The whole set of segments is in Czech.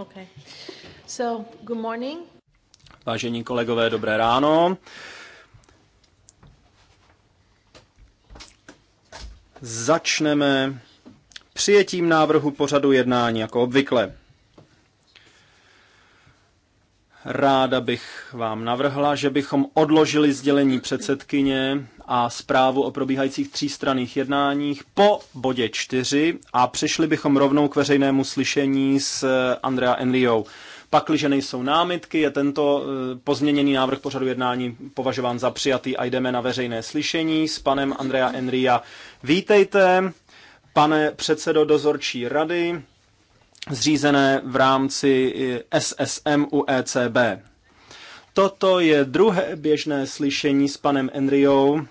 Okay. So, good morning. Vážení kolegové, dobré ráno. Začneme přijetím návrhu pořadu jednání, jako obvykle. Ráda bych vám navrhla, že bychom odložili sdělení předsedkyně a zprávu o probíhajících třístranných jednáních po bodě 4 a přešli bychom rovnou k veřejnému slyšení s eh, Andrea Enliou. Pakliže nejsou námitky, je tento eh, pozměněný návrh pořadu jednání považován za přijatý a jdeme na veřejné slyšení s panem Andrea Enria. Vítejte, pane předsedo dozorčí rady, zřízené v rámci eh, SSM u ECB. Toto je druhé běžné slyšení s panem Enriou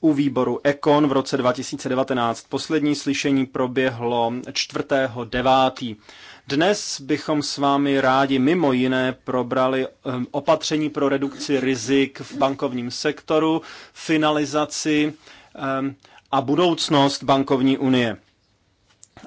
u výboru Ekon v roce 2019. Poslední slyšení proběhlo 4.9. Dnes bychom s vámi rádi mimo jiné probrali ehm, opatření pro redukci rizik v bankovním sektoru, finalizaci ehm, a budoucnost bankovní unie.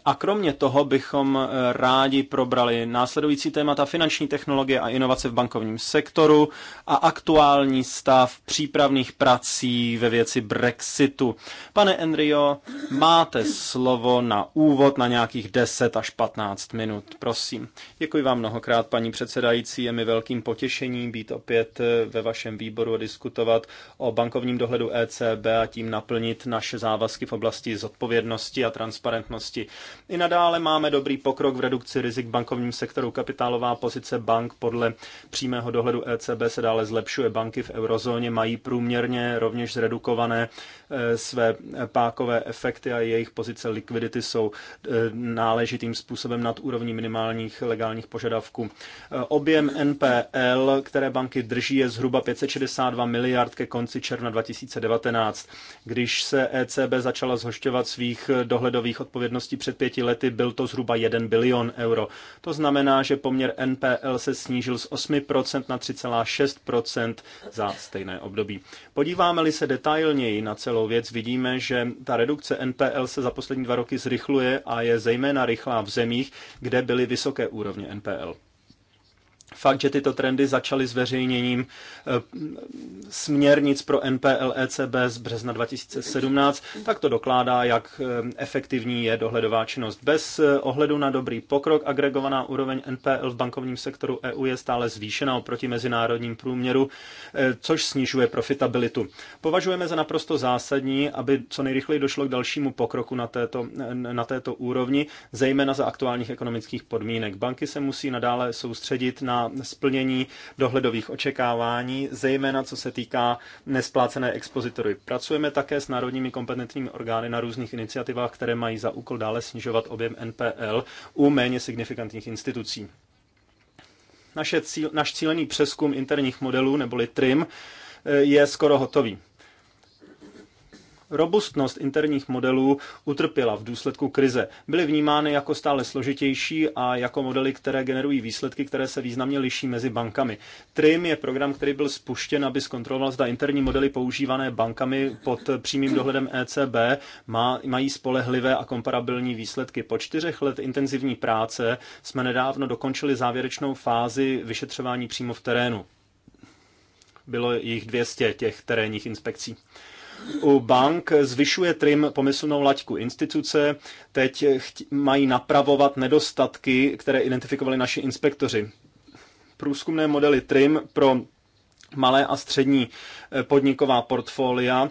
A kromě toho bychom eh, rádi probrali následující témata finanční technologie a inovace v bankovním sektoru a aktuální stav přípravných prací ve věci Brexitu. Pane Enrio, máte slovo na úvod na nějakých 10 až 15 minut, prosím. Děkuji vám mnohokrát, paní předsedající. Je mi velkým potěšením být opět eh, ve vašem výboru a diskutovat o bankovním dohledu ECB a tím naplnit naše závazky v oblasti zodpovědnosti a transparentnosti. I nadále máme dobrý pokrok v redukci rizik v bankovním sektoru. Kapitálová pozice bank podle přímého dohledu ECB se dále zlepšuje. Banky v eurozóně mají průměrně rovněž zredukované eh, své eh, pákové efekty a jejich pozice likvidity jsou eh, náležitým způsobem nad úrovní minimálních legálních požadavků. Objem NPL, které banky drží, je zhruba 562 miliard ke konci června 2019. Když se ECB začala zhošťovat svých dohledových odpovědností před před pěti lety byl to zhruba 1 bilion euro. To znamená, že poměr NPL se snížil z 8% na 3,6% za stejné období. Podíváme-li se detailněji na celou věc, vidíme, že ta redukce NPL se za poslední dva roky zrychluje a je zejména rychlá v zemích, kde byly vysoké úrovně NPL. Fakt, že tyto trendy začaly zveřejněním eh, směrnic pro NPL ECB z března 2017, tak to dokládá, jak eh, efektivní je dohledová činnost. Bez eh, ohledu na dobrý pokrok, agregovaná úroveň NPL v bankovním sektoru EU je stále zvýšena oproti mezinárodním průměru, což snižuje profitabilitu. Považujeme za naprosto zásadní, aby co nejrychleji došlo k dalšímu pokroku na této, na této úrovni, zejména za aktuálních ekonomických podmínek. Banky se musí nadále soustředit na splnění dohledových očekávání, zejména co se týká nesplácené expozitory. Pracujeme také s národními kompetentními orgány na různých iniciativách, které mají za úkol dále snižovat objem NPL u méně signifikantních institucí. Naše cíl, naš cílený přeskum interních modelů neboli TRIM eh, je skoro hotový. Robustnost interních modelů utrpěla v důsledku krize. Byly vnímány jako stále složitější a jako modely, které generují výsledky, které se významně liší mezi bankami. TRIM je program, který byl spuštěn, aby zkontroloval, zda interní modely používané bankami pod přímým dohledem ECB má, mají spolehlivé a komparabilní výsledky. Po čtyřech let intenzivní práce jsme nedávno dokončili závěrečnou fázi vyšetřování přímo v terénu. Bylo jich 200 těch terénních inspekcí u bank zvyšuje trim pomyslnou laťku. Instituce teď mají napravovat nedostatky, které identifikovali naši inspektoři. Průzkumné modely trim pro malé a střední eh, podniková portfolia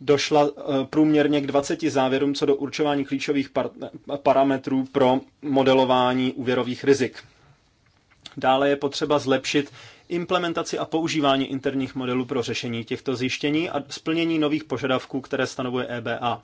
došla eh, průměrně k 20 závěrům co do určování klíčových par- parametrů pro modelování úvěrových rizik. Dále je potřeba zlepšit implementaci a používání interních modelů pro řešení těchto zjištění a splnění nových požadavků, které stanovuje EBA.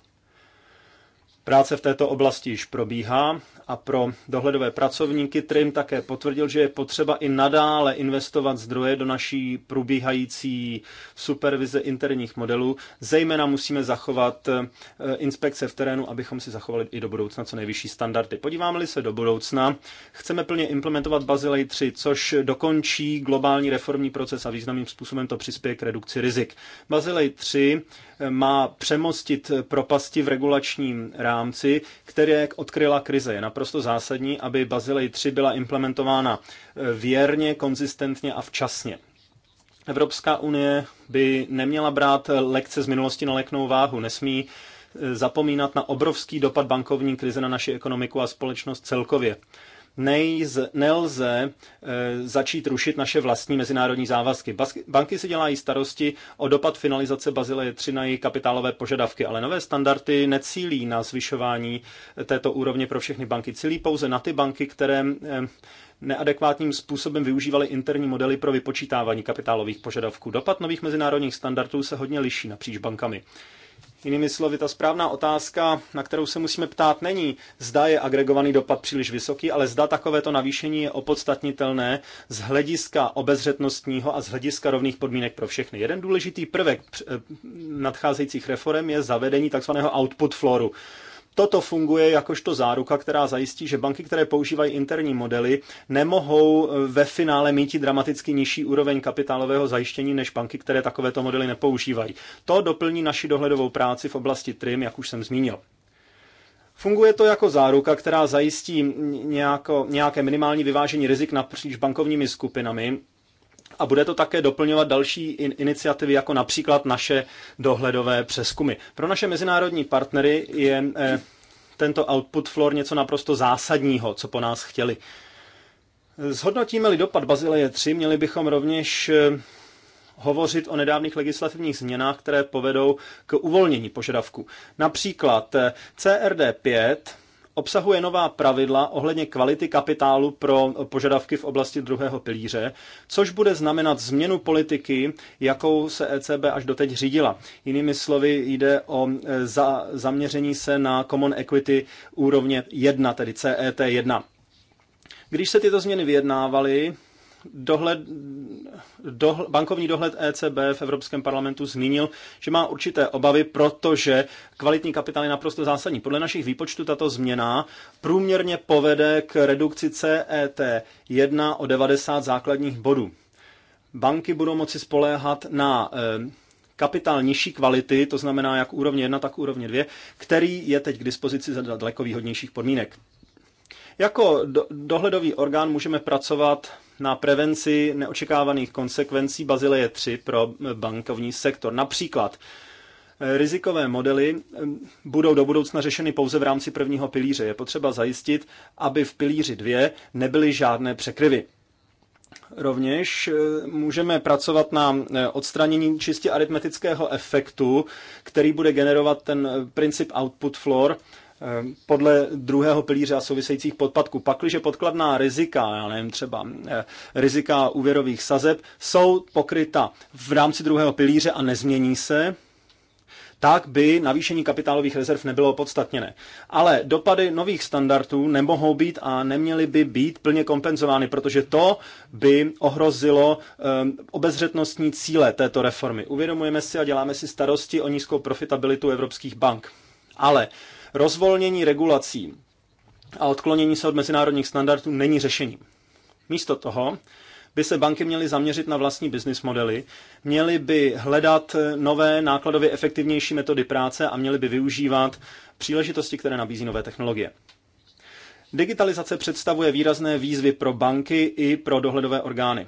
Práce v této oblasti již probíhá a pro dohledové pracovníky Trim také potvrdil, že je potřeba i nadále investovat zdroje do naší probíhající supervize interních modelů. Zejména musíme zachovat eh, inspekce v terénu, abychom si zachovali i do budoucna co nejvyšší standardy. Podíváme-li se do budoucna, chceme plně implementovat Bazilej 3, což dokončí globální reformní proces a významným způsobem to přispěje k redukci rizik. Bazilej 3 eh, má přemostit propasti v regulačním rámci, které odkryla krize. Je naprosto zásadní, aby Bazilej 3 byla implementována eh, věrně, konzistentně a včasně. Evropská unie by neměla brát eh, lekce z minulosti na leknou váhu, nesmí eh, zapomínat na obrovský dopad bankovní krize na naši ekonomiku a společnost celkově nejz, nelze e, začít rušit naše vlastní mezinárodní závazky. Bas, banky si dělají starosti o dopad finalizace Bazileje 3 na její kapitálové požadavky, ale nové standardy necílí na zvyšování eh, této úrovně pro všechny banky. Cílí pouze na ty banky, které e, neadekvátním způsobem využívaly interní modely pro vypočítávání kapitálových požadavků. Dopad nových mezinárodních standardů se hodně liší napříč bankami. Jinými slovy, ta správná otázka, na kterou se musíme ptát, není, zda je agregovaný dopad příliš vysoký, ale zda takovéto navýšení je opodstatnitelné z hlediska obezřetnostního a z hlediska rovných podmínek pro všechny. Jeden důležitý prvek eh, nadcházejících reform je zavedení tzv. output floru. Toto funguje jakožto záruka, která zajistí, že banky, které používají interní modely, nemohou e, ve finále mít dramaticky nižší úroveň kapitálového zajištění než banky, které takovéto modely nepoužívají. To doplní naši dohledovou práci v oblasti TRIM, jak už jsem zmínil. Funguje to jako záruka, která zajistí nějako, nějaké minimální vyvážení rizik napříč bankovními skupinami, a bude to také doplňovat další in- iniciativy, jako například naše dohledové přeskumy. Pro naše mezinárodní partnery je eh, tento output floor něco naprosto zásadního, co po nás chtěli. Zhodnotíme-li dopad Bazileje 3, měli bychom rovněž eh, hovořit o nedávných legislativních změnách, které povedou k uvolnění požadavku. Například eh, CRD 5 obsahuje nová pravidla ohledně kvality kapitálu pro požadavky v oblasti druhého pilíře, což bude znamenat změnu politiky, jakou se ECB až doteď řídila. Jinými slovy jde o e, za, zaměření se na Common Equity úrovně 1, tedy CET 1. Když se tyto změny vyjednávaly, dohled, dohl, bankovní dohled ECB v Evropském parlamentu zmínil, že má určité obavy, protože kvalitní kapitál je naprosto zásadní. Podle našich výpočtů tato změna průměrně povede k redukci CET1 o 90 základních bodů. Banky budou moci spoléhat na eh, kapitál nižší kvality, to znamená jak úrovně 1, tak úrovně 2, který je teď k dispozici za daleko výhodnějších podmínek. Jako dohledový orgán můžeme pracovat na prevenci neočekávaných konsekvencí Bazileje 3 pro bankovní sektor. Například eh, rizikové modely eh, budou do budoucna řešeny pouze v rámci prvního pilíře. Je potřeba zajistit, aby v pilíři 2 nebyly žádné překryvy. Rovněž eh, můžeme pracovat na odstranění čistě aritmetického efektu, který bude generovat ten princip output floor, Ehm, podle druhého pilíře a souvisejících podpadků. Pakliže podkladná rizika, já nevím, třeba eh, rizika úvěrových sazeb, jsou pokryta v rámci druhého pilíře a nezmění se, tak by navýšení kapitálových rezerv nebylo podstatněné. Ale dopady nových standardů nemohou být a neměly by být plně kompenzovány, protože to by ohrozilo um, obezřetnostní cíle této reformy. Uvědomujeme si a děláme si starosti o nízkou profitabilitu evropských bank. Ale uh, Rozvolnění regulací a odklonění se od mezinárodních standardů není řešením. Místo toho by se banky měly zaměřit na vlastní business modely, měly by hledat nové nákladově efektivnější metody práce a měly by využívat příležitosti, které nabízí nové technologie. Digitalizace představuje výrazné výzvy pro banky i pro dohledové orgány.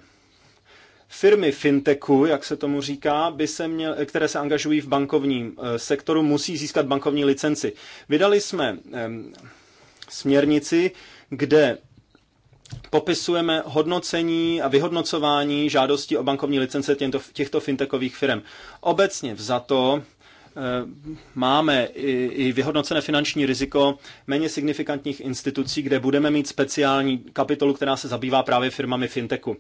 Firmy fintechu, jak se tomu říká, by se měl, které se angažují v bankovním eh, sektoru, musí získat bankovní licenci. Vydali jsme směrnici, kde popisujeme hodnocení a vyhodnocování žádostí o bankovní licence těchto, těchto fintechových firm. Obecně vzato eh, máme i vyhodnocené finanční riziko méně signifikantních institucí, kde budeme mít speciální kapitolu, která se zabývá právě firmami fintechu.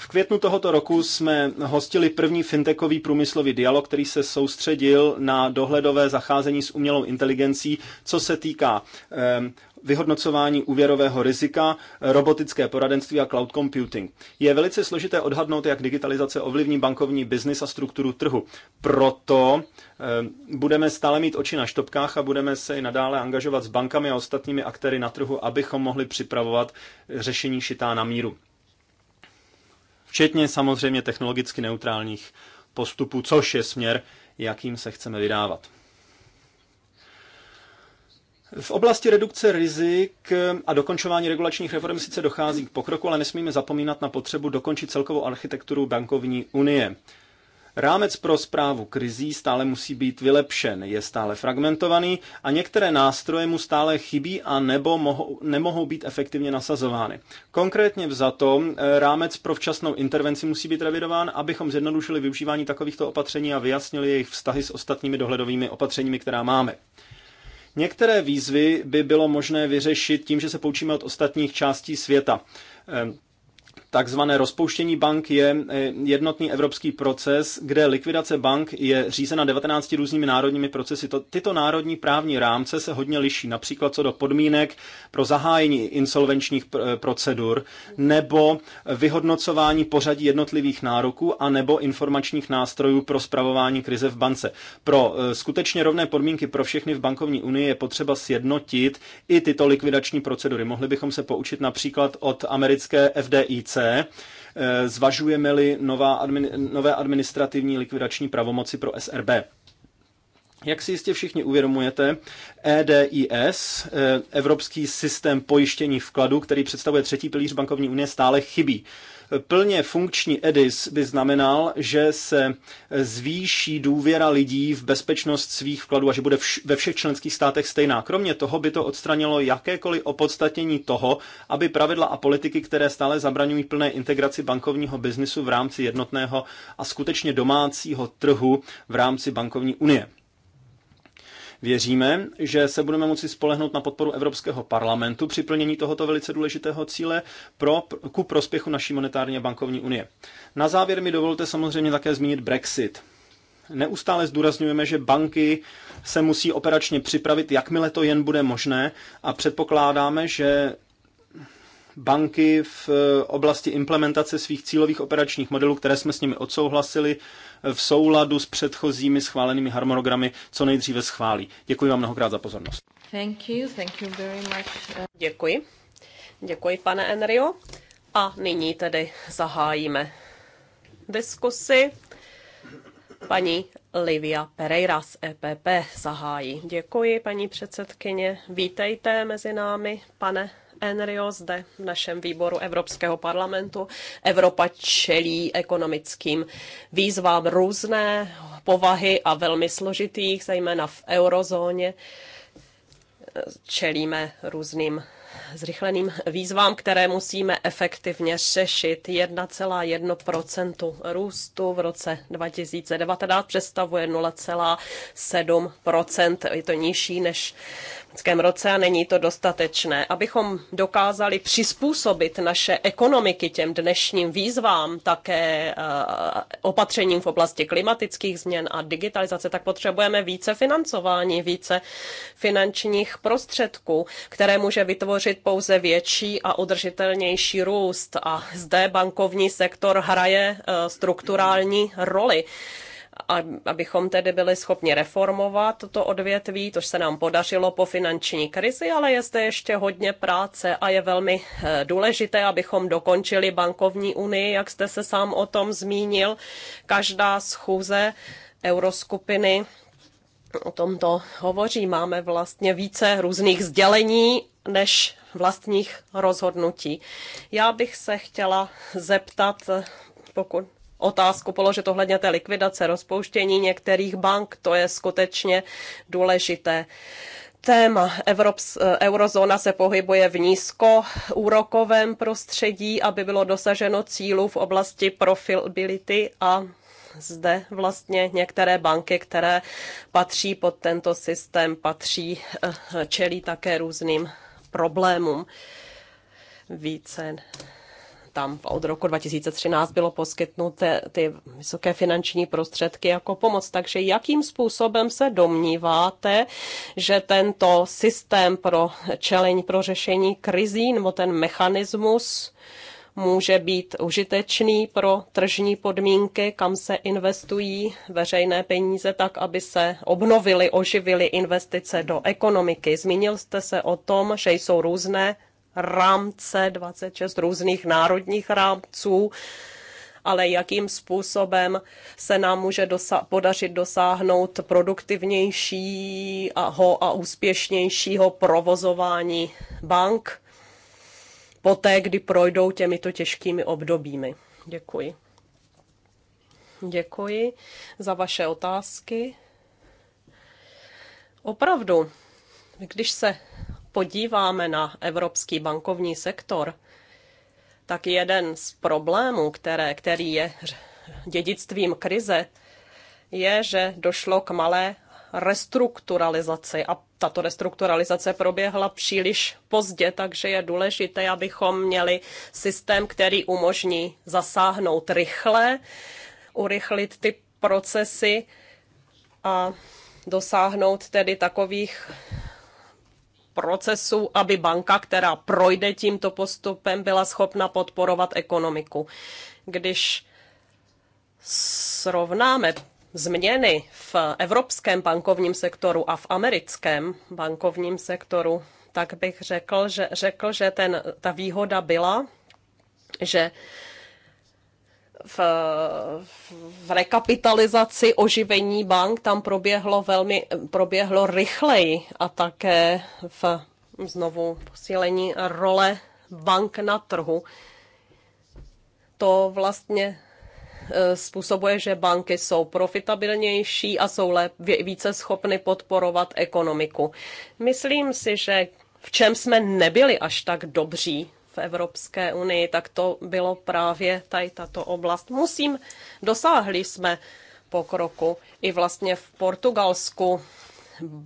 V květnu tohoto roku jsme hostili první fintechový průmyslový dialog, který se soustředil na dohledové zacházení s umělou inteligencí, co se týká ehm, vyhodnocování úvěrového rizika, robotické poradenství a cloud computing. Je velice složité odhadnout, jak digitalizace ovlivní bankovní biznis a strukturu trhu. Proto ehm, budeme stále mít oči na štopkách a budeme se i nadále angažovat s bankami a ostatními aktéry na trhu, abychom mohli připravovat řešení šitá na míru včetně samozřejmě technologicky neutrálních postupů, což je směr, jakým se chceme vydávat. V oblasti redukce rizik a dokončování regulačních reform sice dochází k pokroku, ale nesmíme zapomínat na potřebu dokončit celkovou architekturu bankovní unie. Rámec pro zprávu krizí stále musí být vylepšen, je stále fragmentovaný a některé nástroje mu stále chybí a nebo mohou, nemohou být efektivně nasazovány. Konkrétně to eh, rámec pro včasnou intervenci musí být revidován, abychom zjednodušili využívání takovýchto opatření a vyjasnili jejich vztahy s ostatními dohledovými opatřeními, která máme. Některé výzvy by bylo možné vyřešit tím, že se poučíme od ostatních částí světa. Ehm, Takzvané rozpouštění bank je eh, jednotný evropský proces, kde likvidace bank je řízena 19 různými národními procesy. Tyto národní právní rámce se hodně liší, například co do podmínek pro zahájení insolvenčních eh, procedur nebo vyhodnocování pořadí jednotlivých nároků a nebo informačních nástrojů pro spravování krize v bance. Pro eh, skutečně rovné podmínky pro všechny v bankovní unii je potřeba sjednotit i tyto likvidační procedury. Mohli bychom se poučit například od americké FDIC, sankce, eh, zvažujeme-li nová nové administrativní likvidační pravomoci pro SRB. Jak si jistě všichni uvědomujete, EDIS, eh, Evropský systém pojištění vkladu, který představuje třetí pilíř bankovní unie, stále chybí. Plně funkční EDIS by znamenal, že se zvýší důvěra lidí v bezpečnost svých vkladů a že bude vš- ve všech členských státech stejná. Kromě toho by to odstranilo jakékoliv opodstatnění toho, aby pravidla a politiky, které stále zabraňují plné integraci bankovního biznisu v rámci jednotného a skutečně domácího trhu v rámci bankovní unie. Věříme, že se budeme moci spolehnout na podporu Evropského parlamentu při plnění tohoto velice důležitého cíle pro, ku prospěchu naší monetární a bankovní unie. Na závěr mi dovolte samozřejmě také zmínit Brexit. Neustále zdůrazňujeme, že banky se musí operačně připravit, jakmile to jen bude možné, a předpokládáme, že banky v oblasti implementace svých cílových operačních modelů, které jsme s nimi odsouhlasili, v souladu s předchozími schválenými harmonogramy co nejdříve schválí. Děkuji vám mnohokrát za pozornost. Thank you, thank you very much. Děkuji. Děkuji, pane Enrio. A nyní tedy zahájíme diskusi. Paní Livia Pereira z EPP zahájí. Děkuji, paní předsedkyně. Vítejte mezi námi, pane Enrio, zde v našem výboru Evropského parlamentu. Evropa čelí ekonomickým výzvám různé povahy a velmi složitých, zejména v eurozóně. Čelíme různým zrychleným výzvám, které musíme efektivně řešit. 1,1% růstu v roce 2019 představuje 0,7%. Je to nižší než loňském roce a není to dostatečné. Abychom dokázali přizpůsobit naše ekonomiky těm dnešním výzvám, také eh, opatřením v oblasti klimatických změn a digitalizace, tak potřebujeme více financování, více finančních prostředků, které může vytvořit pouze větší a udržitelnější růst. A zde bankovní sektor hraje eh, strukturální roli abychom tedy byli schopni reformovat toto odvětví, což se nám podařilo po finanční krizi, ale je zde ještě hodně práce a je velmi eh, důležité, abychom dokončili bankovní unii, jak jste se sám o tom zmínil. Každá schůze euroskupiny o tomto hovoří. Máme vlastně více různých sdělení než vlastních rozhodnutí. Já bych se chtěla zeptat, eh, pokud otázku položit ohledně té likvidace, rozpouštění některých bank, to je skutečně důležité téma. Evrops, eh, eurozóna se pohybuje v nízkoúrokovém prostředí, aby bylo dosaženo cílů v oblasti profilability a zde vlastně některé banky, které patří pod tento systém, patří, eh, čelí také různým problémům. Více tam od roku 2013 bylo poskytnuté ty vysoké finanční prostředky jako pomoc. Takže jakým způsobem se domníváte, že tento systém pro čelení, pro řešení krizí nebo ten mechanismus může být užitečný pro tržní podmínky, kam se investují veřejné peníze, tak aby se obnovily, oživily investice do ekonomiky. Zmínil jste se o tom, že jsou různé rámce, 26 různých národních rámců, ale jakým způsobem se nám může dosa- podařit dosáhnout produktivnějšího a úspěšnějšího provozování bank poté, kdy projdou těmito těžkými obdobími. Děkuji. Děkuji za vaše otázky. Opravdu, když se podíváme na evropský bankovní sektor, tak jeden z problémů, které, který je dědictvím krize, je, že došlo k malé restrukturalizaci a tato restrukturalizace proběhla příliš pozdě, takže je důležité, abychom měli systém, který umožní zasáhnout rychle, urychlit ty procesy a dosáhnout tedy takových procesu, aby banka, která projde tímto postupem, byla schopna podporovat ekonomiku. Když srovnáme změny v evropském bankovním sektoru a v americkém bankovním sektoru, tak bych řekl, že, řekl, že ten, ta výhoda byla, že v, v rekapitalizaci oživení bank tam proběhlo velmi proběhlo rychleji a také v znovu posílení role bank na trhu. To vlastně e, způsobuje, že banky jsou profitabilnější a jsou více schopny podporovat ekonomiku. Myslím si, že v čem jsme nebyli až tak dobří v Evropské unii, tak to bylo právě tady tato oblast. Musím, dosáhli jsme pokroku i vlastně v Portugalsku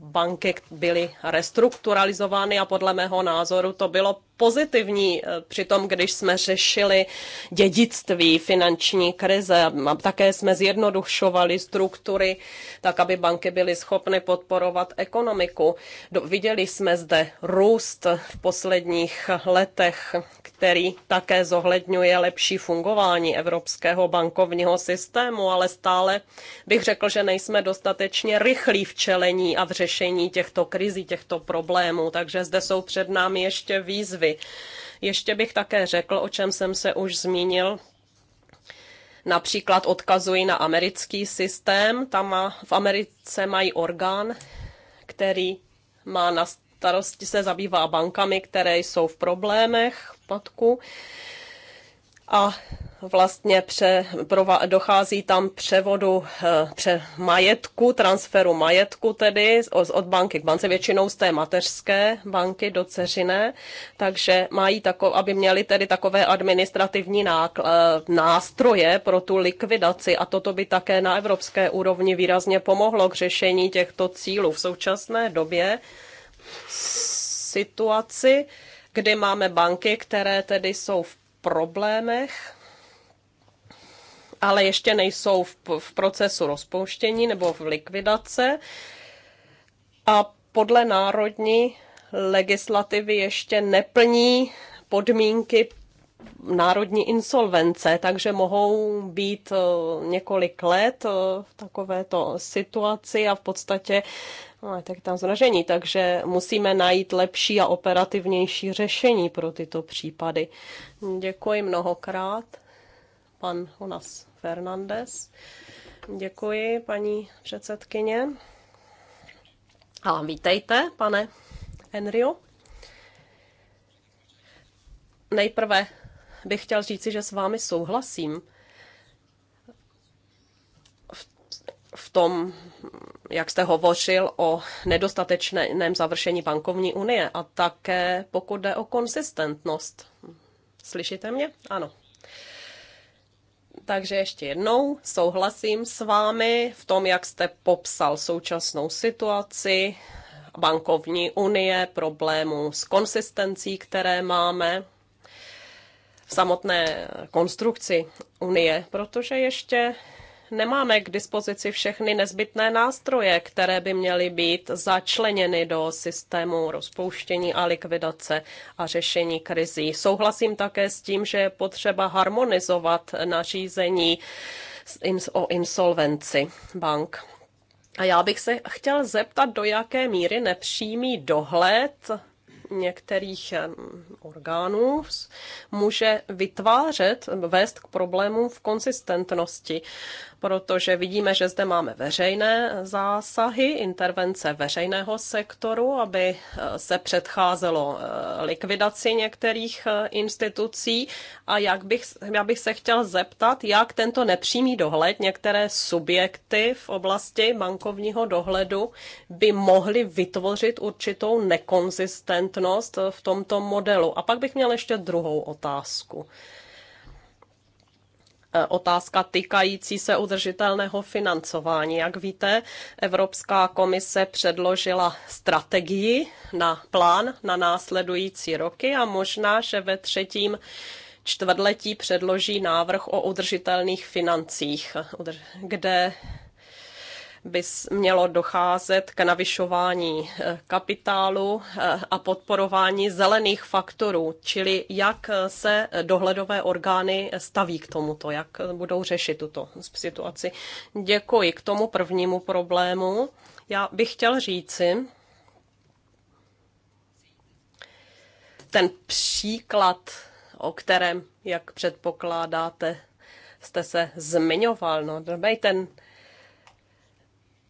banky byly restrukturalizovány a podle mého názoru to bylo pozitivní eh, při tom, když jsme řešili dědictví finanční krize. Také jsme zjednodušovali struktury, tak aby banky byly schopny podporovat ekonomiku. Viděli jsme zde růst v posledních letech, který také zohledňuje lepší fungování evropského bankovního systému, ale stále bych řekl, že nejsme dostatečně rychlí v čelení a v řešení těchto krizí, těchto problémů. Takže zde jsou před námi ještě výzvy vy. Ještě bych také řekl, o čem jsem se už zmínil, Například odkazuji na americký systém. Tam má, v Americe mají orgán, který má na starosti se zabývá bankami, které jsou v problémech, v padku. A vlastně pře, prova, dochází tam převodu eh, pře, majetku, transferu majetku tedy od, od banky k bance, většinou z té mateřské banky do ceřiné, takže mají takov, aby měli tedy takové administrativní nákl, eh, nástroje pro tu likvidaci a toto by také na evropské úrovni výrazně pomohlo k řešení těchto cílů. V současné době situaci, kdy máme banky, které tedy jsou v problémech ale ještě nejsou v, v procesu rozpouštění nebo v likvidace. A podle národní legislativy ještě neplní podmínky národní insolvence, takže mohou být eh, několik let eh, v takovéto situaci a v podstatě no, tak tam zražení, takže musíme najít lepší a operativnější řešení pro tyto případy. Děkuji mnohokrát. Pan Honas. Fernandez. Děkuji, paní předsedkyně. A vítejte, pane Enrio. Nejprve bych chtěl říci, že s vámi souhlasím v tom, jak jste hovořil o nedostatečném završení bankovní unie a také pokud jde o konsistentnost. Slyšíte mě? Ano. Takže ještě jednou souhlasím s vámi v tom, jak jste popsal současnou situaci, bankovní unie, problémů s konsistencí, které máme v samotné konstrukci unie, protože ještě nemáme k dispozici všechny nezbytné nástroje, které by měly být začleněny do systému rozpouštění a likvidace a řešení krizí. Souhlasím také s tím, že je potřeba harmonizovat nařízení o insolvenci bank. A já bych se chtěl zeptat, do jaké míry nepřímý dohled některých orgánů může vytvářet, vést k problémům v konsistentnosti protože vidíme, že zde máme veřejné zásahy, intervence veřejného sektoru, aby eh, se předcházelo eh, likvidaci některých eh, institucí. A jak bych, já bych se chtěl zeptat, jak tento nepřímý dohled některé subjekty v oblasti bankovního dohledu by mohly vytvořit určitou nekonzistentnost v tomto modelu. A pak bych měl ještě druhou otázku. E, otázka týkající se udržitelného financování. Jak víte, Evropská komise předložila strategii na plán na následující roky a možná, že ve třetím čtvrtletí předloží návrh o udržitelných financích, kde by mělo docházet k navyšování eh, kapitálu eh, a podporování zelených faktorů, čili jak eh, se dohledové orgány staví k tomuto, jak budou řešit tuto situaci. Děkuji k tomu prvnímu problému. Já bych chtěl říci, ten příklad, o kterém, jak předpokládáte, jste se zmiňoval, no, ten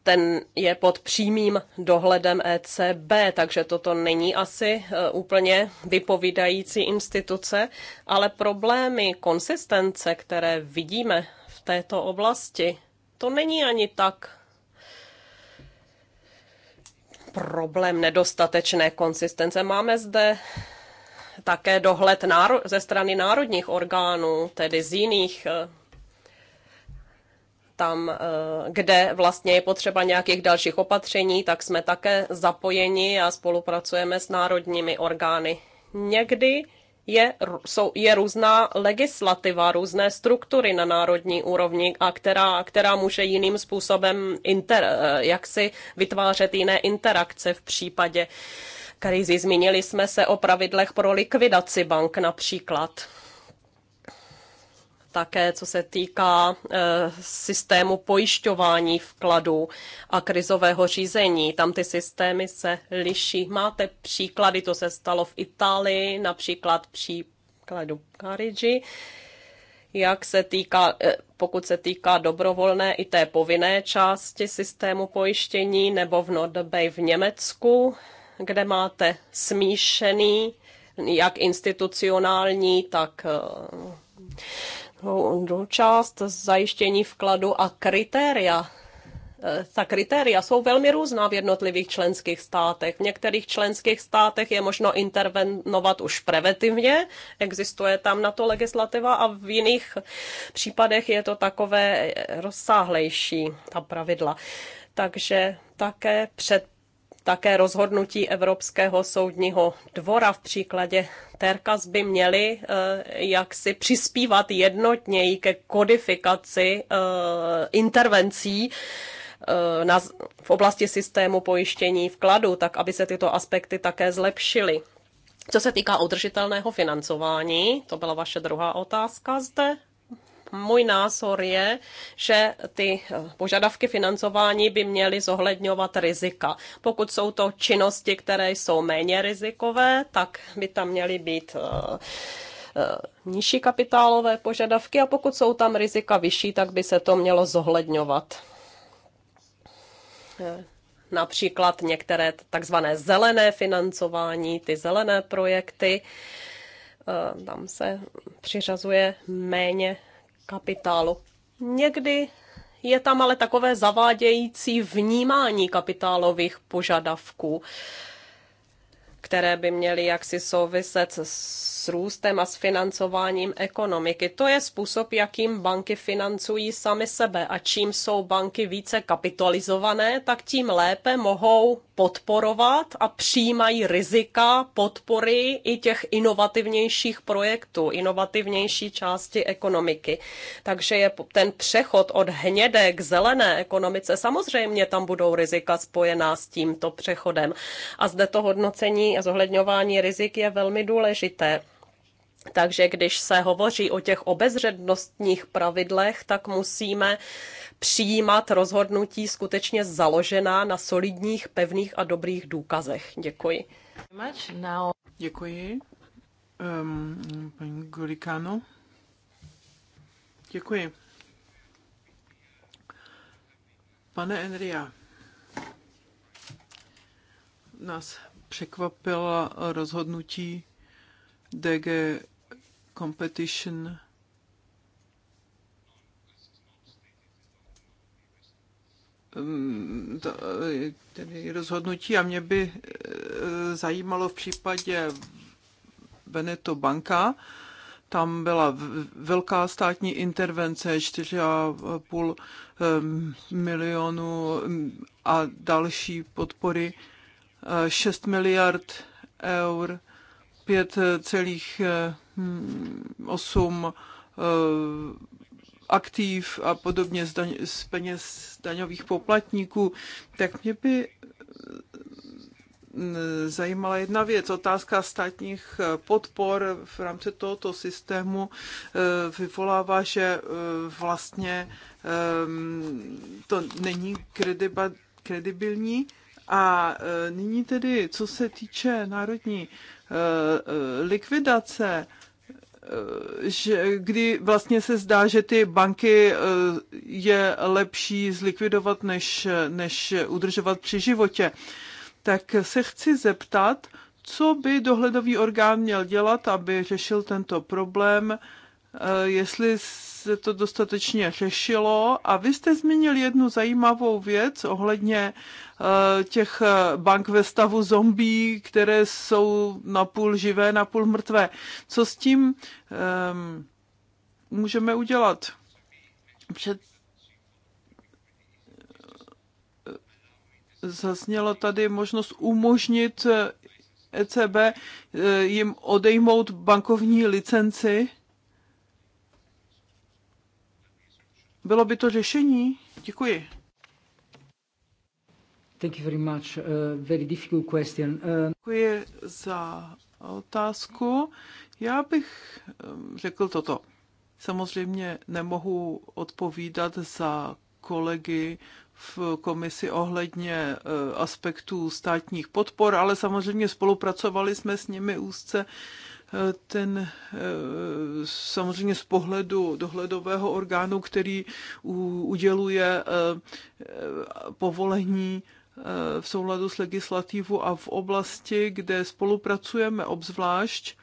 ten je pod přímým dohledem ECB, takže toto není asi e, úplně vypovídající instituce, ale problémy konsistence, které vidíme v této oblasti, to není ani tak problém nedostatečné konsistence. Máme zde také dohled ze strany národních orgánů, tedy z jiných e, tam, eh, kde vlastně je potřeba nějakých dalších opatření, tak jsme také zapojeni a spolupracujeme s národními orgány. Někdy je, jsou, je různá legislativa, různé struktury na národní úrovni, a která, která může jiným způsobem inter, eh, jaksi vytvářet jiné interakce v případě krizi. Zmínili jsme se o pravidlech pro likvidaci bank například také co se týká eh, systému pojišťování vkladů a krizového řízení. Tam ty systémy se liší. Máte příklady, to se stalo v Itálii, například příkladu Carigi, jak se týká, eh, pokud se týká dobrovolné i té povinné části systému pojištění, nebo v Nordbay v Německu, kde máte smíšený jak institucionální, tak eh, část zajištění vkladu a kritéria e, ta kritéria jsou velmi různá v jednotlivých členských státech. V některých členských státech je možno intervenovat už preventivně, existuje tam na to legislativa a v jiných případech je to takové rozsáhlejší, ta pravidla. Takže také před také rozhodnutí Evropského soudního dvora v příkladě Terkas by měly eh, jaksi přispívat jednotněji ke kodifikaci eh, intervencí eh, v oblasti systému pojištění vkladu, tak aby se tyto aspekty také zlepšily. Co se týká udržitelného financování, to byla vaše druhá otázka zde. Můj názor je, že ty eh, požadavky financování by měly zohledňovat rizika. Pokud jsou to činnosti, které jsou méně rizikové, tak by tam měly být eh, eh, nižší kapitálové požadavky a pokud jsou tam rizika vyšší, tak by se to mělo zohledňovat například některé takzvané zelené financování, ty zelené projekty. Tam se přiřazuje méně kapitálu. Někdy je tam ale takové zavádějící vnímání kapitálových požadavků. Uh, které by měly jaksi souviset s růstem a s financováním ekonomiky. To je způsob, jakým banky financují sami sebe a čím jsou banky více kapitalizované, tak tím lépe mohou podporovat a přijímají rizika podpory i těch inovativnějších projektů, inovativnější části ekonomiky. Takže je ten přechod od hnědé k zelené ekonomice, samozřejmě tam budou rizika spojená s tímto přechodem. A zde to hodnocení a zohledňování rizik je velmi důležité. Takže když se hovoří o těch obezřednostních pravidlech, tak musíme přijímat rozhodnutí skutečně založená na solidních, pevných a dobrých důkazech. Děkuji. Děkuji. Um, paní Golikano. Děkuji. Pane Enria, nás překvapila rozhodnutí DG Competition mm, eh, tedy rozhodnutí a mě by eh, zajímalo v případě Veneto Banka, tam byla velká státní intervence, 4,5 eh, milionu mm, a další podpory 6 miliard eur, 5,8 eh, eh, aktiv a podobně z, daň, z peněz daňových poplatníků, tak mě by eh, zajímala jedna věc, otázka státních podpor v rámci tohoto systému vyvolává, že vlastně ehm, to není kredibilní a e, nyní tedy, co se týče národní e, e, likvidace, že, kdy vlastně se zdá, že ty banky je lepší zlikvidovat, než, než udržovat při životě. Tak se chci zeptat, co by dohledový orgán měl dělat, aby řešil tento problém, jestli se to dostatečně řešilo. A vy jste zmínil jednu zajímavou věc ohledně eh, těch eh, bank ve stavu zombí, které jsou napůl živé, napůl mrtvé. Co s tím um, můžeme udělat? Před Zasněla tady možnost umožnit ECB eh, e jim odejmout bankovní licenci Bylo by to řešení? Děkuji. Thank you very much. Uh, very difficult question. Uh... Děkuji za otázku. Já bych um, řekl toto. Samozřejmě nemohu odpovídat za kolegy v komisi ohledně uh, aspektů státních podpor, ale samozřejmě spolupracovali jsme s nimi úzce ten eh, samozřejmě z pohledu dohledového orgánu, který uděluje eh, povolení eh, v souladu s legislativou a v oblasti, kde spolupracujeme obzvlášť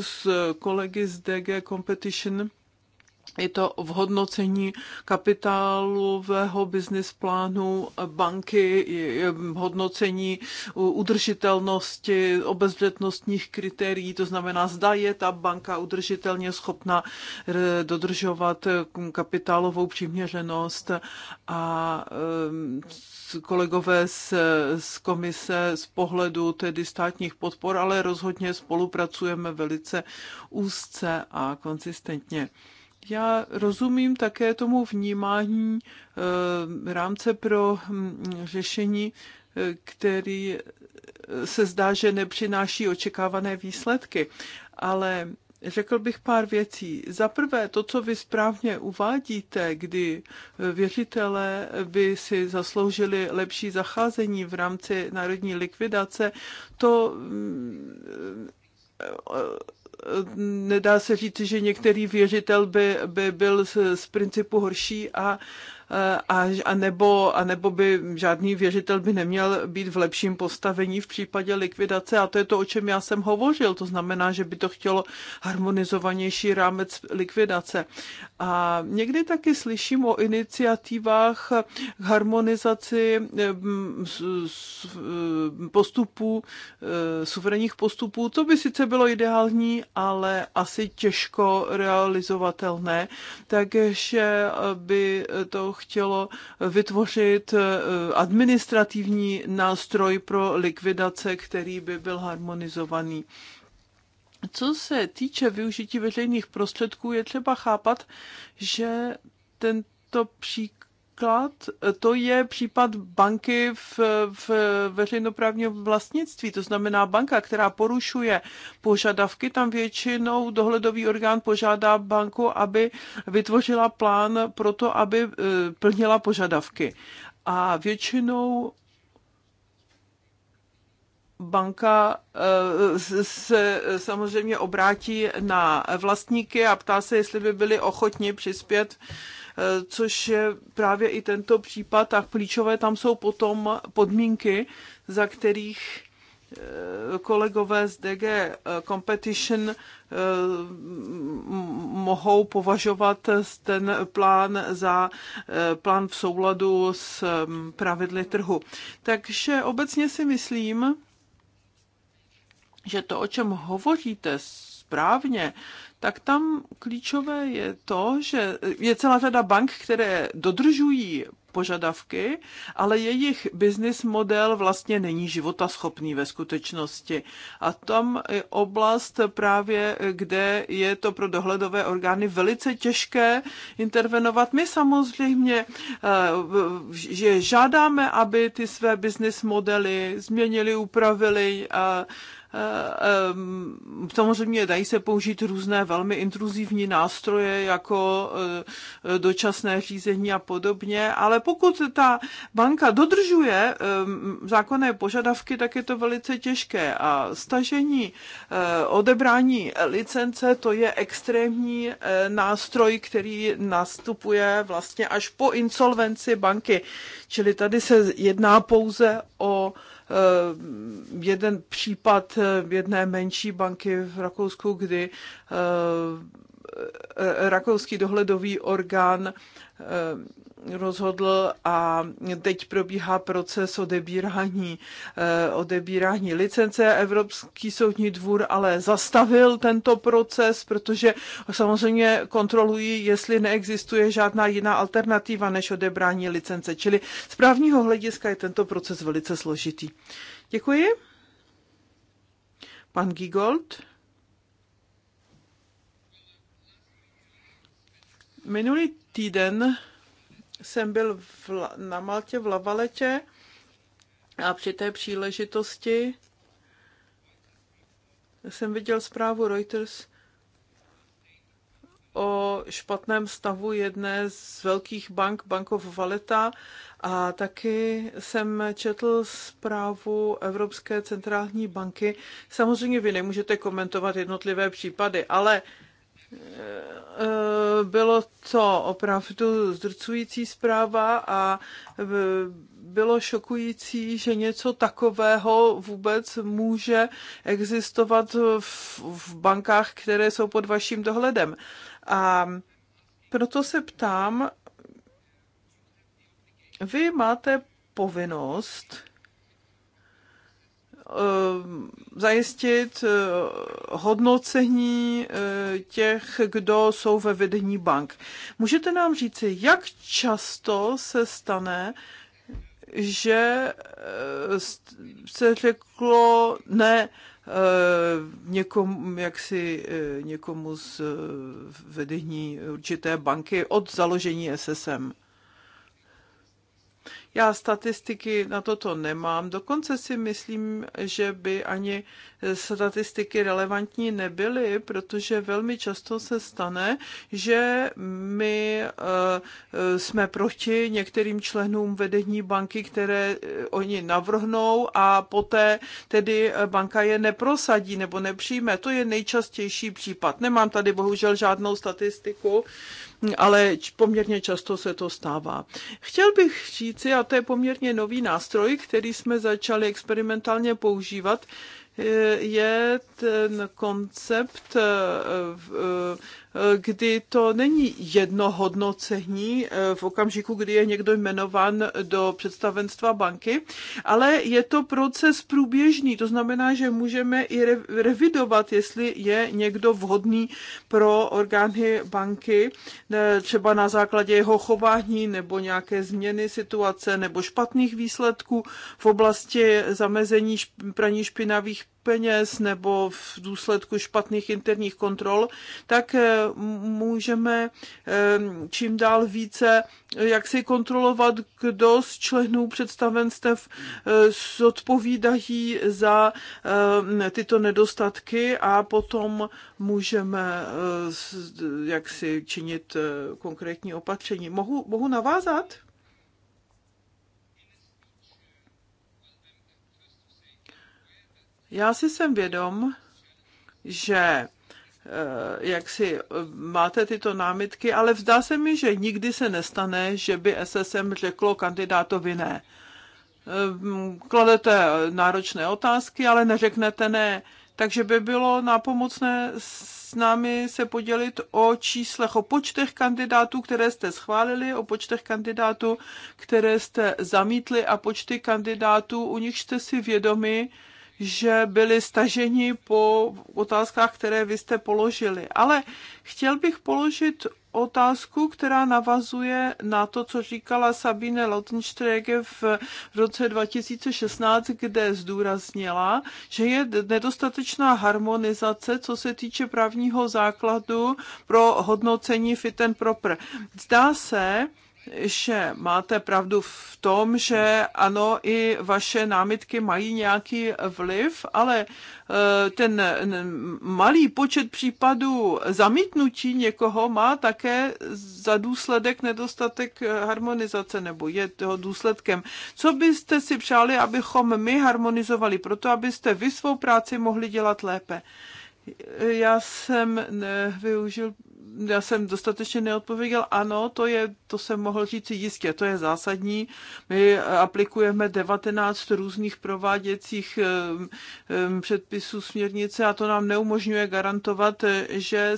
s kolegy z DG Competition, je to v hodnocení kapitálového business plánu banky, hodnocení udržitelnosti, obezřetnostních kritérií, to znamená, zda je ta banka udržitelně schopna eh, dodržovat hm, kapitálovou přiměřenost a hm, kolegové z, z komise z pohledu tedy státních podpor, ale rozhodně spolupracujeme velice úzce a konsistentně já rozumím také tomu vnímání eh, rámce pro hm, řešení, eh, který eh, se zdá, že nepřináší očekávané výsledky. Ale řekl bych pár věcí. Za prvé, to, co vy správně uvádíte, kdy věřitelé by si zasloužili lepší zacházení v rámci národní likvidace, to hm, nedá se říct, že některý věřitel by, by byl z, z principu horší a a, a, nebo, a nebo by žádný věřitel by neměl být v lepším postavení v případě likvidace a to je to, o čem já jsem hovořil. To znamená, že by to chtělo harmonizovanější rámec likvidace. A někdy taky slyším o iniciativách k harmonizaci mm, postupů, eh, suverénních postupů. To by sice bylo ideální, ale asi těžko realizovatelné, takže eh, by to chtělo vytvořit eh, administrativní nástroj pro likvidace, který by byl harmonizovaný. Co se týče využití veřejných prostředků, je třeba chápat, že tento příklad příklad, to je případ banky v, v veřejnoprávním vlastnictví, to znamená banka, která porušuje požadavky, tam většinou dohledový orgán požádá banku, aby vytvořila plán pro to, aby e, plnila požadavky. A většinou banka e, se samozřejmě obrátí na vlastníky a ptá se, jestli by byli ochotni přispět Eh, což je právě i tento případ a klíčové tam jsou potom podmínky, za kterých eh, kolegové z DG eh, Competition mohou považovat ten plán za plán v souladu s mm, pravidly trhu. Takže obecně si myslím, že to, o čem hovoříte správně, tak tam klíčové je to, že je celá řada bank, které dodržují požadavky, ale jejich business model vlastně není života schopný ve skutečnosti. A tam je oblast právě, kde je to pro dohledové orgány velice těžké intervenovat. My samozřejmě eh, že žádáme, aby ty své business modely změnili, upravili a eh, Ehm, ehm, samozřejmě dají se použít různé velmi intruzivní nástroje, jako eh, eh, dočasné řízení a podobně, ale pokud ta banka dodržuje ehm, zákonné požadavky, tak je to velice těžké. A stažení, eh, odebrání licence, to je extrémní nástroj, který nastupuje vlastně až po insolvenci banky. Čili tady se jedná pouze o Eh, jeden případ eh, jedné menší banky v Rakousku, kdy eh, rakouský dohledový orgán rozhodl a teď probíhá proces odebírání, eh, odebírání licence. Evropský soudní dvůr ale zastavil tento proces, protože samozřejmě kontrolují, jestli neexistuje žádná jiná alternativa než odebrání licence. Čili z právního hlediska je tento proces velice složitý. Děkuji. Pan Gigold. Minulý týden jsem byl v, na Maltě v Lavaletě a při té příležitosti jsem viděl zprávu Reuters o špatném stavu jedné z velkých bank, Bankov Valeta, a taky jsem četl zprávu Evropské centrální banky. Samozřejmě vy nemůžete komentovat jednotlivé případy, ale Eh, bylo to opravdu zdrcující zpráva a eh, bylo šokující, že něco takového vůbec může existovat v, bankách, které jsou pod vaším dohledem. A proto se ptám, vy máte povinnost Eh, zajistit eh, hodnocení eh, těch, kdo jsou ve vedení bank. Můžete nám říci, jak často se stane, že se řeklo ne někomu, jaksi někomu z vedení určité banky od založení SSM. Já statistiky na toto nemám, dokonce si myslím, že by ani statistiky relevantní nebyly, protože velmi často se stane, že my eh, jsme proti některým členům vedení banky, které eh, oni navrhnou a poté tedy banka je neprosadí nebo nepřijme. To je nejčastější případ. Nemám tady bohužel žádnou statistiku, ale poměrně často se to stává. Chtěl bych říci, a to je poměrně nový nástroj, který jsme začali experimentálně používat, je ten koncept eh, eh, kdy to není jedno hodnocení eh, v okamžiku, kdy je někdo jmenován do představenstva banky, ale je to proces průběžný. To znamená, že můžeme i revidovat, jestli je někdo vhodný pro orgány banky, třeba na základě jeho chování nebo nějaké změny situace nebo špatných výsledků v oblasti zamezení praní špinavých peněz nebo v důsledku špatných interních kontrol, tak eh, můžeme eh, čím dál více eh, jak si kontrolovat, kdo z členů představenstev zodpovídají za tyto nedostatky a potom můžeme jak si činit konkrétní opatření. Mohu, mohu navázat? Já si jsem vědom, že eh, jak si eh, máte tyto námitky, ale vzdá se mi, že nikdy se nestane, že by SSM řeklo kandidátovi ne. Eh, kladete náročné otázky, ale neřeknete ne. Takže by bylo nápomocné s námi se podělit o číslech, o počtech kandidátů, které jste schválili, o počtech kandidátů, které jste zamítli a počty kandidátů, u nich jste si vědomi, že byli staženi po otázkách, které vy jste položili. Ale chtěl bych položit otázku, která navazuje na to, co říkala Sabine Lautensträge v roce 2016, kde zdůraznila, že je nedostatečná harmonizace, co se týče právního základu pro hodnocení fit and proper. Zdá se, že máte pravdu v tom, že ano, i vaše námitky mají nějaký vliv, ale e, ten malý počet případů zamítnutí někoho má také za důsledek nedostatek e, harmonizace, nebo je toho důsledkem. Co byste si přáli, abychom my harmonizovali, proto abyste vy svou práci mohli dělat lépe? Já jsem využil já jsem dostatečně neodpověděl. Ano, to je, to jsem mohl říct jistě, to je zásadní. My aplikujeme 19 různých prováděcích eh, eh, předpisů směrnice a to nám neumožňuje garantovat, eh, že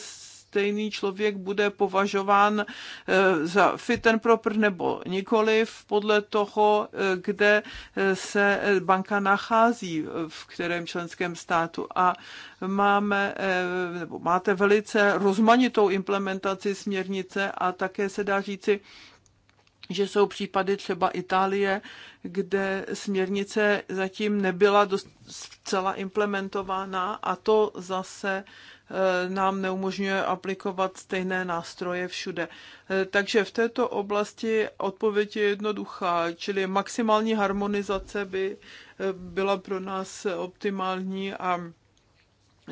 stejný člověk bude považován eh, za fit and proper nebo nikoliv podle toho, eh, kde eh, se banka nachází, v kterém členském státu. A máme, nebo máte velice rozmanitou implementaci směrnice a také se dá říci, že jsou případy třeba Itálie, kde směrnice zatím nebyla zcela implementována a to zase e, nám neumožňuje aplikovat stejné nástroje všude. E, takže v této oblasti odpověď je jednoduchá, čili maximální harmonizace by e, byla pro nás optimální a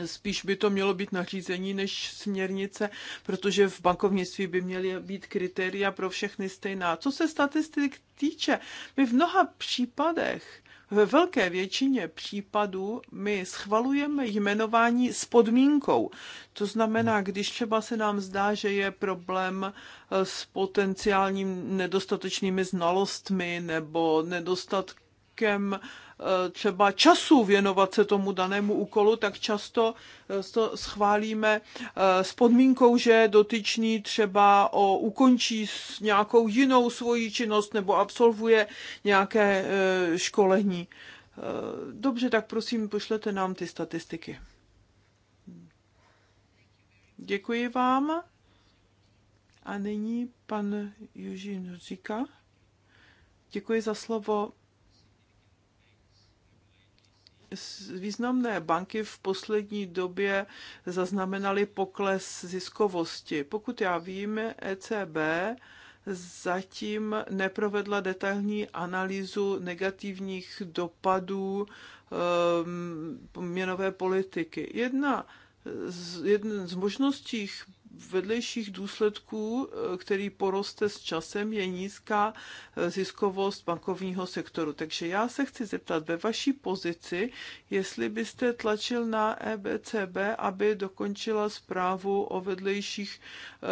Spíš by to mělo být nařízení než směrnice, protože v bankovnictví by měly být kritéria pro všechny stejná. Co se statistik týče, my v mnoha případech ve velké většině případů my schvalujeme jmenování s podmínkou. To znamená, když třeba se nám zdá, že je problém eh, s potenciálním nedostatečnými znalostmi nebo nedostatkem Eh, třeba času věnovat se tomu danému úkolu, tak často eh, to schválíme eh, s podmínkou, že dotyčný třeba o, ukončí nějakou jinou svoji činnost nebo absolvuje nějaké školení. Dobře, tak prosím, pošlete nám ty statistiky. Děkuji vám. A nyní pan Južin říká. Děkuji za slovo významné banky v poslední době zaznamenaly pokles ziskovosti. Pokud já vím, ECB zatím neprovedla detailní analýzu negativních dopadů ehm, měnové politiky. Jedna z, jedna z možností vedlejších důsledků, eh, který poroste s časem, je nízká eh, ziskovost bankovního sektoru. Takže já se chci zeptat ve vaší pozici, jestli byste tlačil na EBCB, aby dokončila zprávu o vedlejších eh,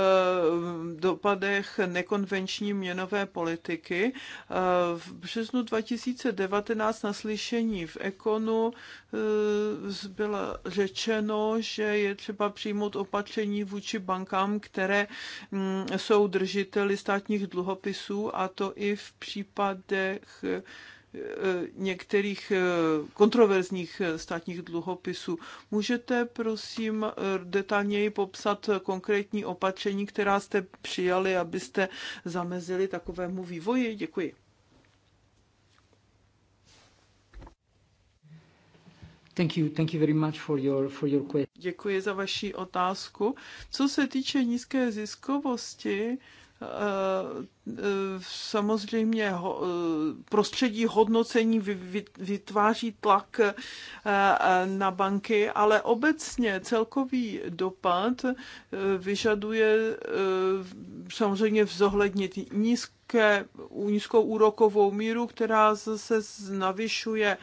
dopadech nekonvenční měnové politiky. V březnu 2019 na slyšení v Ekonu bylo řečeno, že je třeba přijmout opatření vůči bankám, které mm, jsou držiteli státních dluhopisů a to i v případech e, některých e, kontroverzních státních dluhopisů. Můžete prosím detailněji popsat konkrétní opatření, která jste přijali, abyste zamezili takovému vývoji? Děkuji. Thank you, thank you very much for your, for your question. Děkuji za vaši otázku. Co se týče nízké ziskovosti, eh, eh, samozřejmě eh, prostředí hodnocení vytváří tlak na banky, ale obecně celkový dopad vyžaduje samozřejmě vzohlednit nízkou nízké, nízkou úrokovou míru, která zase navyšuje e,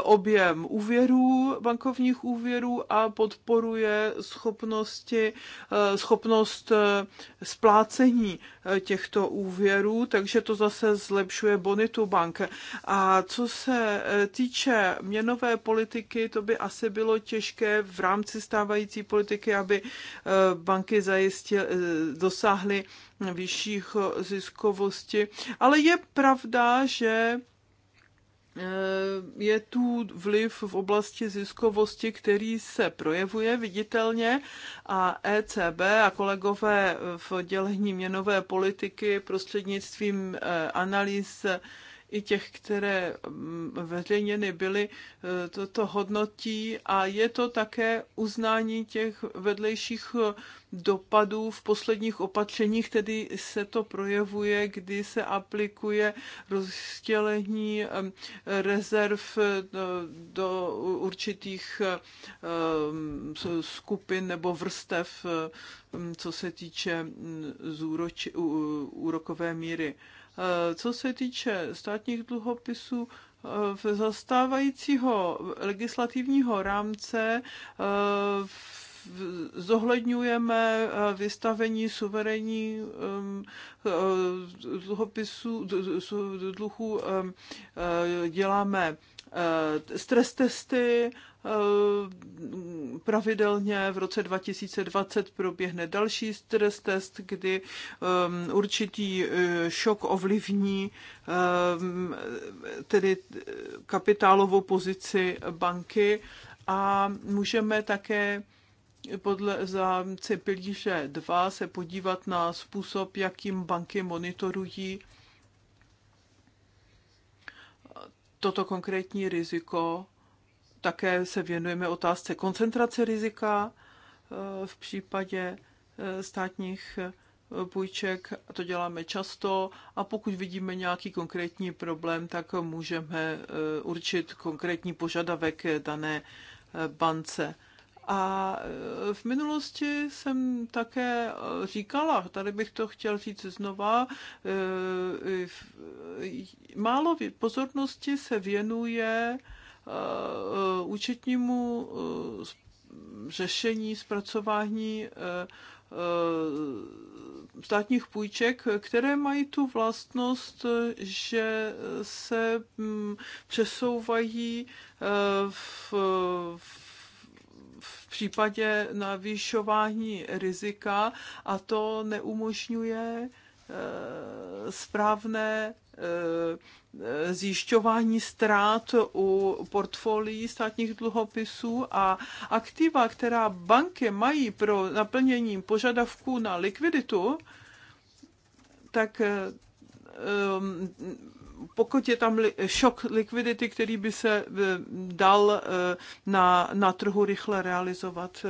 objem úvěrů, bankovních úvěrů a podporuje schopnosti, e, schopnost e, splácení Eh, těchto úvěrů, takže to zase zlepšuje bonitu bank. A co se eh, týče měnové politiky, to by asi bylo těžké v rámci stávající politiky, aby eh, banky zajistil, dosáhly vyšších ziskovosti. Ale je pravda, že Eh, je tu vliv v oblasti ziskovosti, který se projevuje viditelně a ECB a kolegové v dělení měnové politiky prostřednictvím eh, analýz i těch, které mm, veřejněny byly, e, toto hodnotí a je to také uznání těch vedlejších e, dopadů v posledních opatřeních, tedy se to projevuje, kdy se aplikuje rozdělení e, rezerv do určitých skupin nebo vrstev, co se týče zúroči, úrokové míry. Eh, co se týče státních dluhopisů, eh, v zastávajícího legislativního rámce eh, zohledňujeme vystavení suverení dluhopisů, dluhů, děláme stres testy Eh, pravidelně v roce 2020 proběhne další stres test, kdy eh, určitý eh, šok ovlivní tedy kapitálovou pozici banky a můžeme také podle zámce pilíře 2 se podívat na způsob, jakým banky monitorují toto konkrétní riziko také se věnujeme otázce koncentrace rizika e, v případě e, státních e, půjček, a to děláme často, a pokud vidíme nějaký konkrétní problém, tak můžeme určit konkrétní požadavek dané bance. A v minulosti jsem také říkala, tady bych to chtěl říct znova, málo pozornosti se věnuje účetnímu řešení zpracování státních půjček, které mají tu vlastnost, že se mm, přesouvají v, v případě navýšování rizika a to neumožňuje správné Eh, zjišťování ztrát u portfolií státních dluhopisů a aktiva, která banky mají pro naplnění požadavků na likviditu, tak eh, eh, pokud je tam šok likvidity, který by se dal na, na trhu rychle realizovat.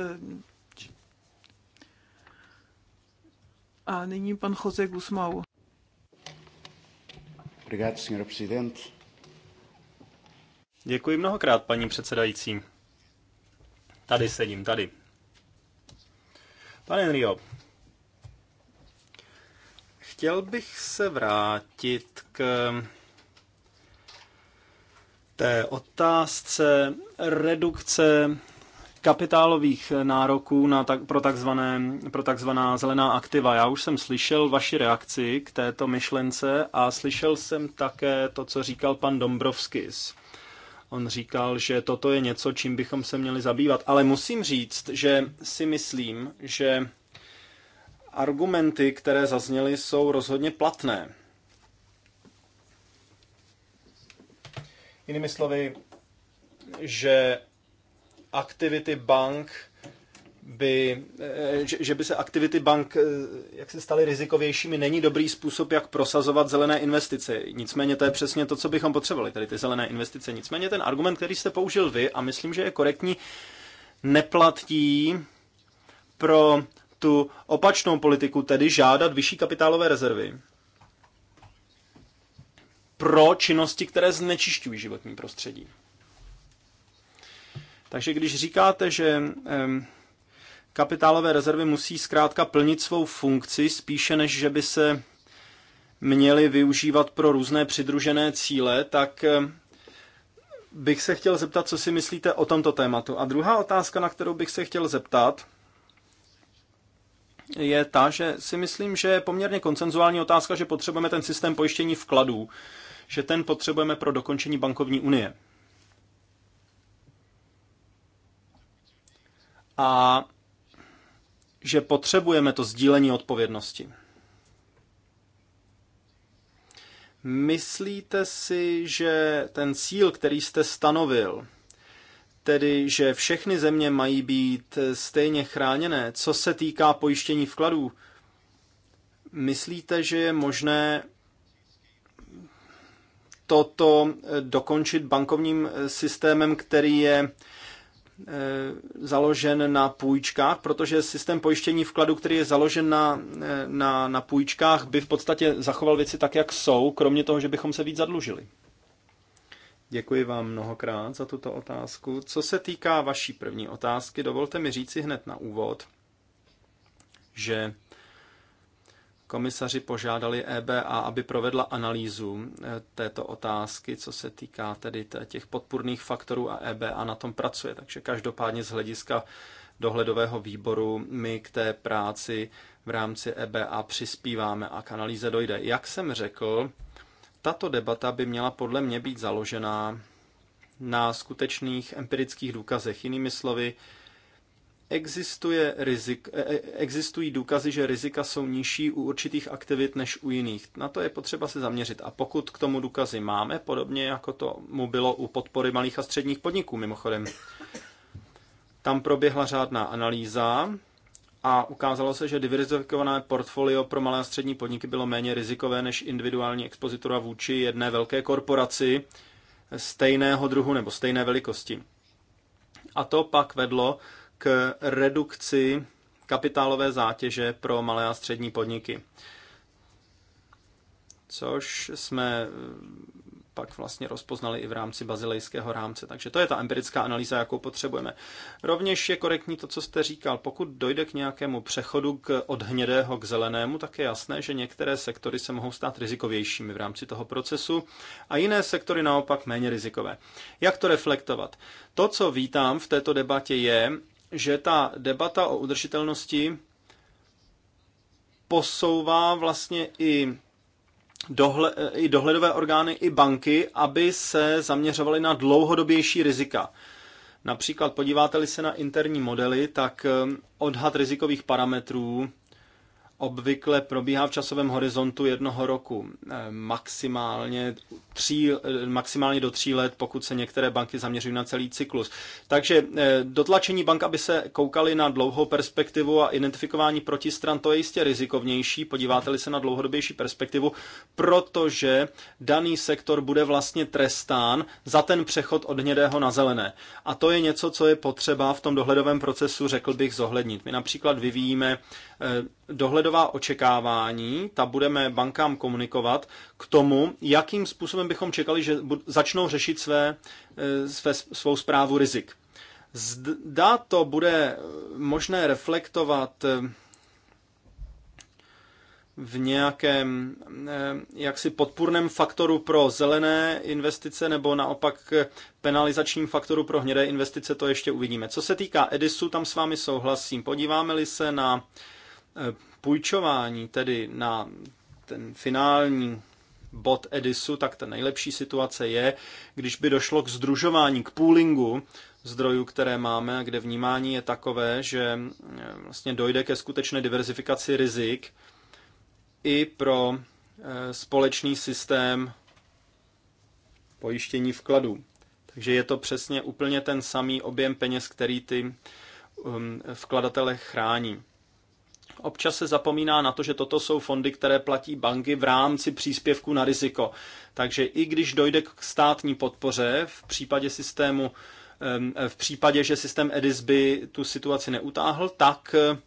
A nyní pan Jose Gusmau. Obrigado, senhor presidente. Děkuji mnohokrát, paní předsedající. Tady sedím, tady. Pane Rio, chtěl bych se vrátit k té otázce redukce kapitálových nároků na tak, pro, takzvané, pro takzvaná zelená aktiva. Já už jsem slyšel vaši reakci k této myšlence a slyšel jsem také to, co říkal pan Dombrovskis. On říkal, že toto je něco, čím bychom se měli zabývat. Ale musím říct, že si myslím, že argumenty, které zazněly, jsou rozhodně platné. Jinými slovy, že aktivity bank by, eh, že by se aktivity bank eh, jak se staly rizikovějšími, není dobrý způsob, jak prosazovat zelené investice. Nicméně to je přesně to, co bychom potřebovali, tedy ty zelené investice. Nicméně ten argument, který jste použil vy, a myslím, že je korektní, neplatí pro tu opačnou politiku, tedy žádat vyšší kapitálové rezervy pro činnosti, které znečišťují životní prostředí. Takže když říkáte, že kapitálové rezervy musí zkrátka plnit svou funkci, spíše než že by se měly využívat pro různé přidružené cíle, tak bych se chtěl zeptat, co si myslíte o tomto tématu. A druhá otázka, na kterou bych se chtěl zeptat, je ta, že si myslím, že je poměrně koncenzuální otázka, že potřebujeme ten systém pojištění vkladů, že ten potřebujeme pro dokončení bankovní unie. a že potřebujeme to sdílení odpovědnosti. Myslíte si, že ten cíl, který jste stanovil, tedy že všechny země mají být stejně chráněné, co se týká pojištění vkladů, myslíte, že je možné toto dokončit bankovním systémem, který je Eh, založen na půjčkách, protože systém pojištění vkladu, který je založen na, eh, na, na půjčkách, by v podstatě zachoval věci tak, jak jsou, kromě toho, že bychom se víc zadlužili. Děkuji vám mnohokrát za tuto otázku. Co se týká vaší první otázky, dovolte mi říci hned na úvod, že komisaři požádali EBA, aby provedla analýzu eh, této otázky, co se týká tedy těch podpůrných faktorů a EBA na tom pracuje. Takže každopádně z hlediska dohledového výboru my k té práci v rámci EBA přispíváme a k analýze dojde. Jak jsem řekl, tato debata by měla podle mě být založená na skutečných empirických důkazech. Jinými slovy, Existuje rizik, e, e, existují důkazy, že rizika jsou nižší u určitých aktivit než u jiných. Na to je potřeba se zaměřit. A pokud k tomu důkazy máme, podobně jako to mu bylo u podpory malých a středních podniků, mimochodem, tam proběhla řádná analýza a ukázalo se, že diverzifikované portfolio pro malé a střední podniky bylo méně rizikové než individuální expozitura vůči jedné velké korporaci stejného druhu nebo stejné velikosti. A to pak vedlo k redukci kapitálové zátěže pro malé a střední podniky. Což jsme eh, pak vlastně rozpoznali i v rámci bazilejského rámce. Takže to je ta empirická analýza, jakou potřebujeme. Rovněž je korektní to, co jste říkal. Pokud dojde k nějakému přechodu k, od hnědého k zelenému, tak je jasné, že některé sektory se mohou stát rizikovějšími v rámci toho procesu a jiné sektory naopak méně rizikové. Jak to reflektovat? To, co vítám v této debatě, je, že ta debata o udržitelnosti posouvá vlastně i, dohle, i dohledové orgány, i banky, aby se zaměřovaly na dlouhodobější rizika. Například podíváte-li se na interní modely, tak eh, odhad rizikových parametrů obvykle probíhá v časovém horizontu jednoho roku, eh, maximálně, tří, eh, maximálně do tří let, pokud se některé banky zaměřují na celý cyklus. Takže eh, dotlačení bank, aby se koukali na dlouhou perspektivu a identifikování protistran, to je jistě rizikovnější, podíváte-li se na dlouhodobější perspektivu, protože daný sektor bude vlastně trestán za ten přechod od hnědého na zelené. A to je něco, co je potřeba v tom dohledovém procesu, řekl bych, zohlednit. My například vyvíjíme Eh, dohledová očekávání, ta budeme bankám komunikovat k tomu, jakým způsobem bychom čekali, že začnou řešit své, eh, své, svou zprávu rizik. Zda to bude možné reflektovat eh, v nějakém jaksi podpůrném faktoru pro zelené investice nebo naopak penalizačním faktoru pro hnědé investice, to ještě uvidíme. Co se týká Edisu, tam s vámi souhlasím. Podíváme-li se na Eh, půjčování, tedy na ten finální bod Edisu, tak ta nejlepší situace je, když by došlo k združování, k poolingu zdrojů, které máme a kde vnímání je takové, že eh, vlastně dojde ke skutečné diverzifikaci rizik i pro eh, společný systém pojištění vkladů. Takže je to přesně úplně ten samý objem peněz, který ty um, vkladatele chrání. Občas se zapomíná na to, že toto jsou fondy, které platí banky v rámci příspěvku na riziko. Takže i když dojde k státní podpoře v případě systému, v případě, že systém EDIS by tu situaci neutáhl, tak e,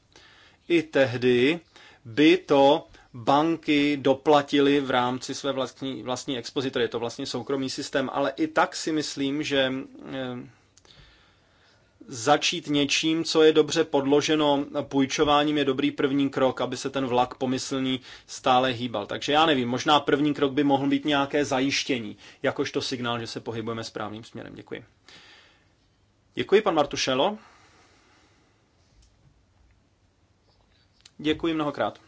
i tehdy by to banky doplatily v rámci své vlastní, vlastní expozitory. Je to vlastně soukromý systém, ale i tak si myslím, že začít něčím, co je dobře podloženo půjčováním, je dobrý první krok, aby se ten vlak pomyslný stále hýbal. Takže já nevím, možná první krok by mohl být nějaké zajištění, jakožto signál, že se pohybujeme správným směrem. Děkuji. Děkuji, pan Martušelo. Děkuji mnohokrát.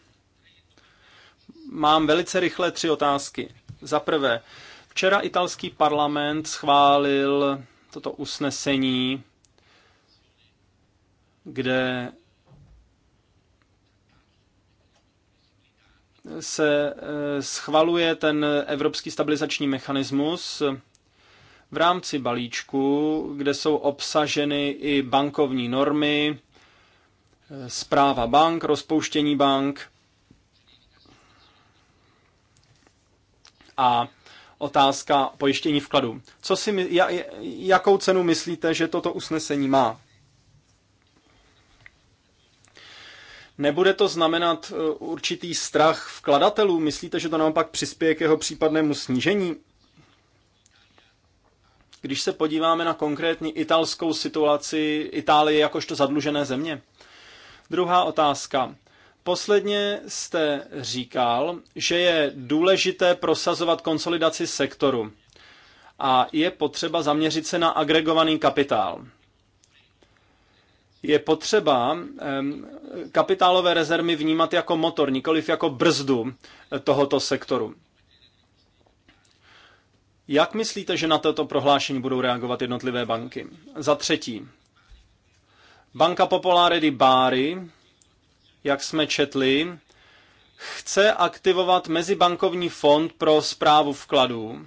Mám velice rychle tři otázky. Za prvé, včera italský parlament schválil toto usnesení kde se eh, schvaluje ten evropský stabilizační mechanismus v rámci balíčku, kde jsou obsaženy i bankovní normy, eh, zpráva bank, rozpouštění bank a otázka pojištění vkladů. Co si, jakou cenu myslíte, že toto usnesení má? Nebude to znamenat e, určitý strach vkladatelů? Myslíte, že to naopak přispěje k jeho případnému snížení? Když se podíváme na konkrétní italskou situaci Itálie jakožto zadlužené země. Druhá otázka. Posledně jste říkal, že je důležité prosazovat konsolidaci sektoru a je potřeba zaměřit se na agregovaný kapitál je potřeba kapitálové rezervy vnímat jako motor, nikoliv jako brzdu eh, tohoto sektoru. Jak myslíte, že na toto prohlášení budou reagovat jednotlivé banky? Za třetí, Banka Popolare di Bari, jak jsme četli, chce aktivovat Mezibankovní fond pro zprávu vkladů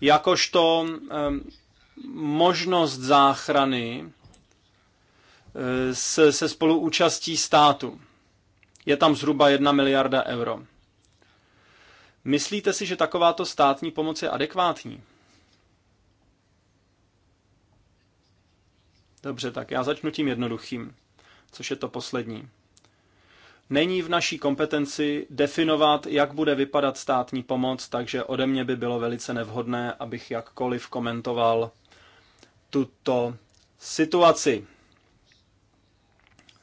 jakožto možnost záchrany se, se spoluúčastí státu. Je tam zhruba 1 miliarda euro. Myslíte si, že takováto státní pomoc je adekvátní? Dobře, tak já začnu tím jednoduchým, což je to poslední. Není v naší kompetenci definovat, jak bude vypadat státní pomoc, takže ode mě by bylo velice nevhodné, abych jakkoliv komentoval tuto situaci.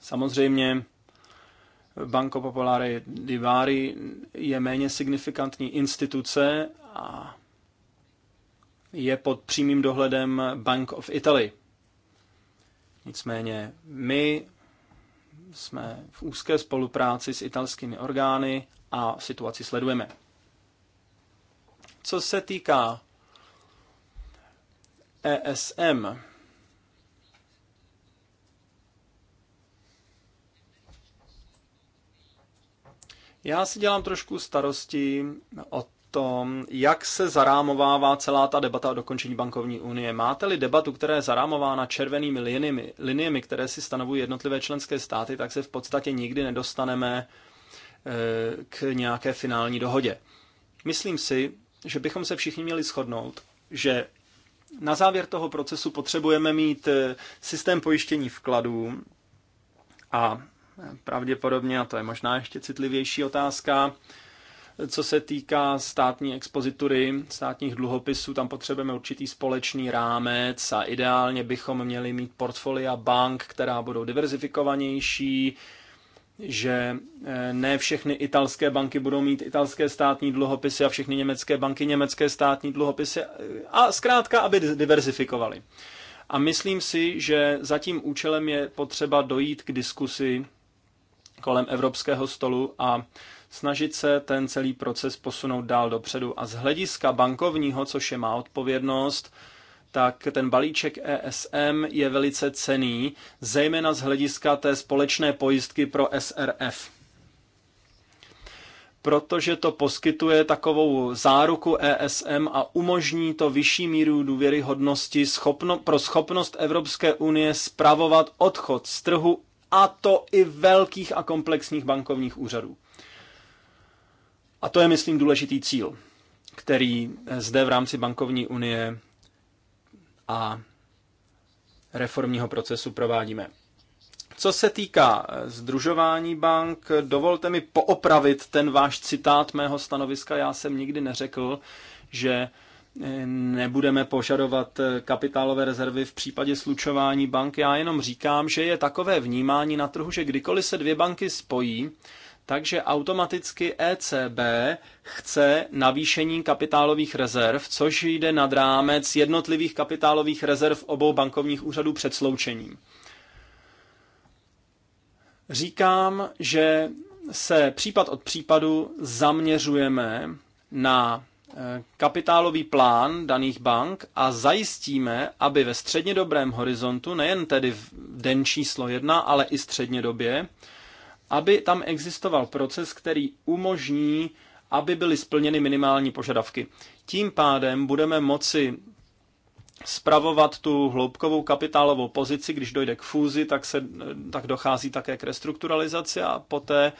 Samozřejmě Banco Popolare di Bari je méně signifikantní instituce a je pod přímým dohledem Bank of Italy. Nicméně my jsme v úzké spolupráci s italskými orgány a situaci sledujeme. Co se týká ESM, Já si dělám trošku starosti o tom, jak se zarámovává celá ta debata o dokončení bankovní unie. Máte-li debatu, která je zarámována červenými liniemi, liniemi, které si stanovují jednotlivé členské státy, tak se v podstatě nikdy nedostaneme eh, k nějaké finální dohodě. Myslím si, že bychom se všichni měli shodnout, že na závěr toho procesu potřebujeme mít eh, systém pojištění vkladů a pravděpodobně, a to je možná ještě citlivější otázka, co se týká státní expozitury, státních dluhopisů, tam potřebujeme určitý společný rámec a ideálně bychom měli mít portfolia bank, která budou diverzifikovanější, že eh, ne všechny italské banky budou mít italské státní dluhopisy a všechny německé banky německé státní dluhopisy eh, a zkrátka, aby diverzifikovali. A myslím si, že za tím účelem je potřeba dojít k diskusi kolem evropského stolu a snažit se ten celý proces posunout dál dopředu. A z hlediska bankovního, což je má odpovědnost, tak ten balíček ESM je velice cený, zejména z hlediska té společné pojistky pro SRF. Protože to poskytuje takovou záruku ESM a umožní to vyšší míru důvěryhodnosti schopno, pro schopnost Evropské unie spravovat odchod z trhu a to i velkých a komplexních bankovních úřadů. A to je, myslím, důležitý cíl, který zde v rámci bankovní unie a reformního procesu provádíme. Co se týká eh, združování bank, dovolte mi poopravit ten váš citát mého stanoviska. Já jsem nikdy neřekl, že nebudeme požadovat eh, kapitálové rezervy v případě slučování bank. Já jenom říkám, že je takové vnímání na trhu, že kdykoliv se dvě banky spojí, takže automaticky ECB chce navýšení kapitálových rezerv, což jde nad rámec jednotlivých kapitálových rezerv obou bankovních úřadů před sloučením. Říkám, že se případ od případu zaměřujeme na kapitálový plán daných bank a zajistíme, aby ve střednědobrém horizontu, nejen tedy v den číslo jedna, ale i střednědobě, aby tam existoval proces, který umožní, aby byly splněny minimální požadavky. Tím pádem budeme moci spravovat tu hloubkovou kapitálovou pozici, když dojde k fúzi, tak, se, tak dochází také k restrukturalizaci a poté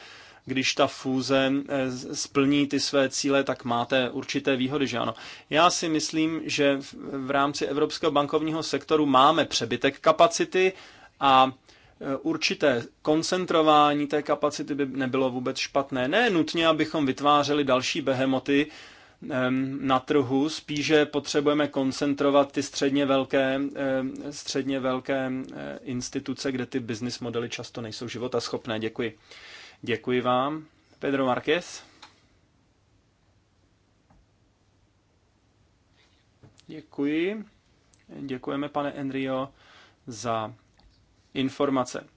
když ta fúze eh, splní ty své cíle, tak máte určité výhody, že ano. Já si myslím, že v rámci Evropského bankovního sektoru máme přebytek kapacity a eh, určité koncentrování té kapacity by nebylo vůbec špatné. Ne nutně, abychom vytvářeli další behemoty ehm, na trhu, spíše potřebujeme koncentrovat ty středně velké, ehm, středně velké eh, instituce, kde ty business modely často nejsou životaschopné. Děkuji. Děkuji vám. Pedro Marquez. Děkuji. Děkujeme, pane Enrio, za informace.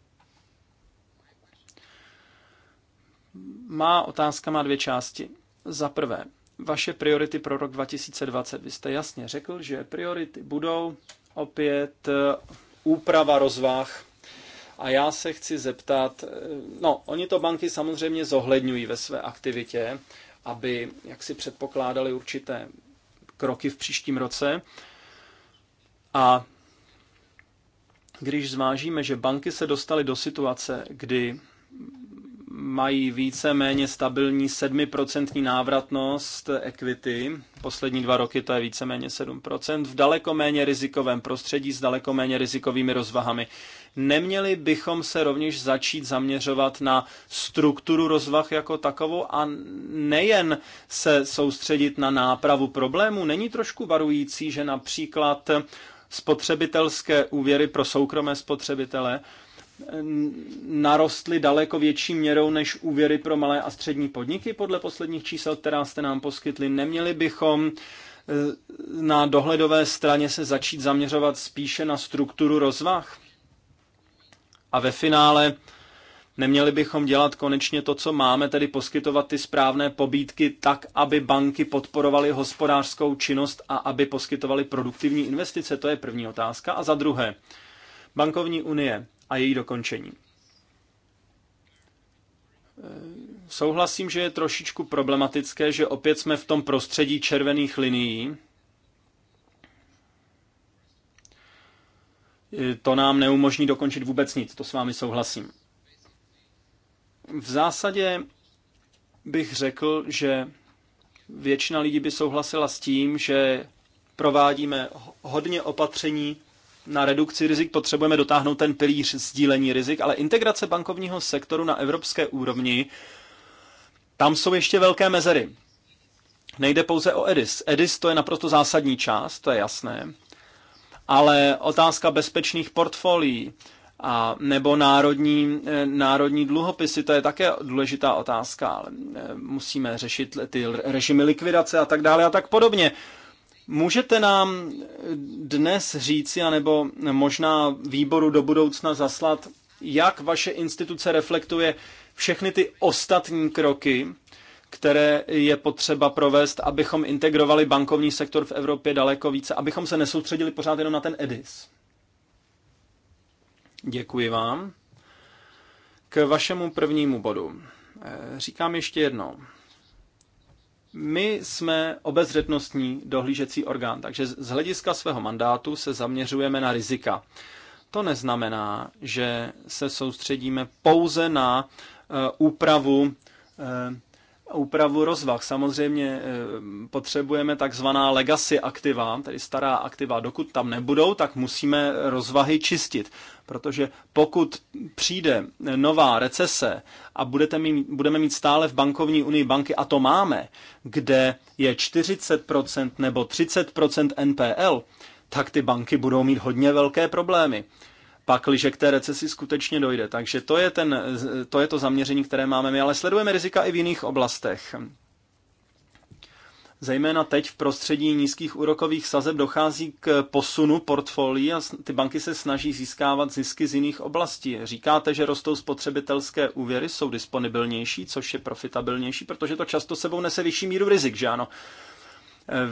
Má otázka má dvě části. Za prvé, vaše priority pro rok 2020. Vy jste jasně řekl, že priority budou opět eh, úprava rozvah a já se chci zeptat, eh, no, oni to banky samozřejmě zohledňují ve své aktivitě, aby jak si předpokládali určité kroky v příštím roce. A když zvážíme, že banky se dostaly do situace, kdy mají více-méně stabilní 7% návratnost equity. Poslední dva roky to je více-méně 7%. V daleko méně rizikovém prostředí s daleko méně rizikovými rozvahami. Neměli bychom se rovněž začít zaměřovat na strukturu rozvah jako takovou a nejen se soustředit na nápravu problému. Není trošku varující, že například spotřebitelské úvěry pro soukromé spotřebitele narostly daleko větší měrou než úvěry pro malé a střední podniky podle posledních čísel, která jste nám poskytli. Neměli bychom eh, na dohledové straně se začít zaměřovat spíše na strukturu rozvah? A ve finále neměli bychom dělat konečně to, co máme, tedy poskytovat ty správné pobídky tak, aby banky podporovaly hospodářskou činnost a aby poskytovaly produktivní investice? To je první otázka. A za druhé, bankovní unie a její dokončení. Souhlasím, že je trošičku problematické, že opět jsme v tom prostředí červených linií, to nám neumožní dokončit vůbec nic, to s vámi souhlasím. V zásadě bych řekl, že většina lidí by souhlasila s tím, že provádíme hodně opatření na redukci rizik, potřebujeme dotáhnout ten pilíř sdílení rizik, ale integrace bankovního sektoru na evropské úrovni, tam jsou ještě velké mezery. Nejde pouze o EDIS. EDIS to je naprosto zásadní část, to je jasné, ale otázka bezpečných portfolií a nebo národní, eh, národní dluhopisy, to je také důležitá otázka, ale eh, musíme řešit ty režimy likvidace a tak dále a tak podobně. Můžete nám eh, dnes říci, anebo možná výboru do budoucna zaslat, jak vaše instituce reflektuje všechny ty ostatní kroky, které je potřeba provést, abychom integrovali bankovní sektor v Evropě daleko více, abychom se nesoustředili pořád jenom na ten EDIS. Děkuji vám. K vašemu prvnímu bodu. Eh, říkám ještě jednou. My jsme obezřetnostní dohlížecí orgán, takže z hlediska svého mandátu se zaměřujeme na rizika. To neznamená, že se soustředíme pouze na eh, úpravu eh, úpravu rozvah. Samozřejmě eh, potřebujeme takzvaná legacy aktiva, tedy stará aktiva. Dokud tam nebudou, tak musíme rozvahy čistit, protože pokud přijde nová recese a budete mít, budeme mít stále v bankovní unii banky, a to máme, kde je 40% nebo 30% NPL, tak ty banky budou mít hodně velké problémy pakliže k té recesi skutečně dojde. Takže to je, ten, to je to zaměření, které máme my, ale sledujeme rizika i v jiných oblastech. Zejména teď v prostředí nízkých úrokových sazeb dochází k posunu portfolií a ty banky se snaží získávat zisky z jiných oblastí. Říkáte, že rostou spotřebitelské úvěry, jsou disponibilnější, což je profitabilnější, protože to často sebou nese vyšší míru rizik, že ano?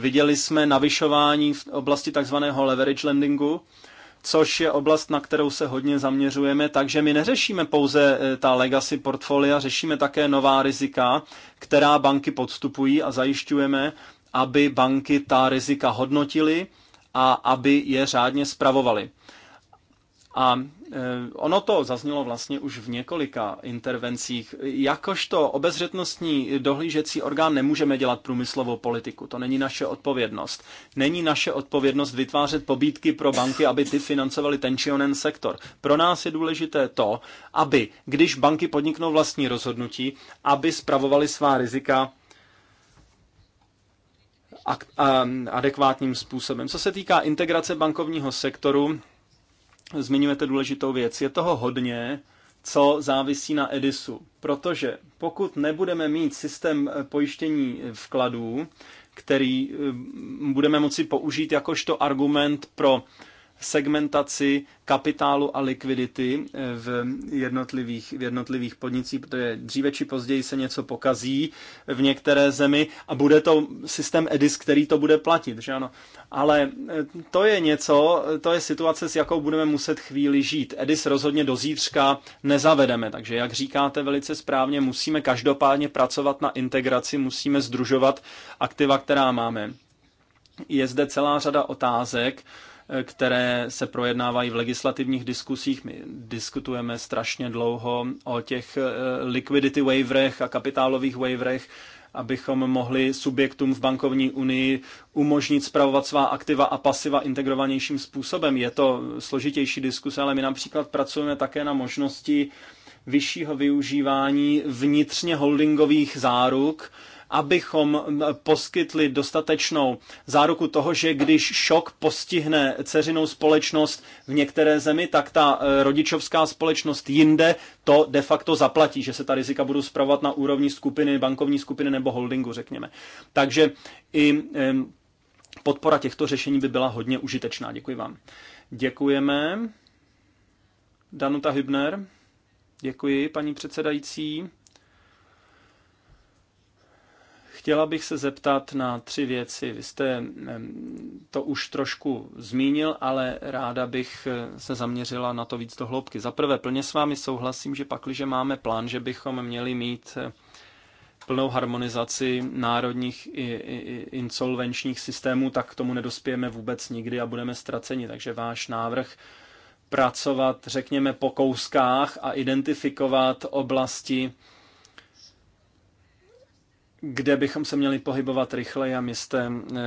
Viděli jsme navyšování v oblasti takzvaného leverage lendingu, což je oblast, na kterou se hodně zaměřujeme, takže my neřešíme pouze eh, ta legacy portfolia, řešíme také nová rizika, která banky podstupují a zajišťujeme, aby banky ta rizika hodnotily a aby je řádně spravovaly. A e, ono to zaznělo vlastně už v několika intervencích. Jakožto obezřetnostní dohlížecí orgán nemůžeme dělat průmyslovou politiku. To není naše odpovědnost. Není naše odpovědnost vytvářet pobídky pro banky, aby ty financovaly ten či onen sektor. Pro nás je důležité to, aby, když banky podniknou vlastní rozhodnutí, aby spravovali svá rizika adekvátním způsobem. Co se týká integrace bankovního sektoru, zmiňujete důležitou věc. Je toho hodně, co závisí na Edisu. Protože pokud nebudeme mít systém eh, pojištění eh, vkladů, který eh, budeme moci použít jakožto argument pro segmentaci kapitálu a likvidity eh, v jednotlivých, v jednotlivých podnicích, protože dříve či později se něco pokazí eh, v některé zemi a bude to systém EDIS, který to bude platit, že ano. Ale eh, to je něco, to je situace, s jakou budeme muset chvíli žít. EDIS rozhodně do zítřka nezavedeme, takže jak říkáte velice správně, musíme každopádně pracovat na integraci, musíme združovat aktiva, která máme. Je zde celá řada otázek, které se projednávají v legislativních diskusích. My diskutujeme strašně dlouho o těch eh, liquidity waiverech a kapitálových waiverech, abychom mohli subjektům v bankovní unii umožnit spravovat svá aktiva a pasiva integrovanějším způsobem. Je to složitější diskuse, ale my například pracujeme také na možnosti vyššího využívání vnitřně holdingových záruk abychom poskytli dostatečnou záruku toho, že když šok postihne ceřinou společnost v některé zemi, tak ta e, rodičovská společnost jinde to de facto zaplatí, že se ta rizika budou zpravovat na úrovni skupiny, bankovní skupiny nebo holdingu, řekněme. Takže i e, podpora těchto řešení by byla hodně užitečná. Děkuji vám. Děkujeme. Danuta Hübner. Děkuji, paní předsedající. Chtěla bych se zeptat na tři věci. Vy jste to už trošku zmínil, ale ráda bych eh, se zaměřila na to víc do hloubky. Za prvé, plně s vámi souhlasím, že pakliže máme plán, že bychom měli mít eh, plnou harmonizaci národních i, i, insolvenčních systémů, tak k tomu nedospějeme vůbec nikdy a budeme ztraceni. Takže váš návrh pracovat, řekněme, po kouskách a identifikovat oblasti, kde bychom se měli pohybovat rychleji a jste eh,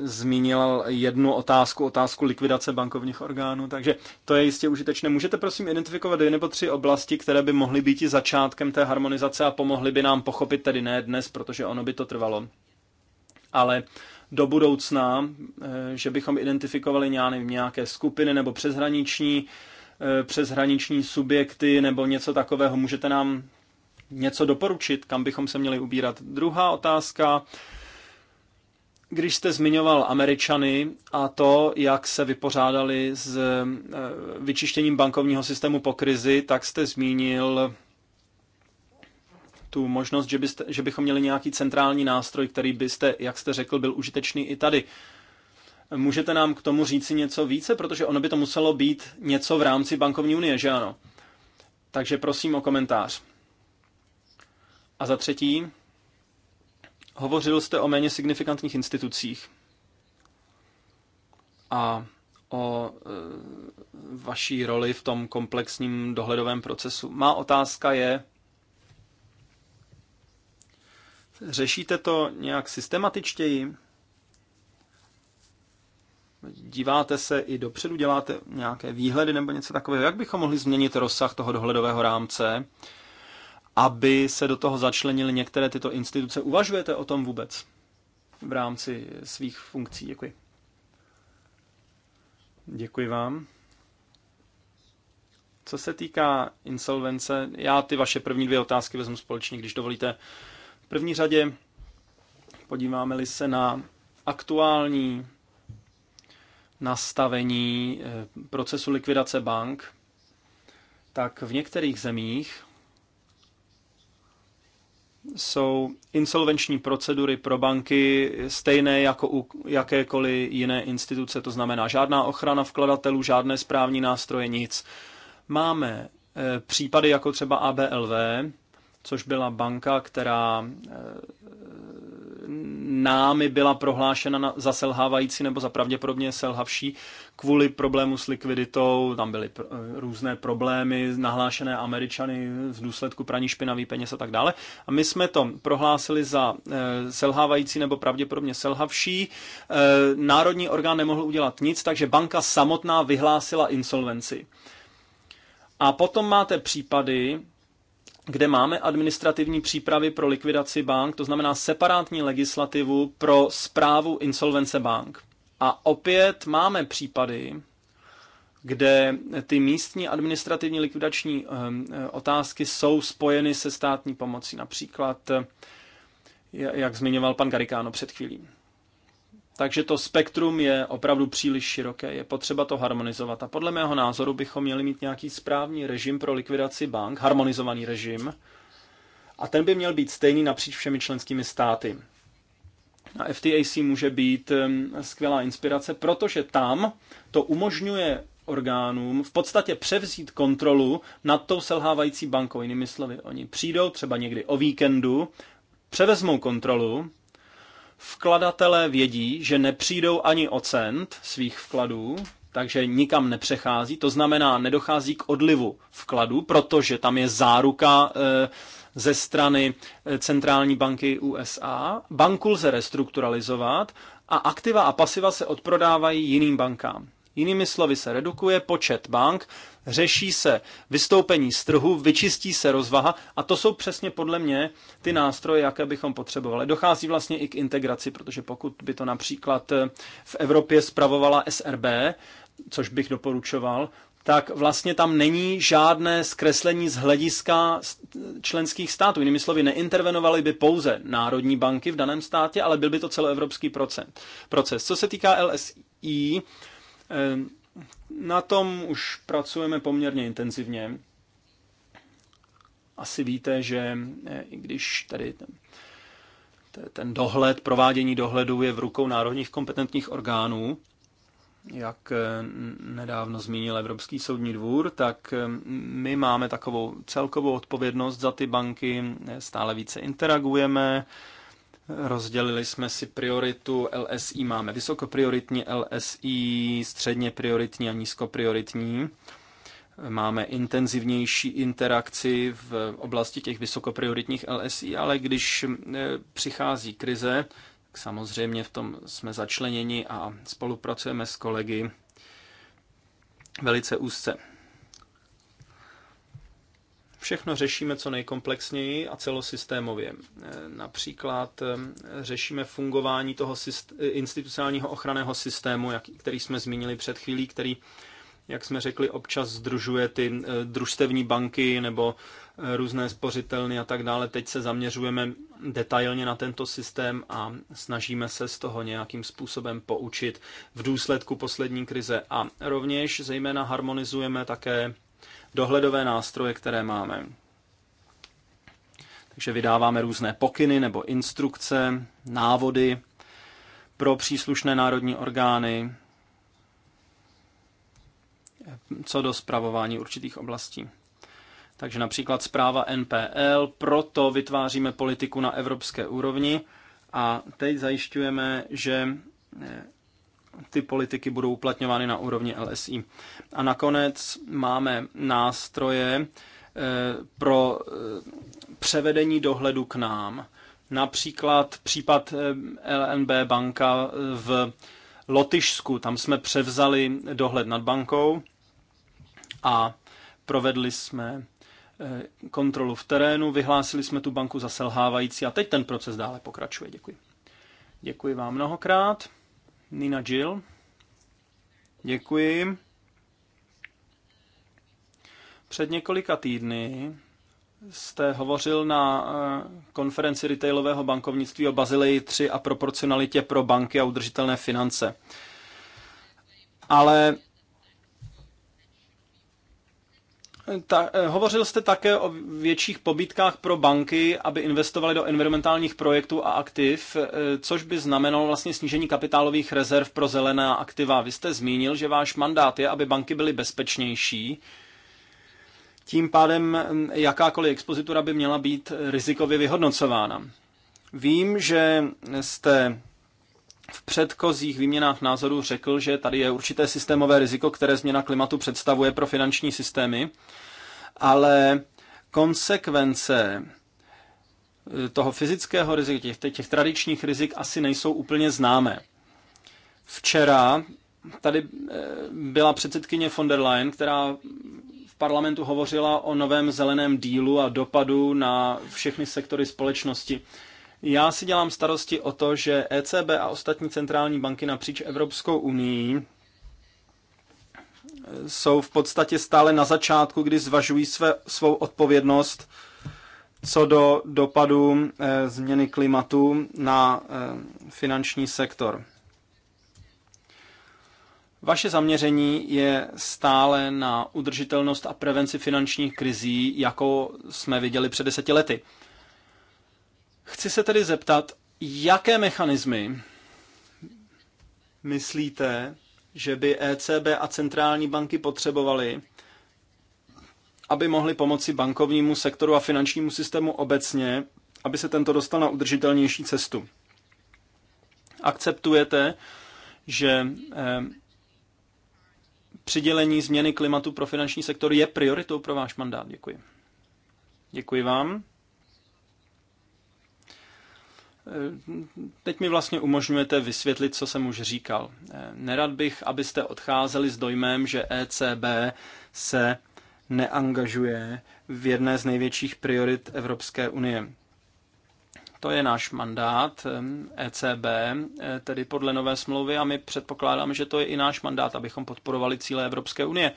zmínil jednu otázku, otázku likvidace bankovních orgánů, takže to je jistě užitečné. Můžete prosím identifikovat dvě nebo tři oblasti, které by mohly být i začátkem té harmonizace a pomohly by nám pochopit, tedy ne dnes, protože ono by to trvalo, ale do budoucna, eh, že bychom identifikovali nějaké skupiny nebo přeshraniční, eh, přeshraniční subjekty nebo něco takového. Můžete nám něco doporučit, kam bychom se měli ubírat. Druhá otázka. Když jste zmiňoval Američany a to, jak se vypořádali s eh, vyčištěním bankovního systému po krizi, tak jste zmínil tu možnost, že, byste, že bychom měli nějaký centrální nástroj, který byste, jak jste řekl, byl užitečný i tady. Můžete nám k tomu říci něco více, protože ono by to muselo být něco v rámci bankovní unie, že ano? Takže prosím o komentář. A za třetí, hovořil jste o méně signifikantních institucích a o e, vaší roli v tom komplexním dohledovém procesu. Má otázka je, řešíte to nějak systematičtěji? Díváte se i dopředu, děláte nějaké výhledy nebo něco takového? Jak bychom mohli změnit rozsah toho dohledového rámce? aby se do toho začlenily některé tyto instituce. Uvažujete o tom vůbec v rámci svých funkcí? Děkuji. Děkuji vám. Co se týká insolvence, já ty vaše první dvě otázky vezmu společně, když dovolíte. V první řadě podíváme-li se na aktuální nastavení eh, procesu likvidace bank, tak v některých zemích jsou insolvenční procedury pro banky stejné jako u jakékoliv jiné instituce, to znamená žádná ochrana vkladatelů, žádné správní nástroje, nic. Máme eh, případy jako třeba ABLV, což byla banka, která eh, námi byla prohlášena za selhávající nebo za pravděpodobně selhavší kvůli problému s likviditou. Tam byly pr- eh, různé problémy nahlášené Američany v důsledku praní špinavý peněz a tak dále. A my jsme to prohlásili za e, selhávající nebo pravděpodobně selhavší. E, národní orgán nemohl udělat nic, takže banka samotná vyhlásila insolvenci. A potom máte případy, kde máme administrativní přípravy pro likvidaci bank, to znamená separátní legislativu pro zprávu insolvence bank. A opět máme případy, kde ty místní administrativní likvidační ehm, eh, otázky jsou spojeny se státní pomocí. Například, eh, jak zmiňoval pan Garikáno před chvílí. Takže to spektrum je opravdu příliš široké, je potřeba to harmonizovat. A podle mého názoru bychom měli mít nějaký správný režim pro likvidaci bank, harmonizovaný režim, a ten by měl být stejný napříč všemi členskými státy. A FTAC může být skvělá inspirace, protože tam to umožňuje orgánům v podstatě převzít kontrolu nad tou selhávající bankou. Jinými slovy, oni přijdou třeba někdy o víkendu, převezmou kontrolu Vkladatelé vědí, že nepřijdou ani o cent svých vkladů, takže nikam nepřechází. To znamená, nedochází k odlivu vkladů, protože tam je záruka eh, ze strany eh, centrální banky USA. Banku lze restrukturalizovat a aktiva a pasiva se odprodávají jiným bankám. Jinými slovy se redukuje počet bank, řeší se vystoupení z trhu, vyčistí se rozvaha a to jsou přesně podle mě ty nástroje, jaké bychom potřebovali. Dochází vlastně i k integraci, protože pokud by to například eh, v Evropě spravovala SRB, což bych doporučoval, tak vlastně tam není žádné zkreslení z hlediska členských států. Jinými slovy, neintervenovaly by pouze národní banky v daném státě, ale byl by to celoevropský proces. Co se týká LSI, na tom už pracujeme poměrně intenzivně. Asi víte, že e, i když tady ten dohled, provádění dohledu je v rukou národních kompetentních orgánů, jak e, nedávno zmínil Evropský soudní dvůr, tak e, my máme takovou celkovou odpovědnost za ty banky, stále více interagujeme, Rozdělili jsme si prioritu LSI. Máme vysokoprioritní LSI, středně prioritní a nízkoprioritní. Máme intenzivnější interakci v oblasti těch vysokoprioritních LSI, ale když e, přichází krize, tak samozřejmě v tom jsme začleněni a spolupracujeme s kolegy velice úzce. Všechno řešíme co nejkomplexněji a celosystémově. Eh, například eh, řešíme fungování toho eh, institucionálního ochranného systému, jak, který jsme zmínili před chvílí, který, jak jsme řekli, občas združuje ty družstevní banky nebo různé spořitelny a tak dále. Teď se zaměřujeme detailně na tento systém a snažíme se z toho nějakým způsobem poučit v důsledku poslední krize. A rovněž zejména harmonizujeme také dohledové nástroje, které máme. Takže vydáváme různé pokyny nebo instrukce, návody pro příslušné národní orgány co do zpravování určitých oblastí. Takže například zpráva NPL, proto vytváříme politiku na evropské úrovni a teď zajišťujeme, že ty politiky budou uplatňovány na úrovni LSI. A nakonec máme nástroje eh, pro eh, převedení dohledu k nám. Například případ eh, LNB banka v Lotyšsku. Tam jsme převzali dohled nad bankou a provedli jsme kontrolu v terénu, vyhlásili jsme tu banku za selhávající a teď ten proces dále pokračuje. Děkuji. Děkuji vám mnohokrát. Nina Jill. Děkuji. Před několika týdny jste hovořil na eh, konferenci retailového bankovnictví o Bazileji 3 a proporcionalitě pro banky a udržitelné finance. Ale Ta, eh, hovořil jste také o větších pobítkách pro banky, aby investovali do environmentálních projektů a aktiv, eh, což by znamenalo vlastně snížení kapitálových rezerv pro zelená aktiva. Vy jste zmínil, že váš mandát je, aby banky byly bezpečnější. Tím pádem mm, jakákoliv expozitura by měla být rizikově vyhodnocována. Vím, že jste v předchozích výměnách názorů řekl, že tady je určité systémové riziko, které změna klimatu představuje pro finanční systémy, ale konsekvence eh, toho fyzického rizika, těch, těch tradičních rizik asi nejsou úplně známé. Včera tady eh, byla předsedkyně von der Leyen, která v parlamentu hovořila o novém zeleném dílu a dopadu na všechny sektory společnosti. Já si dělám starosti o to, že ECB a ostatní centrální banky napříč Evropskou unii jsou v podstatě stále na začátku, kdy zvažují své, svou odpovědnost co do dopadu e, změny klimatu na e, finanční sektor. Vaše zaměření je stále na udržitelnost a prevenci finančních krizí, jako jsme viděli před deseti lety. Chci se tedy zeptat, jaké mechanismy myslíte, že by ECB a centrální banky potřebovaly, aby mohly pomoci bankovnímu sektoru a finančnímu systému obecně, aby se tento dostal na udržitelnější cestu. Akceptujete, že eh, přidělení změny klimatu pro finanční sektor je prioritou pro váš mandát? Děkuji. Děkuji vám. Teď mi vlastně umožňujete vysvětlit, co jsem už říkal. Nerad bych, abyste odcházeli s dojmem, že ECB se neangažuje v jedné z největších priorit Evropské unie. To je náš mandát ECB, tedy podle nové smlouvy, a my předpokládáme, že to je i náš mandát, abychom podporovali cíle Evropské unie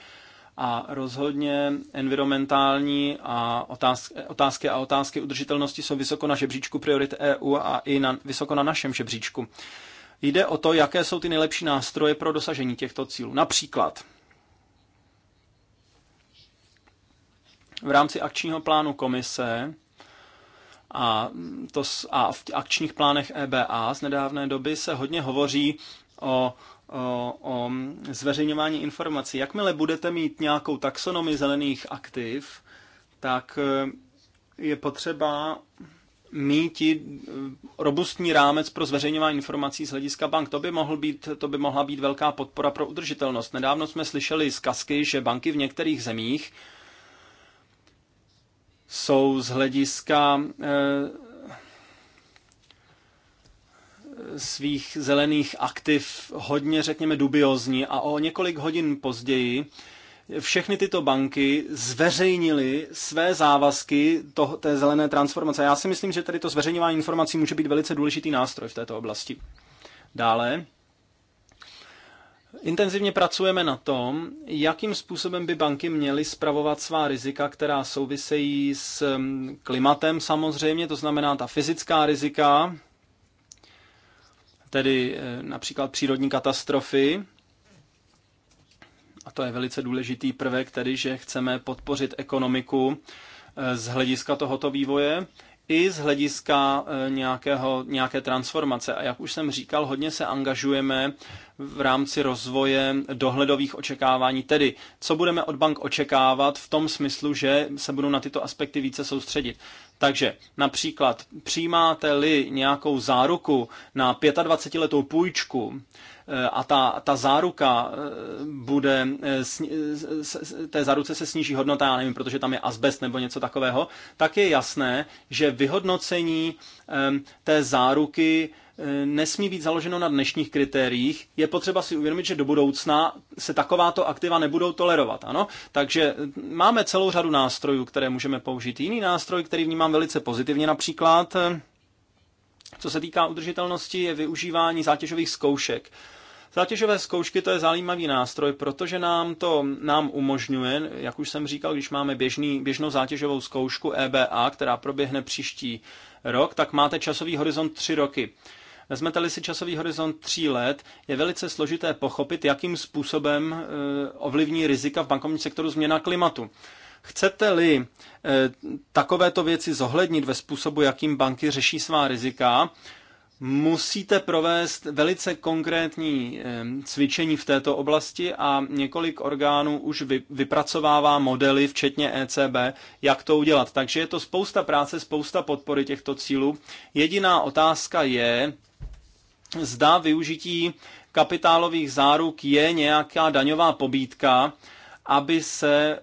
a rozhodně environmentální a otázky, otázky a otázky udržitelnosti jsou vysoko na žebříčku priorit EU a i na, vysoko na našem žebříčku. Jde o to, jaké jsou ty nejlepší nástroje pro dosažení těchto cílů. Například v rámci akčního plánu komise a, to, a v akčních plánech EBA z nedávné doby se hodně hovoří o o, o zveřejňování informací. Jakmile budete mít nějakou taxonomii zelených aktiv, tak e, je potřeba mít e, robustní rámec pro zveřejňování informací z hlediska bank. To by, mohl být, to by mohla být velká podpora pro udržitelnost. Nedávno jsme slyšeli z kasky, že banky v některých zemích jsou z hlediska e, svých zelených aktiv hodně, řekněme, dubiozní a o několik hodin později všechny tyto banky zveřejnily své závazky toho, té zelené transformace. Já si myslím, že tady to zveřejňování informací může být velice důležitý nástroj v této oblasti. Dále, Intenzivně pracujeme na tom, jakým způsobem by banky měly spravovat svá rizika, která souvisejí s mm, klimatem samozřejmě, to znamená ta fyzická rizika, tedy eh, například přírodní katastrofy. A to je velice důležitý prvek, tedy že chceme podpořit ekonomiku eh, z hlediska tohoto vývoje i z hlediska e, nějakého, nějaké transformace. A jak už jsem říkal, hodně se angažujeme v rámci rozvoje dohledových očekávání, tedy co budeme od bank očekávat v tom smyslu, že se budou na tyto aspekty více soustředit. Takže například přijímáte-li nějakou záruku na 25-letou půjčku, Eh, a ta, ta záruka eh, bude, eh, té záruce se sníží hodnota, já nevím, protože tam je asbest nebo něco takového, tak je jasné, že vyhodnocení té záruky nesmí být založeno na dnešních kritériích. Je potřeba si uvědomit, že do budoucna se takováto aktiva nebudou tolerovat. Ano? Takže máme celou řadu nástrojů, které můžeme použít. Jiný nástroj, který vnímám velice pozitivně například, co se týká udržitelnosti, je využívání zátěžových zkoušek. Zátěžové zkoušky to je zajímavý nástroj, protože nám to nám umožňuje, jak už jsem říkal, když máme běžný, běžnou zátěžovou zkoušku EBA, která proběhne příští rok, tak máte časový horizont tři roky. Vezmete-li si časový horizont tří let, je velice složité pochopit, jakým způsobem e, ovlivní rizika v bankovním sektoru změna klimatu. Chcete-li e, takovéto věci zohlednit ve způsobu, jakým banky řeší svá rizika, musíte provést velice konkrétní cvičení v této oblasti a několik orgánů už vypracovává modely, včetně ECB, jak to udělat. Takže je to spousta práce, spousta podpory těchto cílů. Jediná otázka je, zda využití kapitálových záruk je nějaká daňová pobídka, aby se e,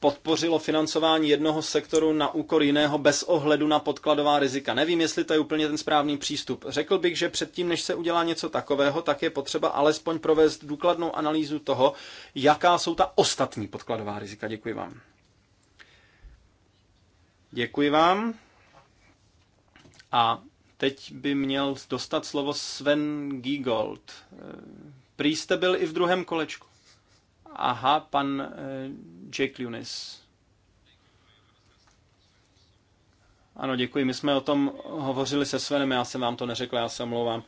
podpořilo financování jednoho sektoru na úkor jiného bez ohledu na podkladová rizika. Nevím, jestli to je úplně ten správný přístup. Řekl bych, že předtím, než se udělá něco takového, tak je potřeba alespoň provést důkladnou analýzu toho, jaká jsou ta ostatní podkladová rizika. Děkuji vám. Děkuji vám. A teď by měl dostat slovo Sven Giegold. E, prý jste byl i v druhém kolečku. Aha, pan eh, Jake Lunis. Ano, děkuji. My jsme o tom hovořili se Svenem, já jsem vám to neřekl, já se omlouvám.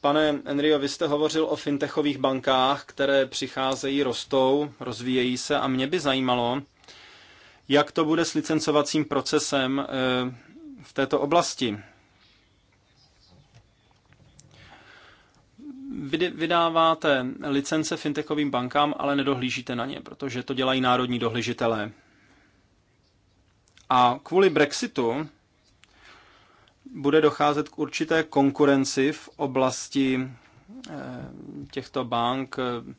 Pane Enrio, vy jste hovořil o fintechových bankách, které přicházejí, rostou, rozvíjejí se a mě by zajímalo, jak to bude s licencovacím procesem eh, v této oblasti. Vy vydáváte licence fintechovým bankám, ale nedohlížíte na ně, protože to dělají národní dohlížitelé. A kvůli Brexitu bude docházet k určité konkurenci v oblasti eh, těchto bank eh,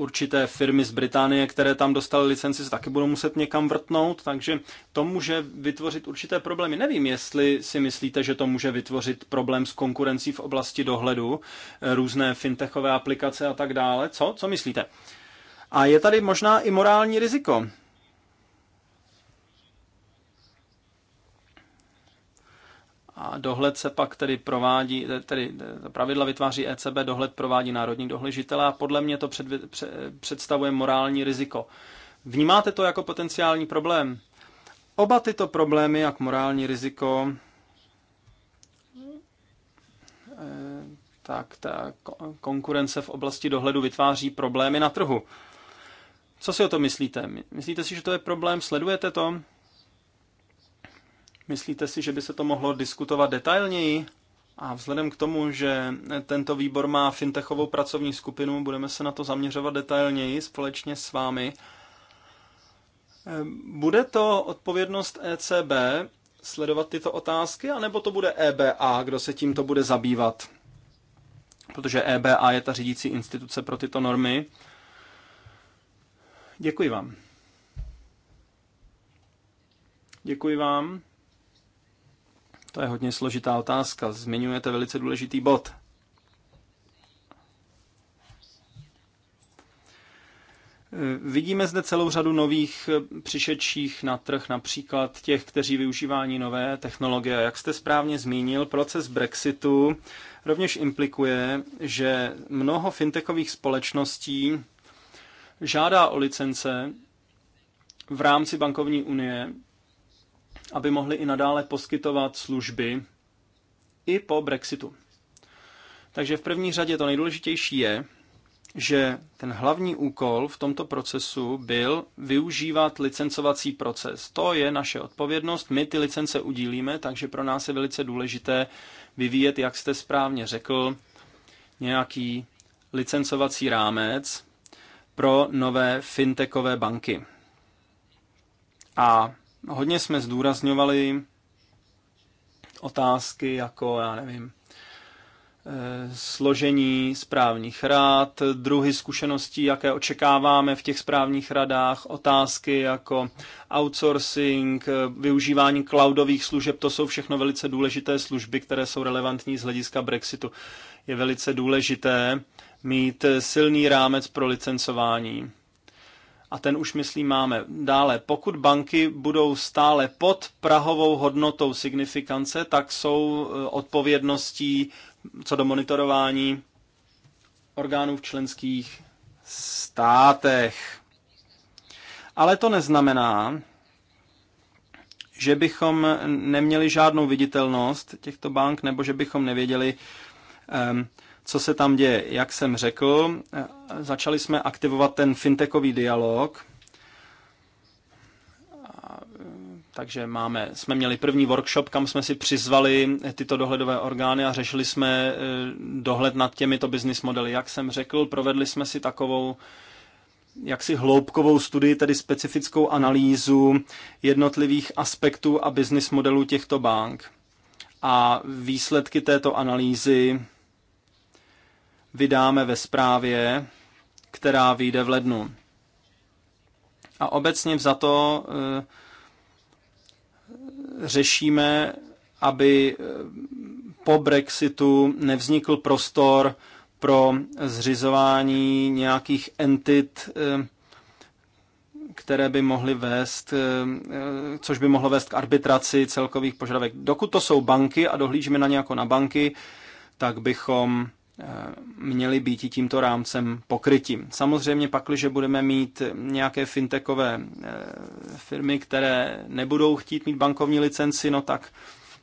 určité firmy z Británie, které tam dostaly licenci, se taky budou muset někam vrtnout, takže to může vytvořit určité problémy. Nevím, jestli si myslíte, že to může vytvořit problém s konkurencí v oblasti dohledu, eh, různé fintechové aplikace a tak dále. Co? Co myslíte? A je tady možná i morální riziko. A dohled se pak tedy provádí, tedy pravidla vytváří ECB, dohled provádí národní dohležitele a podle mě to před, před, představuje morální riziko. Vnímáte to jako potenciální problém? Oba tyto problémy, jak morální riziko, eh, tak ta konkurence v oblasti dohledu vytváří problémy na trhu. Co si o to myslíte? Myslíte si, že to je problém? Sledujete to? Myslíte si, že by se to mohlo diskutovat detailněji? A vzhledem k tomu, že tento výbor má fintechovou pracovní skupinu, budeme se na to zaměřovat detailněji společně s vámi. Bude to odpovědnost ECB sledovat tyto otázky, anebo to bude EBA, kdo se tímto bude zabývat? Protože EBA je ta řídící instituce pro tyto normy. Děkuji vám. Děkuji vám. To je hodně složitá otázka. Zmiňujete velice důležitý bod. Vidíme zde celou řadu nových přišedších na trh, například těch, kteří využívání nové technologie. Jak jste správně zmínil, proces Brexitu rovněž implikuje, že mnoho fintechových společností žádá o licence v rámci bankovní unie aby mohli i nadále poskytovat služby i po Brexitu. Takže v první řadě to nejdůležitější je, že ten hlavní úkol v tomto procesu byl využívat licencovací proces. To je naše odpovědnost, my ty licence udílíme, takže pro nás je velice důležité vyvíjet, jak jste správně řekl, nějaký licencovací rámec pro nové fintechové banky. A Hodně jsme zdůrazňovali otázky jako, já nevím, eh, složení správních rad, druhy zkušeností, jaké očekáváme v těch správních radách, otázky jako outsourcing, eh, využívání cloudových služeb, to jsou všechno velice důležité služby, které jsou relevantní z hlediska Brexitu. Je velice důležité mít silný rámec pro licencování a ten už, myslím, máme. Dále, pokud banky budou stále pod prahovou hodnotou signifikance, tak jsou eh, odpovědností co do monitorování orgánů v členských státech. Ale to neznamená, že bychom neměli žádnou viditelnost těchto bank, nebo že bychom nevěděli, um, co se tam děje. Jak jsem řekl, začali jsme aktivovat ten fintechový dialog, takže máme, jsme měli první workshop, kam jsme si přizvali tyto dohledové orgány a řešili jsme eh, dohled nad těmito business modely. Jak jsem řekl, provedli jsme si takovou jaksi hloubkovou studii, tedy specifickou analýzu jednotlivých aspektů a business modelů těchto bank. A výsledky této analýzy vydáme ve zprávě, která vyjde v lednu. A obecně za to eh, řešíme, aby eh, po Brexitu nevznikl prostor pro zřizování nějakých entit, eh, které by mohly vést, což by mohlo vést k arbitraci celkových požadavek. Dokud to jsou banky a dohlížíme na ně jako na banky, tak bychom měly být tímto rámcem pokrytím. Samozřejmě pak, když budeme mít nějaké fintechové eh, firmy, které nebudou chtít mít bankovní licenci, no tak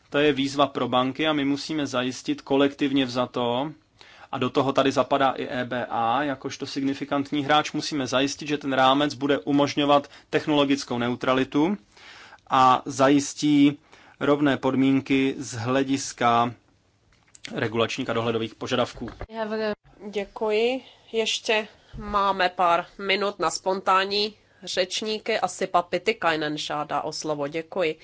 to je výzva pro banky a my musíme zajistit kolektivně za to a do toho tady zapadá i EBA, jakožto signifikantní hráč musíme zajistit, že ten rámec bude umožňovat technologickou neutralitu a zajistí rovné podmínky z hlediska regulačních a dohledových požadavků. Děkuji. Ještě máme pár minut na spontánní řečníky. Asi Papity Kajnen žádá o slovo. Děkuji.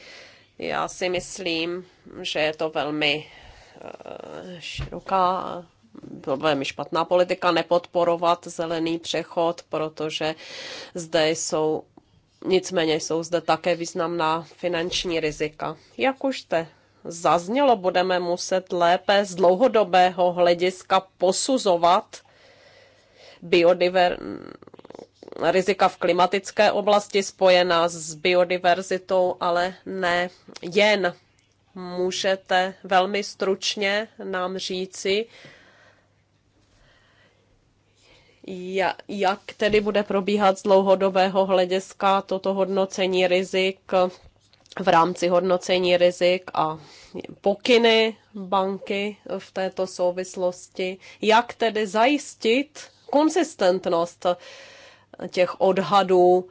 Já si myslím, že je to velmi eh, široká velmi špatná politika nepodporovat zelený přechod, protože zde jsou Nicméně jsou zde také významná finanční rizika. Jak už jste zaznělo, budeme muset lépe z dlouhodobého hlediska posuzovat biodiver rizika v klimatické oblasti spojená s biodiverzitou, ale ne jen. Můžete velmi stručně nám říci, jak tedy bude probíhat z dlouhodobého hlediska toto hodnocení rizik v rámci hodnocení rizik a pokyny banky v této souvislosti, jak tedy zajistit konsistentnost těch odhadů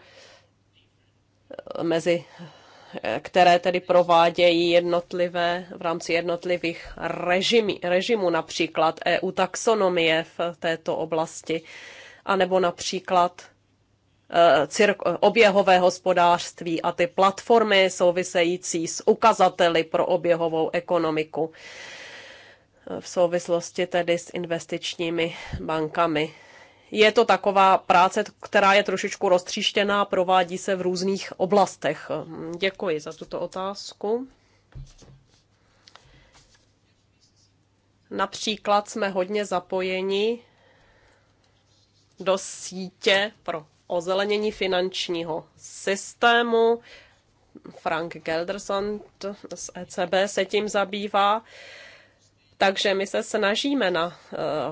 mezi které tedy provádějí jednotlivé v rámci jednotlivých režimí, režimů, například EU taxonomie v této oblasti, anebo například Eh, oběhové hospodářství a ty platformy související s ukazateli pro oběhovou ekonomiku eh, v souvislosti tedy s investičními bankami. Je to taková práce, která je trošičku roztříštěná, provádí se v různých oblastech. Eh, děkuji za tuto otázku. Například jsme hodně zapojeni do sítě pro ozelenění finančního systému. Frank Gelderson z ECB se tím zabývá. Takže my se snažíme na, uh,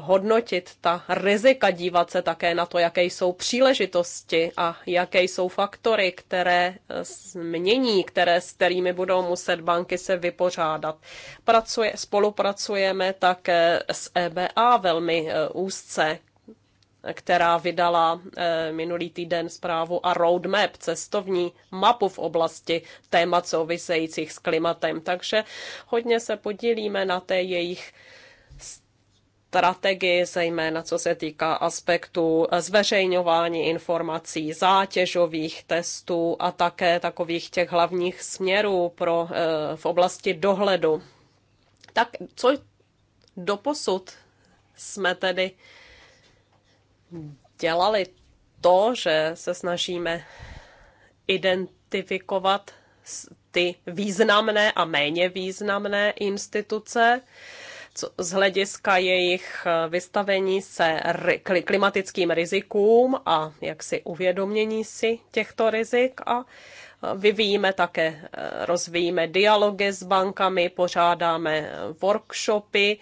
hodnotit ta rizika, dívat se také na to, jaké jsou příležitosti a jaké jsou faktory, které eh, změní, které, s kterými budou muset banky se vypořádat. Pracuje, spolupracujeme také s EBA velmi uh, úzce, která vydala eh, minulý týden zprávu a roadmap, cestovní mapu v oblasti témat souvisejících s klimatem. Takže hodně se podílíme na té jejich strategii, zejména co se týká aspektu zveřejňování informací, zátěžových testů a také takových těch hlavních směrů pro, eh, v oblasti dohledu. Tak co doposud jsme tedy dělali to, že se snažíme identifikovat ty významné a méně významné instituce, co z hlediska jejich eh, vystavení se klimatickým rizikům a jaksi uvědomění si těchto rizik a eh, vyvíjíme také, eh, rozvíjíme dialogy s bankami, pořádáme workshopy,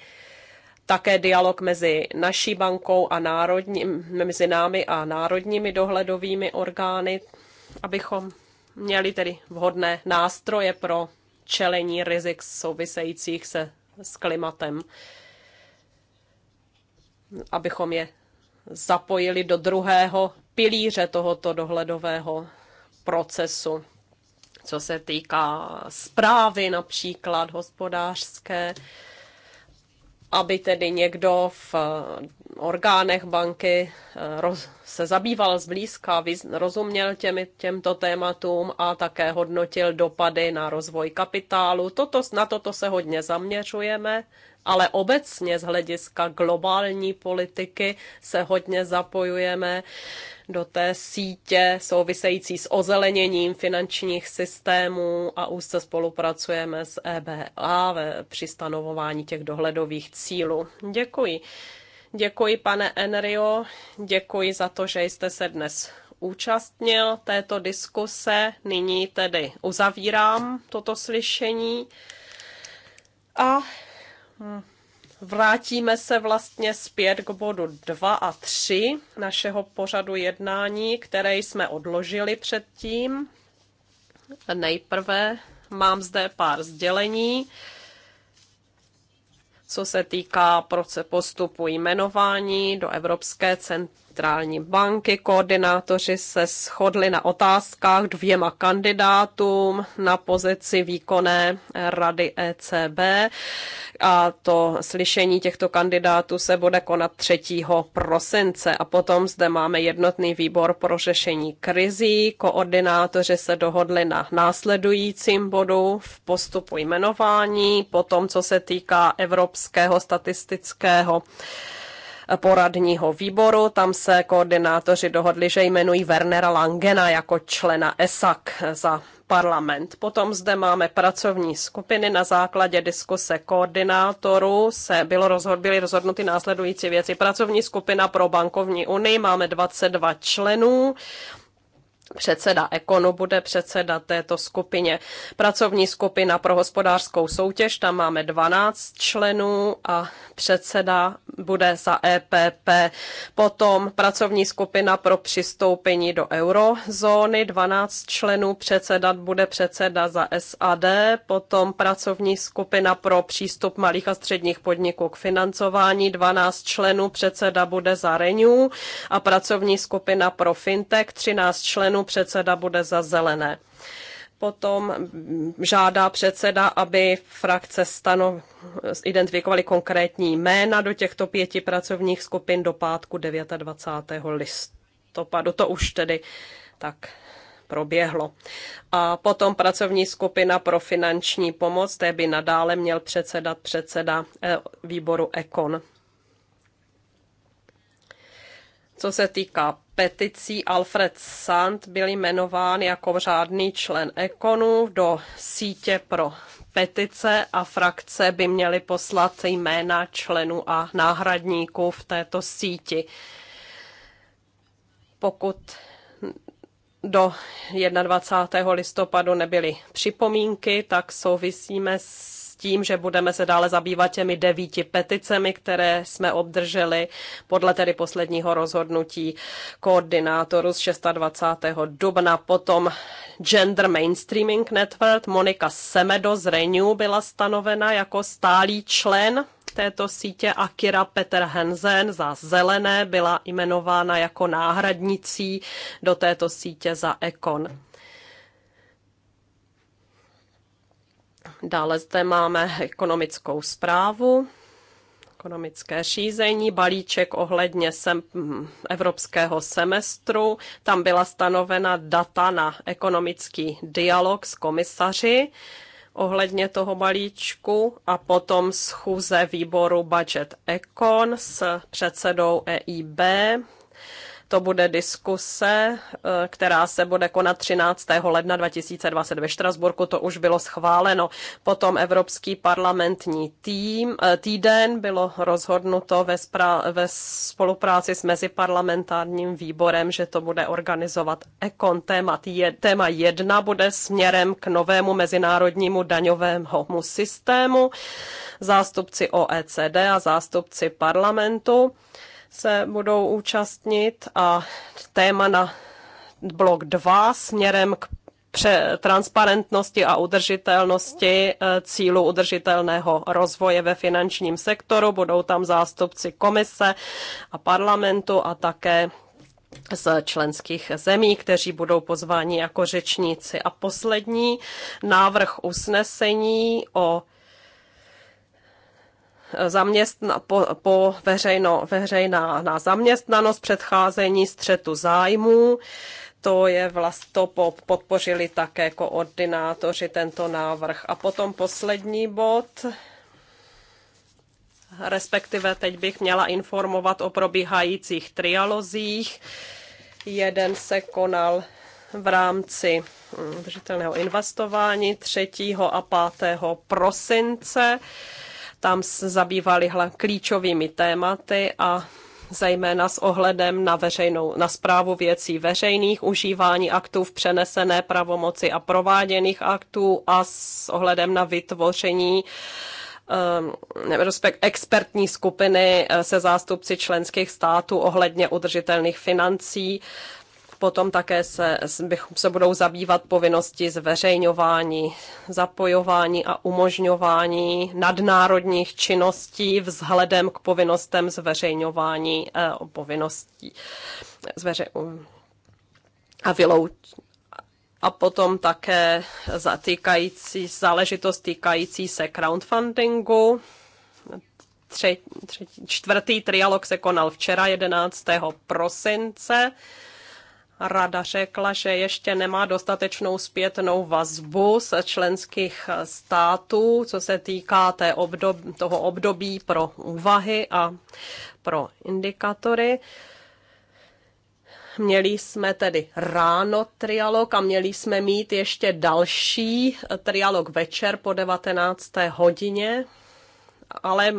také dialog mezi naší bankou a národní, mezi námi a národními dohledovými orgány, abychom měli tedy vhodné nástroje pro čelení rizik souvisejících se s klimatem, abychom je zapojili do druhého pilíře tohoto dohledového procesu, co se týká zprávy například hospodářské, aby tedy někdo v eh, orgánech banky eh, roz, se zabýval zblízka, rozuměl těmi, těmto tématům a také hodnotil dopady na rozvoj kapitálu. Toto, na toto se hodně zaměřujeme ale obecně z hlediska globální politiky se hodně zapojujeme do té sítě související s ozeleněním finančních systémů a úzce spolupracujeme s EBA při stanovování těch dohledových cílů. Děkuji. Děkuji, pane Enrio, děkuji za to, že jste se dnes účastnil této diskuse. Nyní tedy uzavírám toto slyšení a Vrátíme se vlastně zpět k bodu 2 a 3 našeho pořadu jednání, které jsme odložili předtím. Nejprve mám zde pár sdělení, co se týká postupu jmenování do Evropské centrální centrální banky. Koordinátoři se shodli na otázkách dvěma kandidátům na pozici výkonné rady ECB a to slyšení těchto kandidátů se bude konat 3. prosince. A potom zde máme jednotný výbor pro řešení krizí. Koordinátoři se dohodli na následujícím bodu v postupu jmenování, potom co se týká Evropského statistického poradního výboru. Tam se koordinátoři dohodli, že jmenují Wernera Langena jako člena ESAC za parlament. Potom zde máme pracovní skupiny. Na základě diskuse koordinátorů se bylo rozhod, byly rozhodnuty následující věci. Pracovní skupina pro bankovní unii máme 22 členů Předseda Ekonu bude předseda této skupině. Pracovní skupina pro hospodářskou soutěž, tam máme 12 členů a předseda bude za EPP. Potom pracovní skupina pro přistoupení do eurozóny, 12 členů předseda bude předseda za SAD. Potom pracovní skupina pro přístup malých a středních podniků k financování, 12 členů předseda bude za Renew a pracovní skupina pro fintech, 13 členů skupinu, předseda bude za zelené. Potom žádá předseda, aby frakce stanov identifikovali konkrétní jména do těchto pěti pracovních skupin do pátku 29. listopadu. To už tedy tak proběhlo. A potom pracovní skupina pro finanční pomoc, té by nadále měl předsedat předseda eh, výboru EKON. Co se týká peticí, Alfred Sand byl jmenován jako řádný člen Ekonu do sítě pro petice a frakce by měly poslat jména členů a náhradníků v této síti. Pokud do 21. listopadu nebyly připomínky, tak souvisíme s tím, že budeme se dále zabývat těmi devíti peticemi, které jsme obdrželi podle tedy posledního rozhodnutí koordinátoru z 26. dubna. Potom Gender Mainstreaming Network Monika Semedo z Renew byla stanovena jako stálý člen této sítě a Kira Peter Hansen za zelené byla jmenována jako náhradnicí do této sítě za Econ. Dále zde máme ekonomickou zprávu, ekonomické řízení, balíček ohledně sem, mm, evropského semestru. Tam byla stanovena data na ekonomický dialog s komisaři ohledně toho balíčku a potom schůze výboru Budget Econ s předsedou EIB to bude diskuse, eh, která se bude konat 13. ledna 2020 ve Štrasburku, to už bylo schváleno. Potom Evropský parlamentní tým, eh, týden bylo rozhodnuto ve, spra- ve spolupráci s meziparlamentárním výborem, že to bude organizovat ekon. Téma, je, téma jedna bude směrem k novému mezinárodnímu daňovému systému. Zástupci OECD a zástupci parlamentu se budou účastnit a téma na blok 2 směrem k transparentnosti a udržitelnosti eh, cílu udržitelného rozvoje ve finančním sektoru. Budou tam zástupci komise a parlamentu a také z členských zemí, kteří budou pozváni jako řečníci. A poslední návrh usnesení o zaměstna, po, po veřejno, veřejná na zaměstnanost, předcházení střetu zájmů. To je vlast, to podpořili také koordinátoři tento návrh. A potom poslední bod, respektive teď bych měla informovat o probíhajících trialozích. Jeden se konal v rámci hm, držitelného investování 3. a 5. prosince tam se zabývali klíčovými tématy a zejména s ohledem na veřejnou, na zprávu věcí veřejných, užívání aktů v přenesené pravomoci a prováděných aktů a s ohledem na vytvoření ehm, respekt expertní skupiny eh, se zástupci členských států ohledně udržitelných financí Potom také se, se budou zabývat povinnosti zveřejňování, zapojování a umožňování nadnárodních činností vzhledem k povinnostem zveřejňování eh, povinností. Zveře- a vyloučení a potom také zatýkající, záležitost týkající se crowdfundingu. Tři, tři, čtvrtý trialog se konal včera 11. prosince Rada řekla, že ještě nemá dostatečnou zpětnou vazbu z členských států, co se týká té obdob, toho období pro úvahy a pro indikatory. Měli jsme tedy ráno trialog a měli jsme mít ještě další trialog večer po 19. hodině ale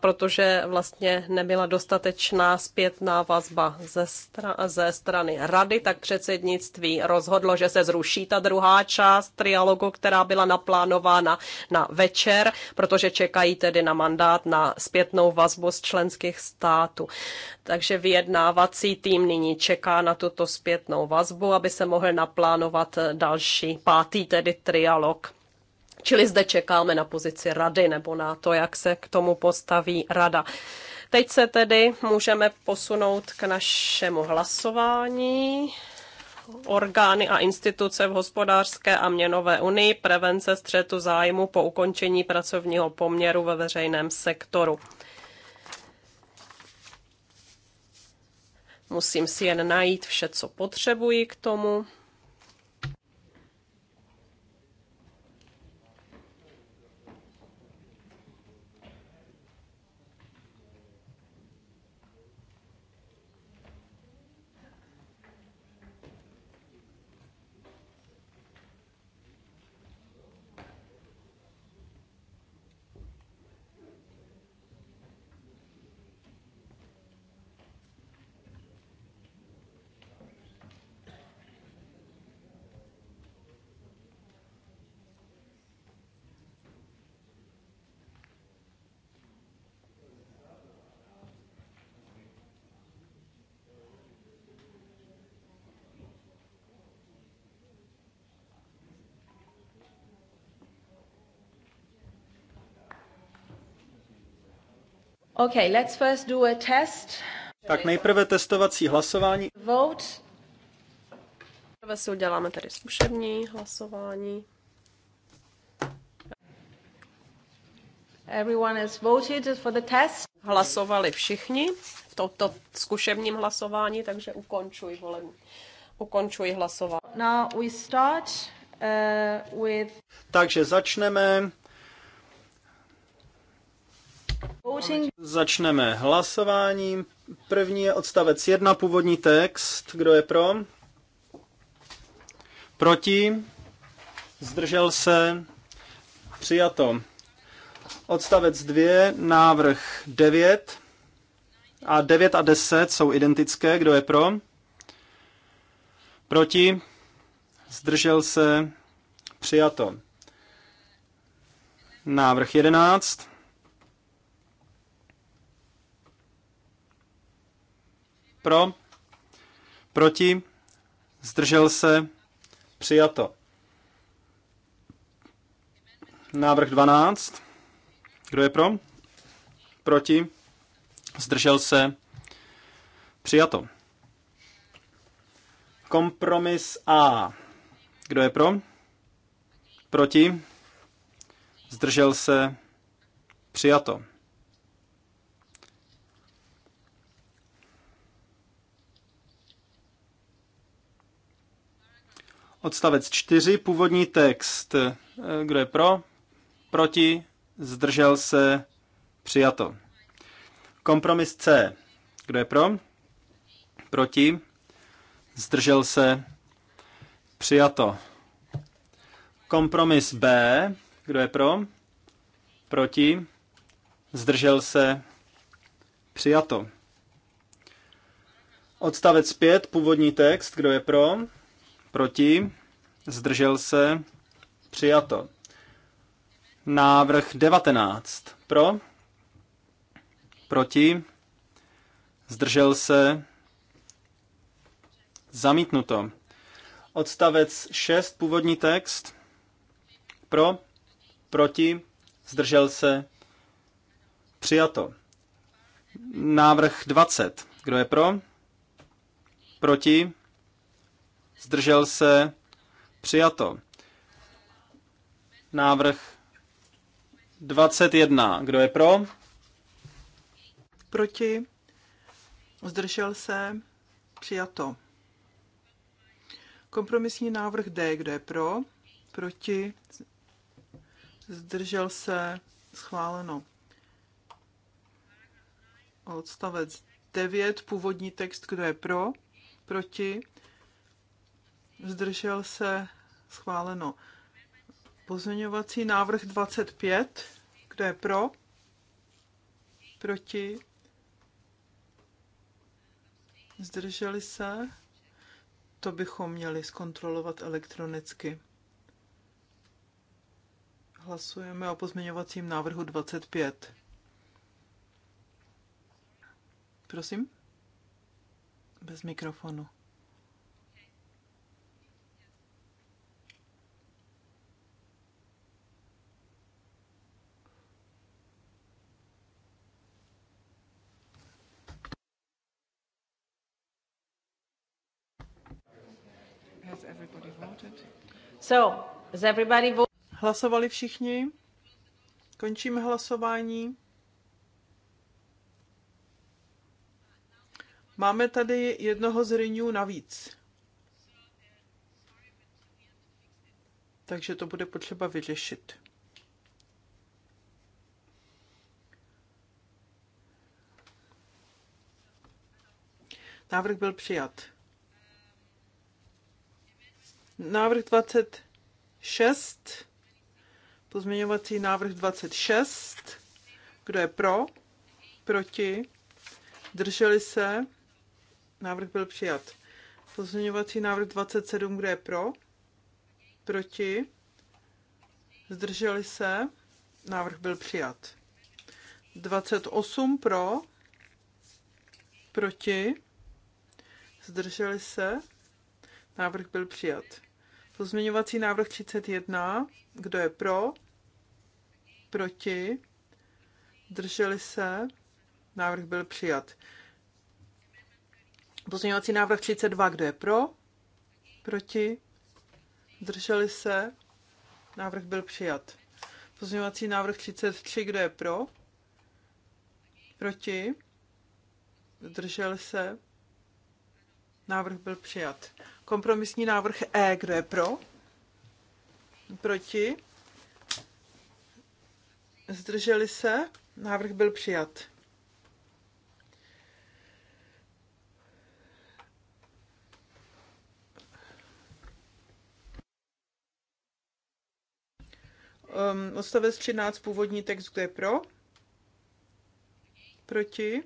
protože vlastně nebyla dostatečná zpětná vazba ze, stra, ze strany rady, tak předsednictví rozhodlo, že se zruší ta druhá část trialogu, která byla naplánována na večer, protože čekají tedy na mandát na zpětnou vazbu z členských států. Takže vyjednávací tým nyní čeká na tuto zpětnou vazbu, aby se mohl naplánovat další pátý tedy trialog Čili zde čekáme na pozici rady nebo na to, jak se k tomu postaví rada. Teď se tedy můžeme posunout k našemu hlasování. Orgány a instituce v hospodářské a měnové unii prevence střetu zájmu po ukončení pracovního poměru ve veřejném sektoru. Musím si jen najít vše, co potřebuji k tomu. Okay, let's first do a test. Tak nejprve testovací hlasování. Vote. Nejprve si uděláme tady zkušební hlasování. Everyone has voted for the test. Hlasovali všichni v tomto zkušebním hlasování, takže ukončuji volení. Ukončuji hlasování. Now we start, uh, with... Takže začneme Začneme hlasováním. První je odstavec 1, původní text. Kdo je pro? Proti? Zdržel se? Přijato. Odstavec 2, návrh 9. A 9 a 10 jsou identické. Kdo je pro? Proti? Zdržel se? Přijato. Návrh 11. Pro, proti, zdržel se, přijato. Návrh 12. Kdo je pro? Proti, zdržel se, přijato. Kompromis A. Kdo je pro? Proti? Zdržel se? Přijato. Odstavec 4, původní text. Eh, kdo je pro? Proti? Zdržel se? Přijato. Kompromis C. Kdo je pro? Proti? Zdržel se? Přijato. Kompromis B. Kdo je pro? Proti? Zdržel se? Přijato. Odstavec 5, původní text. Kdo je pro? Proti? Zdržel se? Přijato. Návrh 19. Pro? Proti? Zdržel se? Zamítnuto. Odstavec 6, původní text. Pro? Proti? Zdržel se? Přijato. Návrh 20. Kdo je pro? Proti? zdržel se, přijato. Návrh 21. Kdo je pro? Proti, zdržel se, přijato. Kompromisní návrh D, kdo je pro? Proti, zdržel se, schváleno. Odstavec 9, původní text, kdo je pro? Proti, zdržel se, schváleno. Pozměňovací návrh 25, kdo je pro, proti, zdrželi se, to bychom měli zkontrolovat elektronicky. Hlasujeme o pozměňovacím návrhu 25. Prosím? Bez mikrofonu. So, is everybody vote? Hlasovali všichni? Končíme hlasování. Máme tady jednoho z Renew navíc. Takže to bude potřeba vyřešit. Návrh byl přijat. Návrh 26, pozměňovací návrh 26, kdo je pro, proti, drželi se, návrh byl přijat. Pozměňovací návrh 27, kdo je pro, proti, zdrželi se, návrh byl přijat. 28 pro, proti, zdrželi se, návrh byl přijat. Pozměňovací návrh 31. Kdo je pro? Proti? Drželi se? Návrh byl přijat. Pozměňovací návrh 32. Kdo je pro? Proti? Drželi se? Návrh byl přijat. Pozměňovací návrh 33. Kdo je pro? Proti? drželi se? Návrh byl přijat. Kompromisní návrh E, kdo je pro? Proti? Zdrželi se? Návrh byl přijat. Um, odstavec 13, původní text, kdo je pro? Proti?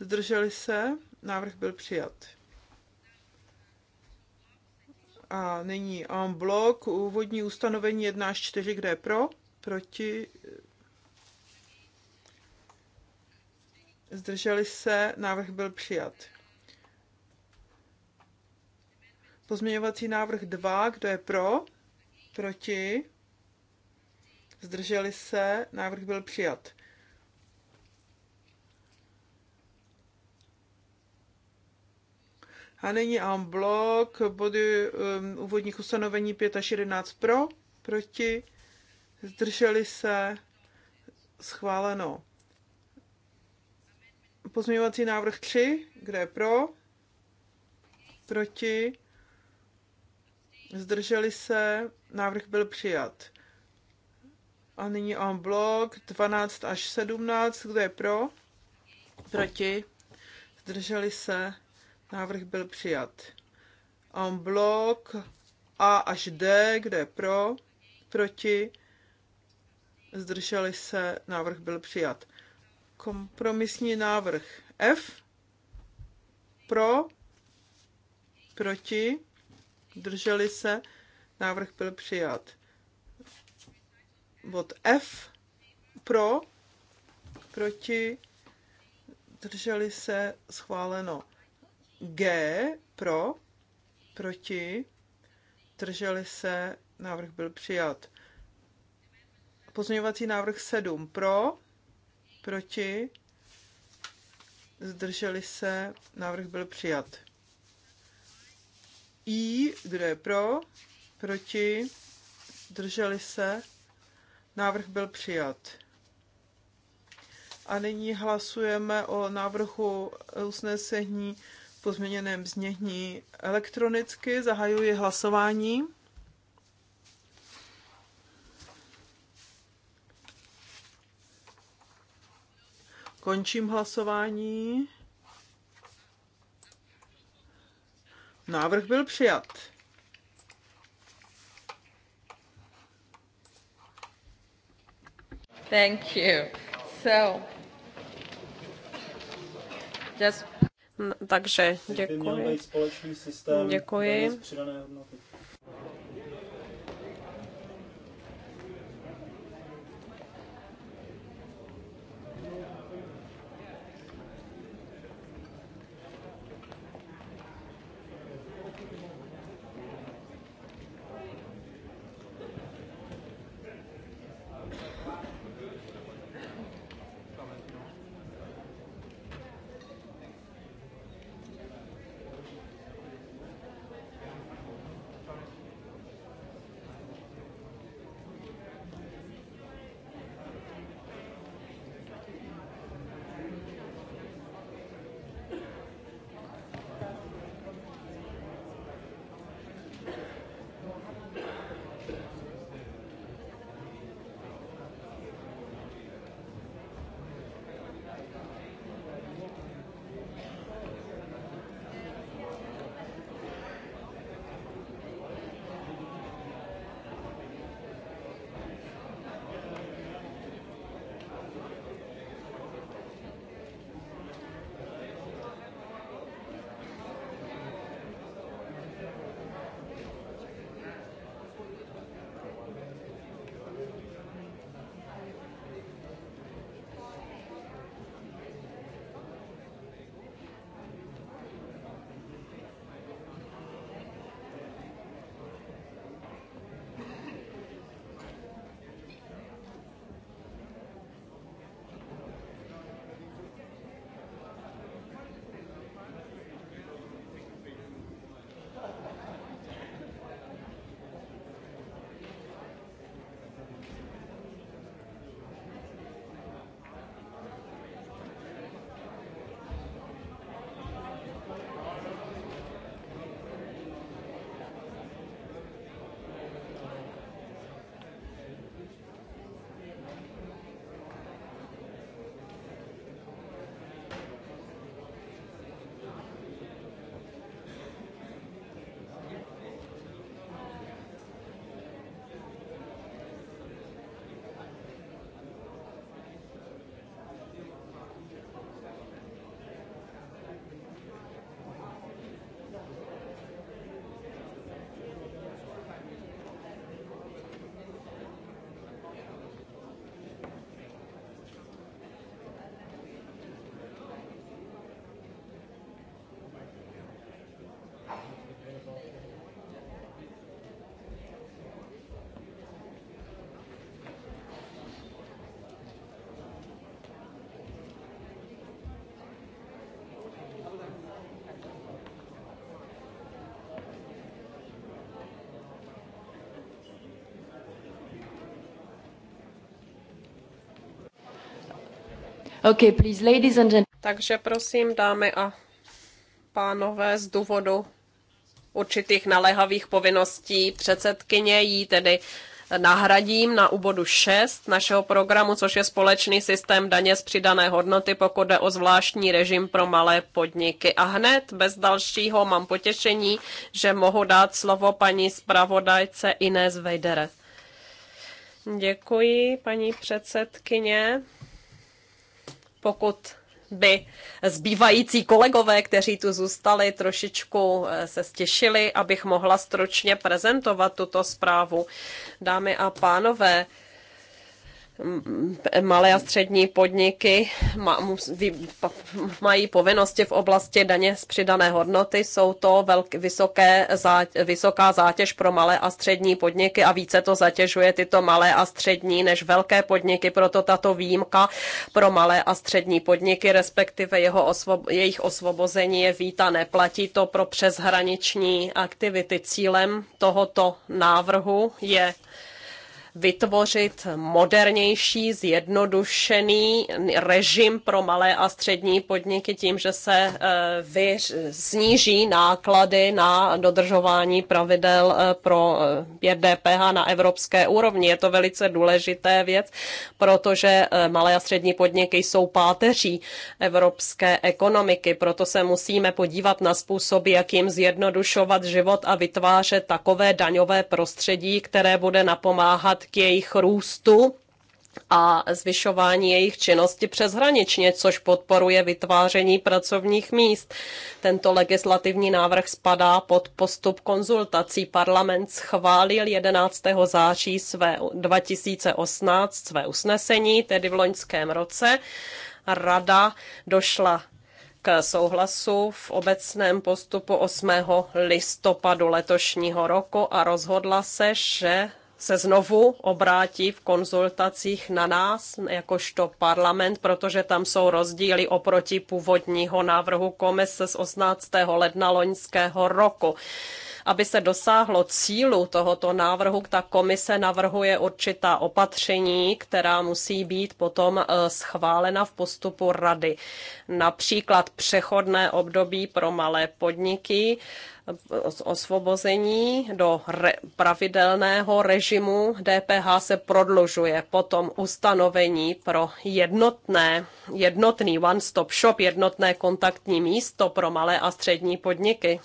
Zdrželi se? Návrh byl přijat. A nyní en blok, úvodní ustanovení 1 až 4, kde je pro, proti, zdrželi se, návrh byl přijat. Pozměňovací návrh 2, kdo je pro, proti, zdrželi se, návrh byl přijat. A není en blok body um, úvodních ustanovení 5 až 11 pro, proti, zdrželi se, schváleno. Pozměňovací návrh 3, kde je pro, proti, zdrželi se, návrh byl přijat. A nyní on blok 12 až 17, kde je pro, proti, zdrželi se, Návrh byl přijat. En blok A až D, kde je pro, proti, zdrželi se, návrh byl přijat. Kompromisní návrh F, pro, proti, zdrželi se, návrh byl přijat. Bod F, pro, proti, zdrželi se, schváleno. G pro, proti, drželi se, návrh byl přijat. Pozměňovací návrh 7 pro, proti, zdrželi se, návrh byl přijat. I, kdo je pro, proti, zdrželi se, návrh byl přijat. A nyní hlasujeme o návrhu usnesení pozměněném znění elektronicky. Zahajuji hlasování. Končím hlasování. Návrh byl přijat. Thank you. So, just takže děkuji. Děkuji. Okay, please, ladies and gentlemen. Takže prosím, dámy a pánové, z důvodu určitých naléhavých povinností předsedkyně jí tedy nahradím na úbodu 6 našeho programu, což je společný systém daně z přidané hodnoty, pokud jde o zvláštní režim pro malé podniky. A hned bez dalšího mám potěšení, že mohu dát slovo paní zpravodajce Inés Vejdere. Děkuji, paní předsedkyně pokud by zbývající kolegové, kteří tu zůstali, trošičku eh, se stěšili, abych mohla stručně prezentovat tuto zprávu. Dámy a pánové, Mm, malé a střední podniky mají povinnosti v oblasti daně z přidané hodnoty. Jsou to velk, vysoké, vysoká zátěž pro malé a střední podniky a více to zatěžuje tyto malé a střední než velké podniky. Proto tato výjimka pro malé a střední podniky, respektive jeho osvob, jejich osvobození je víta. Neplatí to pro přeshraniční aktivity. Cílem tohoto návrhu je vytvořit modernější, zjednodušený režim pro malé a střední podniky tím, že se eh, vyř, sníží náklady na dodržování pravidel eh, pro DPH eh, na evropské úrovni. Je to velice důležité věc, protože malé a střední podniky jsou páteří evropské ekonomiky, proto se musíme podívat na způsoby, jakým zjednodušovat život a vytvářet takové daňové prostředí, které bude napomáhat k jejich růstu a zvyšování jejich činnosti přeshraničně, což podporuje vytváření pracovních míst. Tento legislativní návrh spadá pod postup konzultací. Parlament schválil 11. září své 2018 své usnesení, tedy v loňském roce. Rada došla k souhlasu v obecném postupu 8. listopadu letošního roku a rozhodla se, že se znovu obrátí v konzultacích na nás, jakožto parlament, protože tam jsou rozdíly oproti původního návrhu komise z 18. ledna loňského roku. Aby se dosáhlo cílu tohoto návrhu, ta komise navrhuje určitá opatření, která musí být potom eh, schválena v postupu rady. Například přechodné období pro malé podniky, eh, osvobození do re, pravidelného režimu DPH se prodlužuje. Potom ustanovení pro jednotné, jednotný one-stop shop, jednotné kontaktní místo pro malé a střední podniky,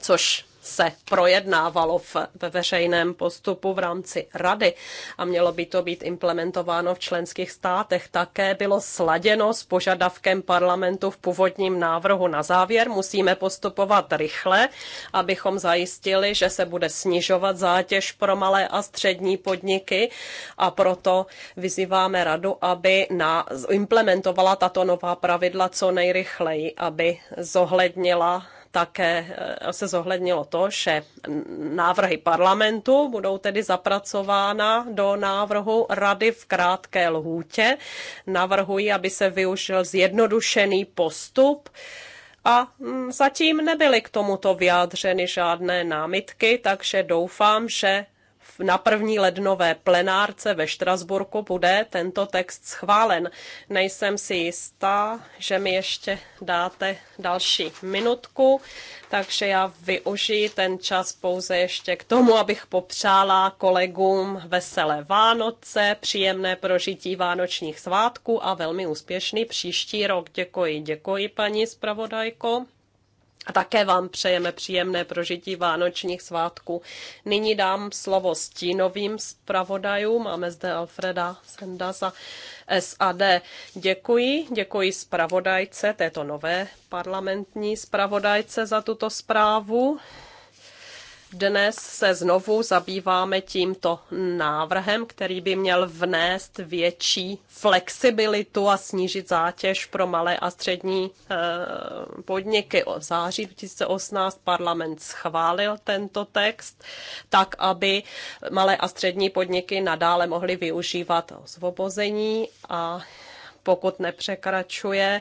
což se projednávalo v, ve veřejném postupu v rámci rady a mělo by to být implementováno v členských státech, také bylo sladěno s požadavkem parlamentu v původním návrhu. Na závěr musíme postupovat rychle, abychom zajistili, že se bude snižovat zátěž pro malé a střední podniky a proto vyzýváme radu, aby na, implementovala tato nová pravidla co nejrychleji, aby zohlednila také eh, se zohlednilo to, že návrhy parlamentu budou tedy zapracována do návrhu rady v krátké lhůtě. Navrhuji, aby se využil zjednodušený postup a mm, zatím nebyly k tomuto vyjádřeny žádné námitky, takže doufám, že na první lednové plenárce ve Štrasburku bude tento text schválen. Nejsem si jistá, že mi ještě dáte další minutku, takže já využiji ten čas pouze ještě k tomu, abych popřála kolegům veselé Vánoce, příjemné prožití vánočních svátků a velmi úspěšný příští rok. Děkuji, děkuji paní zpravodajko. A také vám přejeme příjemné prožití vánočních svátků. Nyní dám slovo stínovým zpravodajům. Máme zde Alfreda Senda za SAD. Děkuji, děkuji zpravodajce, této nové parlamentní zpravodajce za tuto zprávu. Dnes se znovu zabýváme tímto návrhem, který by měl vnést větší flexibilitu a snížit zátěž pro malé a střední eh, podniky. V září 2018 parlament schválil tento text tak, aby malé a střední podniky nadále mohly využívat osvobození a pokud nepřekračuje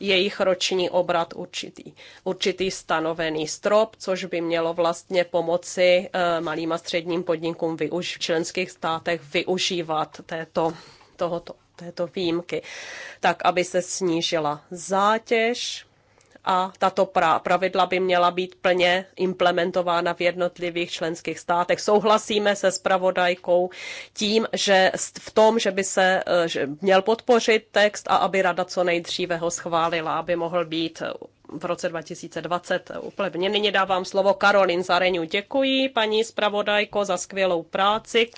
jejich roční obrat určitý, určitý stanovený strop, což by mělo vlastně pomoci eh, malým a středním podnikům využ- v členských státech využívat této, tohoto, této výjimky, tak aby se snížila zátěž a tato pravidla by měla být plně implementována v jednotlivých členských státech. Souhlasíme se spravodajkou tím, že v tom, že by se e, že měl podpořit text a aby rada co nejdříve ho schválila, aby mohl být e, v roce 2020 úplně. Nyní dávám slovo Karolin Zareňu. Děkuji, paní zpravodajko, za skvělou práci.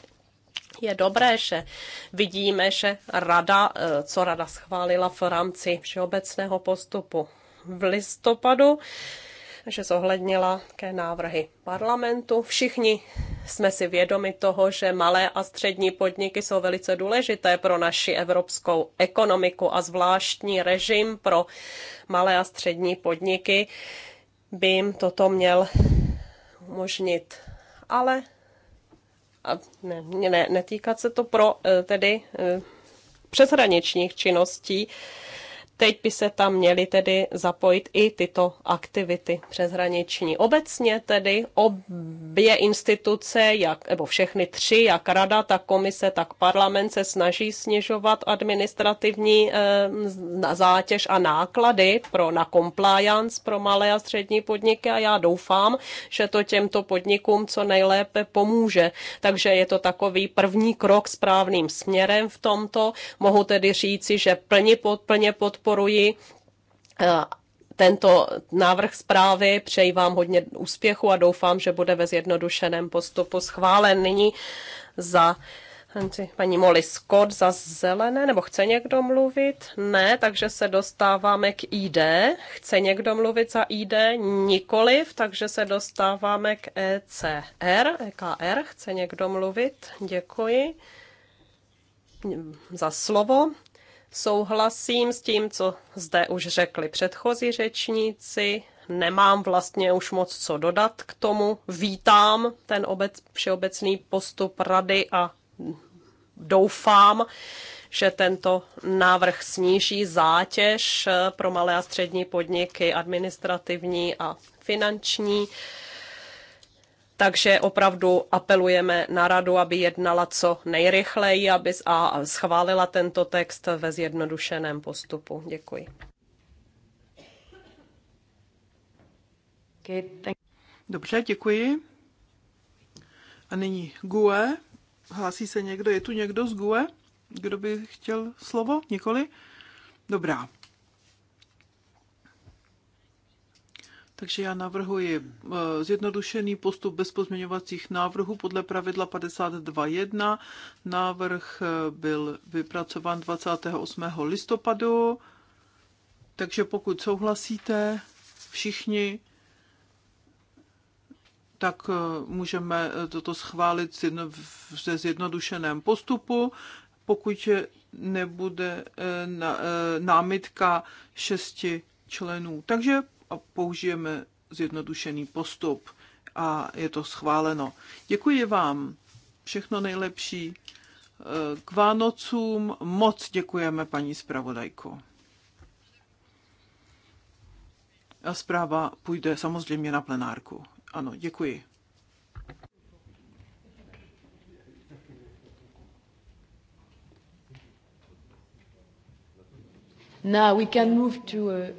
Je dobré, že vidíme, že rada, e, co rada schválila v rámci všeobecného postupu v listopadu, že zohlednila také návrhy parlamentu. Všichni jsme si vědomi toho, že malé a střední podniky jsou velice důležité pro naši evropskou ekonomiku a zvláštní režim pro malé a střední podniky by jim toto měl umožnit. Ale a ne, ne, netýkat se to pro eh, tedy eh, přeshraničních činností, Teď by se tam měly tedy zapojit i tyto aktivity přeshraniční. Obecně tedy obě instituce, jak, nebo všechny tři, jak rada, tak komise, tak parlament se snaží snižovat administrativní e, zátěž a náklady pro, na compliance pro malé a střední podniky a já doufám, že to těmto podnikům co nejlépe pomůže. Takže je to takový první krok správným směrem v tomto. Mohu tedy říci, že plně, pod, plně podporuji eh, tento návrh zprávy. Přeji vám hodně úspěchu a doufám, že bude ve zjednodušeném postupu schválen nyní za eh, paní Molly Scott za zelené, nebo chce někdo mluvit? Ne, takže se dostáváme k ID. Chce někdo mluvit za ID? Nikoliv, takže se dostáváme k ECR. EKR, chce někdo mluvit? Děkuji za slovo. Souhlasím s tím, co zde už řekli předchozí řečníci. Nemám vlastně už moc co dodat k tomu. Vítám ten obec, všeobecný postup rady a doufám, že tento návrh sníží zátěž pro malé a střední podniky administrativní a finanční. Takže opravdu apelujeme na radu, aby jednala co nejrychleji aby a schválila tento text ve zjednodušeném postupu. Děkuji. Dobře, děkuji. A nyní GUE. Hlásí se někdo? Je tu někdo z GUE? Kdo by chtěl slovo? Nikoli? Dobrá. Takže já navrhuji eh, zjednodušený postup bez pozměňovacích návrhů podle pravidla 52.1. Návrh eh, byl vypracován 28. listopadu, takže pokud souhlasíte všichni, tak eh, můžeme toto schválit ze zjednodušeném postupu. Pokud nebude námitka šesti členů. Takže a použijeme zjednodušený postup a je to schváleno. Děkuji vám. Všechno nejlepší. Eh, k Vánocům moc děkujeme, paní zpravodajko. A zpráva půjde samozřejmě na plenárku. Ano, děkuji. Now we can move to a uh,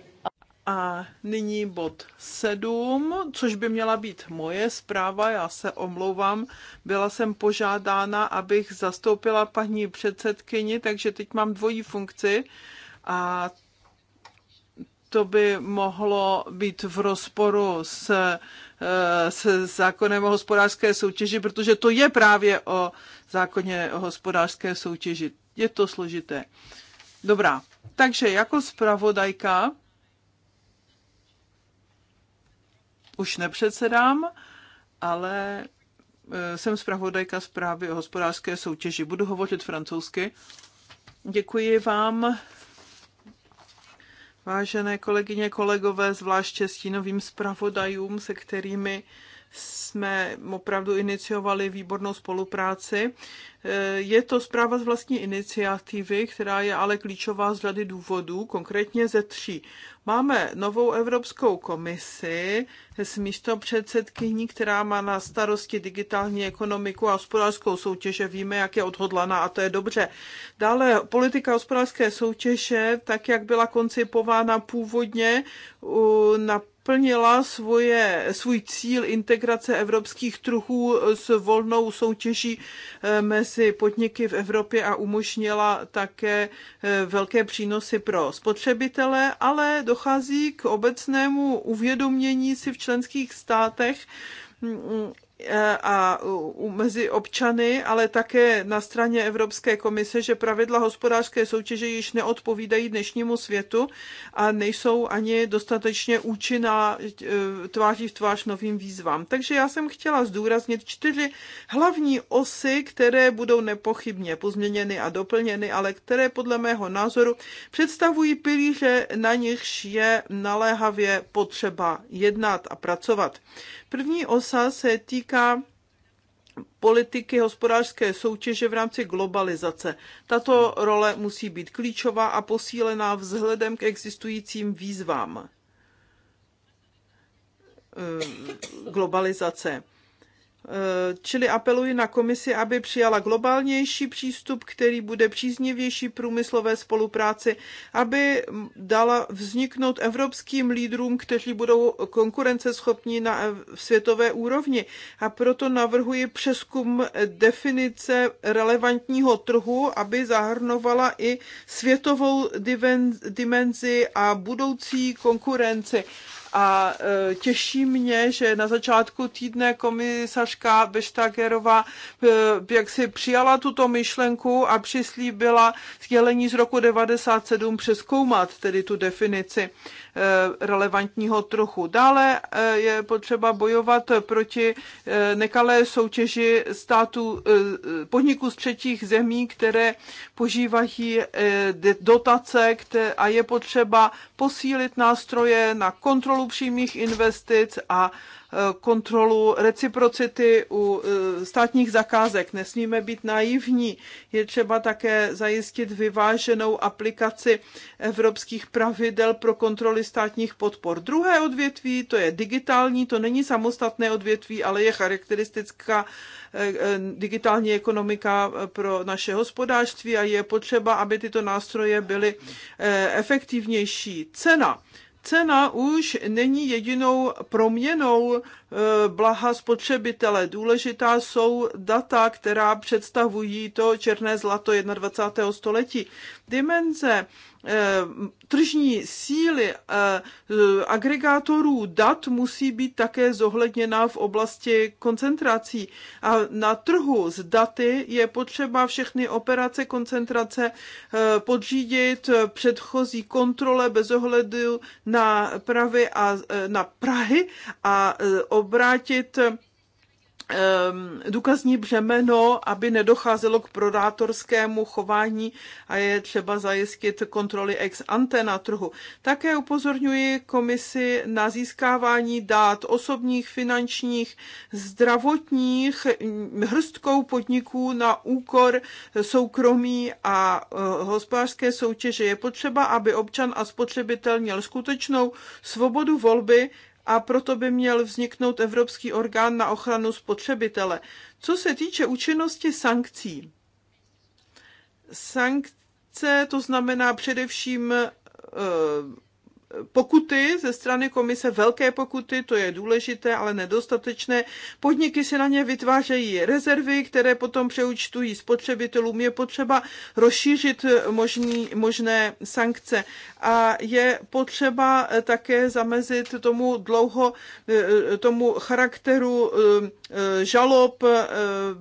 a nyní bod 7, což by měla být moje zpráva, já se omlouvám. Byla jsem požádána, abych zastoupila paní předsedkyni, takže teď mám dvojí funkci a to by mohlo být v rozporu s, eh, s zákonem o hospodářské soutěži, protože to je právě o zákoně o hospodářské soutěži. Je to složité. Dobrá, takže jako zpravodajka už nepředsedám, ale e, jsem zpravodajka zprávy o hospodářské soutěži. Budu hovořit francouzsky. Děkuji vám, vážené kolegyně, kolegové, zvláště stínovým zpravodajům, se kterými jsme opravdu iniciovali výbornou spolupráci. Eh, je to zpráva z vlastní iniciativy, která je ale klíčová z řady důvodů, konkrétně ze tří. Máme novou Evropskou komisi s místo předsedkyní, která má na starosti digitální ekonomiku a hospodářskou soutěže. Víme, jak je odhodlaná a to je dobře. Dále politika hospodářské soutěže, tak jak byla koncipována původně na plnila svoje, svůj cíl integrace evropských trhů s volnou soutěží eh, mezi podniky v Evropě a umožnila také eh, velké přínosy pro spotřebitele, ale dochází k obecnému uvědomění si v členských státech mm, E, a mezi občany, ale také na straně Evropské komise, že pravidla hospodářské soutěže již neodpovídají dnešnímu světu a nejsou ani dostatečně účinná e, tváří v tvář novým výzvám. Takže já jsem chtěla zdůraznit čtyři hlavní osy, které budou nepochybně pozměněny a doplněny, ale které podle mého názoru představují pilíře, na nichž je naléhavě potřeba jednat a pracovat. První osa se týká politiky hospodářské soutěže v rámci globalizace. Tato role musí být klíčová a posílená vzhledem k existujícím výzvám eh, globalizace. Eh, čili apeluji na komisi, aby přijala globálnější přístup, který bude příznivější průmyslové spolupráci, aby dala vzniknout evropským lídrům, kteří budou konkurenceschopní na světové úrovni. A proto navrhuji přeskum definice relevantního trhu, aby zahrnovala i světovou dimenzi a budoucí konkurenci a e, těší mě, že na začátku týdne komisařka Beštagerová e, jak si přijala tuto myšlenku a přislíbila sdělení z roku 97 přeskoumat tedy tu definici. Eh, relevantního trochu Dále eh, je potřeba bojovat proti eh, nekalé soutěži států podniků z třetích zemí, které požívají dotace a je potřeba posílit nástroje na kontrolu přímých investic a kontrolu reciprocity u e, státních zakázek. Nesmíme být naivní. Je třeba také zajistit vyváženou aplikaci evropských pravidel pro kontroly státních podpor. Druhé odvětví, to je digitální, to není samostatné odvětví, ale je charakteristická e, e, digitální ekonomika pro naše hospodářství a je potřeba, aby tyto nástroje byly efektivnější. Cena cena už není jedinou proměnou eh, blaha spotřebitele. Důležitá jsou data, která představují to černé zlato 21. století. Dimenze Eh, tržní síly eh, agregátorů dat musí být také zohledněna v oblasti koncentrací. A na trhu s daty je potřeba všechny operace koncentrace eh, podřídit předchozí kontrole bez ohledu na pravy a na Prahy a obrátit Ehm, důkazní břemeno, aby nedocházelo k prodátorskému chování a je třeba zajistit kontroly ex ante na trhu. Také upozorňuji komisi na získávání dát osobních, finančních, zdravotních hm, hrstkou podniků na úkor soukromí a eh, hospodářské soutěže. Je potřeba, aby občan a spotřebitel měl skutečnou svobodu volby a proto by měl vzniknout Evropský orgán na ochranu spotřebitele. Co se týče účinnosti sankcí, sankce to znamená především eh, pokuty ze strany komise, velké pokuty, to je důležité, ale nedostatečné. Podniky si na ně vytvářejí rezervy, které potom přeučtují spotřebitelům. Je potřeba rozšířit možný, možné sankce a je potřeba eh, také zamezit tomu dlouho, eh, eh, tomu charakteru žalob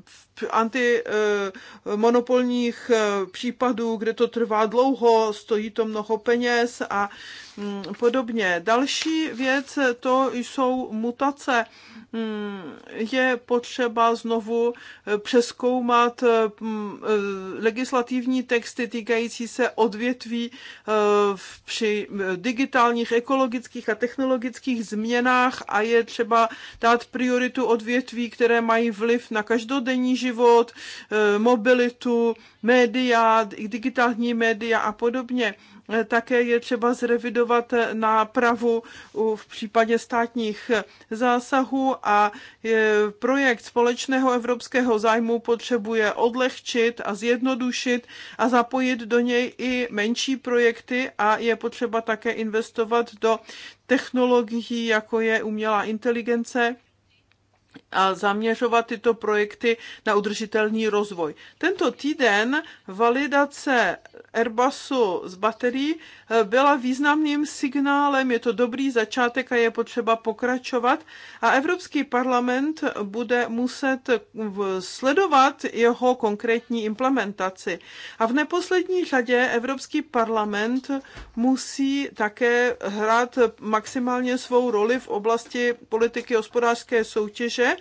v antimonopolních eh, eh, případů, kde to trvá dlouho, stojí to mnoho peněz a mm, podobně. Další věc to jsou mutace. Mm, je potřeba znovu eh, přeskoumat mm, legislativní texty týkající se odvětví při digitálních, ekologických a technologických změnách a je třeba dát prioritu odvětví, které mají vliv na každodenní život život, eh, mobilitu, média, digitální média a podobně. Eh, také je třeba zrevidovat eh, nápravu v případě státních zásahů a projekt společného evropského zájmu potřebuje odlehčit a zjednodušit a zapojit do něj i menší projekty a je potřeba také investovat do technologií, jako je umělá inteligence a zaměřovat tyto projekty na udržitelný rozvoj. Tento týden validace Airbusu z baterií eh, byla významným signálem, je to dobrý začátek a je potřeba pokračovat. A Evropský parlament bude muset eh, sledovat jeho konkrétní implementaci. A v neposlední řadě Evropský parlament musí také hrát maximálně svou roli v oblasti politiky hospodářské soutěže,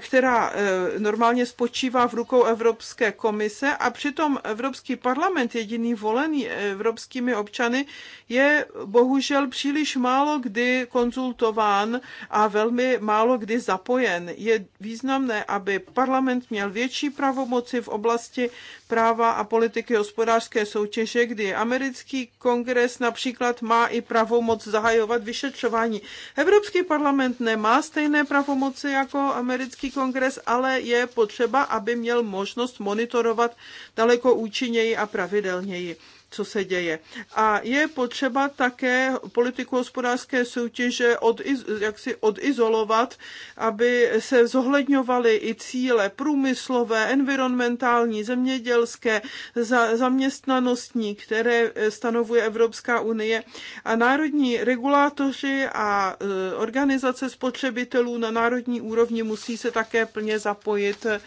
která eh, normálně spočívá v rukou Evropské komise a přitom Evropský parlament, jediný volený evropskými občany, je bohužel příliš málo kdy konzultován a velmi málo kdy zapojen. Je významné, aby parlament měl větší pravomoci v oblasti práva a politiky hospodářské soutěže, kdy americký kongres například má i pravomoc zahajovat vyšetřování. Evropský parlament nemá stejné pravomoci jako americký kongres, ale je potřeba, aby měl možnost monitorovat daleko účinněji a pravidelněji co se děje. A je potřeba také politiku hospodářské soutěže od, jak si odizolovat, aby se zohledňovaly i cíle průmyslové, environmentální, zemědělské, za, zaměstnanostní, které e, stanovuje Evropská unie. A národní regulátoři a e, organizace spotřebitelů na národní úrovni musí se také plně zapojit, e,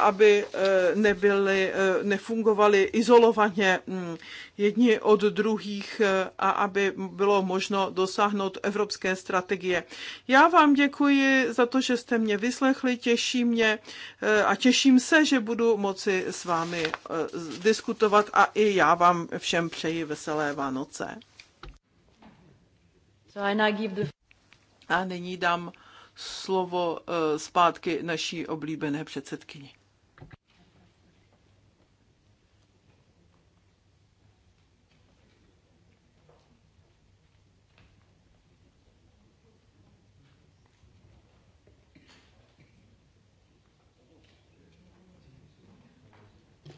aby nebyly, nefungovaly izolovaně mm, jedni od druhých eh, a aby bylo možno dosáhnout evropské strategie. Já vám děkuji za to, že jste mě vyslechli, těší mě eh, a těším se, že budu moci s vámi eh, diskutovat a i já vám všem přeji veselé Vánoce. A nyní dám slovo zpátky naší oblíbené předsedkyni.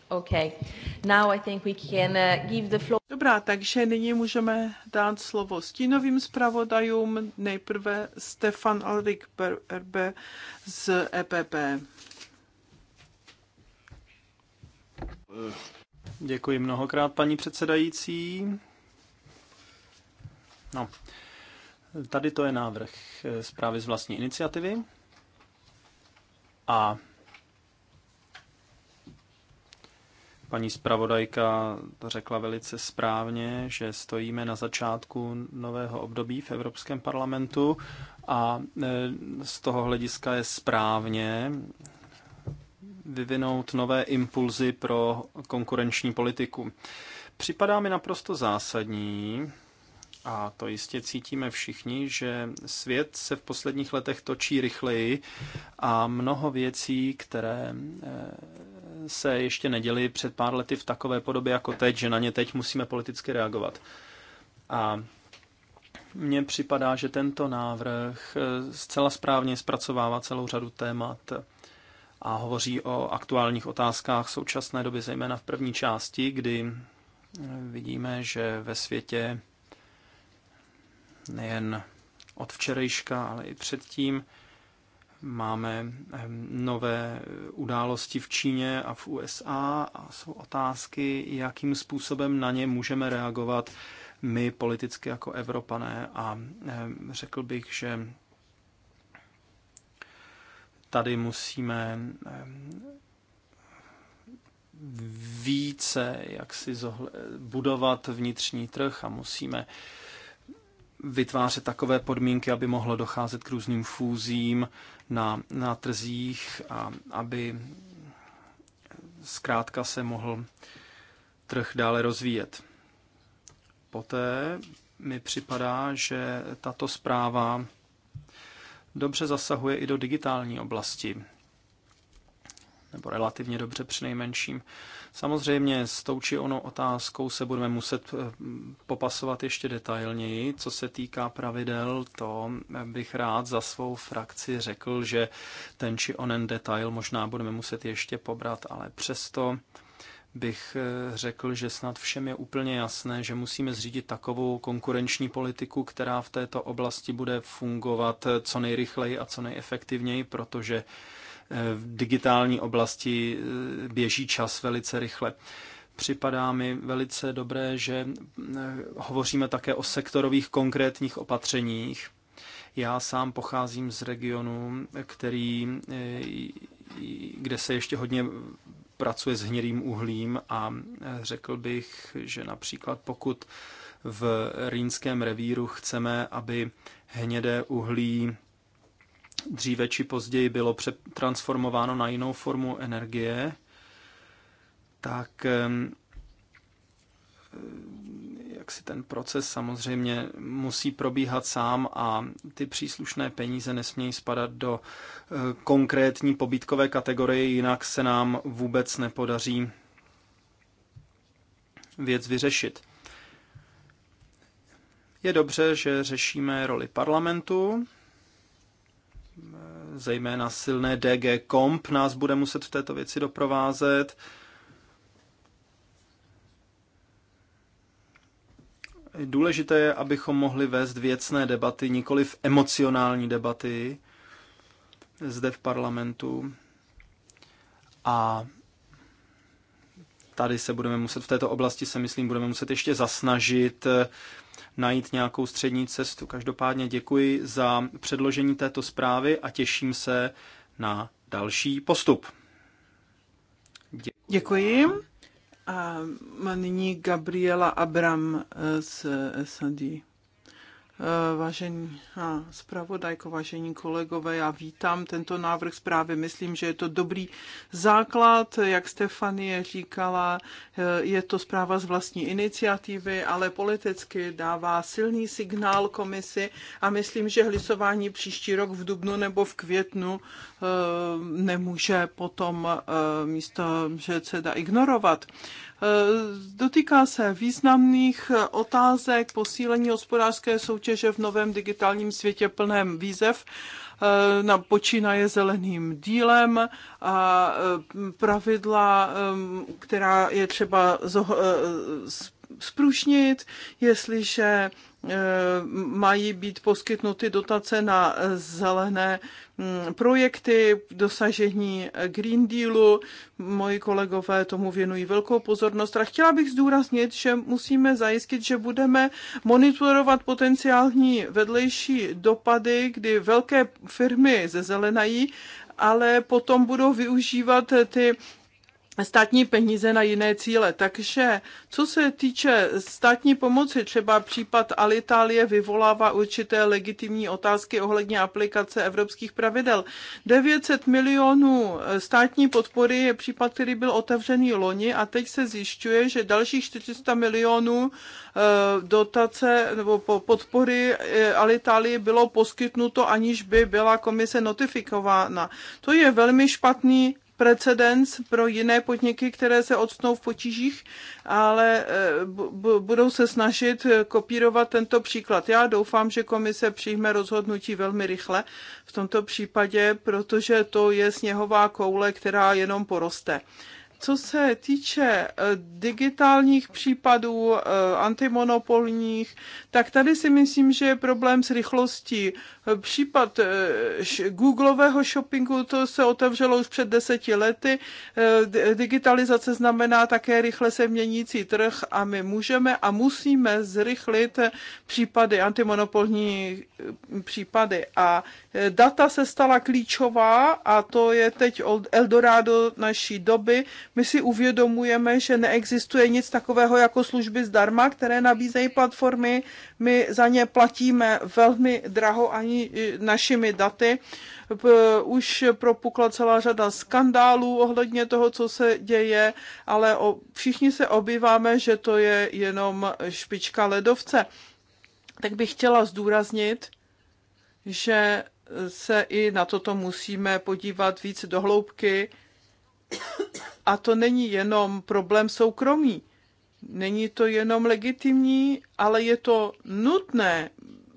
Okay. Now I think we can uh, give the floor. Dobrá, takže nyní můžeme dát slovo stínovým zpravodajům. Nejprve Stefan Alrik Berbe z EPP. Děkuji mnohokrát, paní předsedající. No, tady to je návrh eh, zprávy z vlastní iniciativy. A Paní zpravodajka to řekla velice správně, že stojíme na začátku nového období v Evropském parlamentu a e, z toho hlediska je správně vyvinout nové impulzy pro konkurenční politiku. Připadá mi naprosto zásadní, a to jistě cítíme všichni, že svět se v posledních letech točí rychleji a mnoho věcí, které e, se ještě neděli před pár lety v takové podobě jako teď, že na ně teď musíme politicky reagovat. A mně připadá, že tento návrh eh, zcela správně zpracovává celou řadu témat a hovoří o aktuálních otázkách současné doby, zejména v první části, kdy eh, vidíme, že ve světě nejen od včerejška, ale i předtím Máme ehm, nové události v Číně a v USA a jsou otázky, jakým způsobem na ně můžeme reagovat my politicky jako Evropané. A ehm, řekl bych, že tady musíme ehm, více jak si zohle, budovat vnitřní trh a musíme vytvářet takové podmínky, aby mohlo docházet k různým fúzím na, na trzích a aby zkrátka se mohl trh dále rozvíjet. Poté mi připadá, že tato zpráva dobře zasahuje i do digitální oblasti nebo relativně dobře přinejmenším. Samozřejmě s tou či ono otázkou se budeme muset eh, popasovat ještě detailněji. Co se týká pravidel, to bych rád za svou frakci řekl, že ten či onen detail možná budeme muset ještě pobrat, ale přesto bych eh, řekl, že snad všem je úplně jasné, že musíme zřídit takovou konkurenční politiku, která v této oblasti bude fungovat eh, co nejrychleji a co nejefektivněji, protože Eh, v digitální oblasti eh, běží čas velice rychle. Připadá mi velice dobré, že eh, hovoříme také o sektorových konkrétních opatřeních. Já sám pocházím z regionu, který, kde se ještě hodně pracuje s hnědým uhlím a řekl bych, že například pokud v rýnském revíru chceme, aby hnědé uhlí dříve či později bylo transformováno na jinou formu energie, tak eh, jak si ten proces samozřejmě musí probíhat sám a ty příslušné peníze nesmějí spadat do eh, konkrétní pobítkové kategorie, jinak se nám vůbec nepodaří věc vyřešit. Je dobře, že řešíme roli parlamentu, zejména silné DG Comp nás bude muset v této věci doprovázet. Důležité je, abychom mohli vést věcné debaty, nikoli v emocionální debaty zde v parlamentu. A tady se budeme muset, v této oblasti se myslím, budeme muset ještě zasnažit najít nějakou střední cestu. Každopádně děkuji za předložení této zprávy a těším se na další postup. Děkuji. děkuji. A nyní Gabriela Abram z SND. Eh, vážení zpravodajko, vážení kolegové, já vítám tento návrh zprávy. Myslím, že je to dobrý základ, jak Stefanie říkala, eh, je to zpráva z vlastní iniciativy, ale politicky dává silný signál komisi a myslím, že hlasování příští rok v dubnu nebo v květnu Eh, nemůže potom eh, místo předseda ignorovat. Eh, dotýká se významných otázek posílení hospodářské soutěže v novém digitálním světě plném výzev na počínaje zeleným dílem a pravidla, která je třeba sprušnit, jestliže eh, mají být poskytnuty dotace na eh, zelené hm, projekty, dosažení eh, Green Dealu. Moji kolegové tomu věnují velkou pozornost. A chtěla bych zdůraznit, že musíme zajistit, že budeme monitorovat potenciální vedlejší dopady, kdy velké firmy zezelenají, ale potom budou využívat ty státní peníze na jiné cíle. Takže co se týče státní pomoci, třeba případ Alitalie vyvolává určité legitimní otázky ohledně aplikace evropských pravidel. 900 milionů eh, státní podpory je případ, který byl otevřený loni a teď se zjišťuje, že dalších 400 milionů eh, dotace nebo podpory eh, Alitalie bylo poskytnuto, aniž by byla komise notifikována. To je velmi špatný precedens pro jiné podniky, které se odstnou v potížích, ale eh, budou se snažit eh, kopírovat tento příklad. Já doufám, že komise přijme rozhodnutí velmi rychle v tomto případě, protože to je sněhová koule, která jenom poroste. Co se týče eh, digitálních případů, eh, antimonopolních, tak tady si myslím, že je problém s rychlostí. Eh, případ Googleového shoppingu, to se otevřelo už před deseti lety. Digitalizace znamená také rychle se měnící trh a my můžeme a musíme zrychlit případy, antimonopolní případy. A data se stala klíčová a to je teď Eldorado naší doby, my si uvědomujeme, že neexistuje nic takového jako služby zdarma, které nabízejí platformy. My za ně platíme velmi draho ani e, našimi daty. Už propukla celá řada skandálů ohledně toho, co se děje, ale všichni se obýváme, že to je jenom špička ledovce. Tak bych chtěla zdůraznit, že se i na toto musíme podívat víc hloubky. A to není jenom problém soukromí. Není to jenom legitimní, ale je to nutné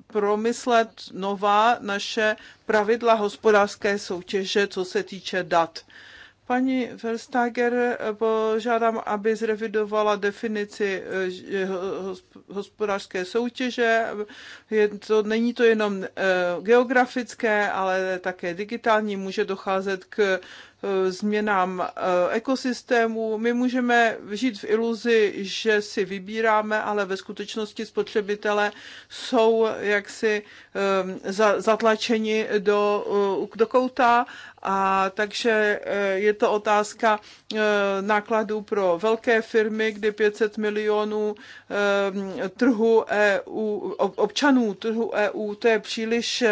promyslet nová naše pravidla hospodářské soutěže, co se týče dat. Paní Verstager, žádám, aby zrevidovala definici eh, hospodářské soutěže. Je to, není to jenom eh, geografické, ale také digitální. Může docházet k Eh, změnám eh, ekosystému. My můžeme žít v iluzi, že si vybíráme, ale ve skutečnosti spotřebitelé jsou jaksi eh, zatlačeni do, do kouta a takže eh, je to otázka eh, nákladů pro velké firmy, kdy 500 milionů eh, trhu EU, občanů trhu EU, to je příliš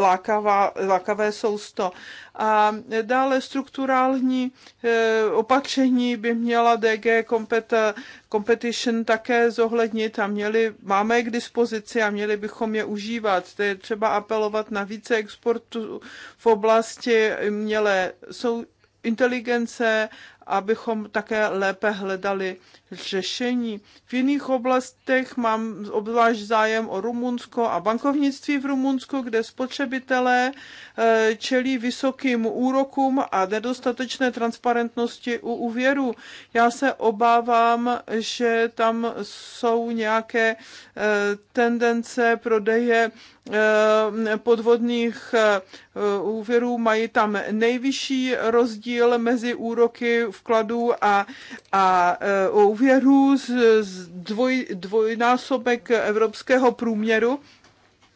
lákavá, lákavé sousto. A dále strukturální opatření by měla DG Compet, Competition také zohlednit a měli, máme je k dispozici a měli bychom je užívat. To je třeba apelovat na více exportu v oblasti měle jsou inteligence abychom také lépe hledali řešení. V jiných oblastech mám obzvlášť zájem o Rumunsko a bankovnictví v Rumunsku, kde spotřebitelé eh, čelí vysokým úrokům a nedostatečné transparentnosti u úvěru. Já se obávám, že tam jsou nějaké eh, tendence prodeje eh, podvodných úvěrů, mají tam nejvyšší rozdíl mezi úroky v vkladů a, a e, úvěrů z, z dvoj, dvojnásobek evropského průměru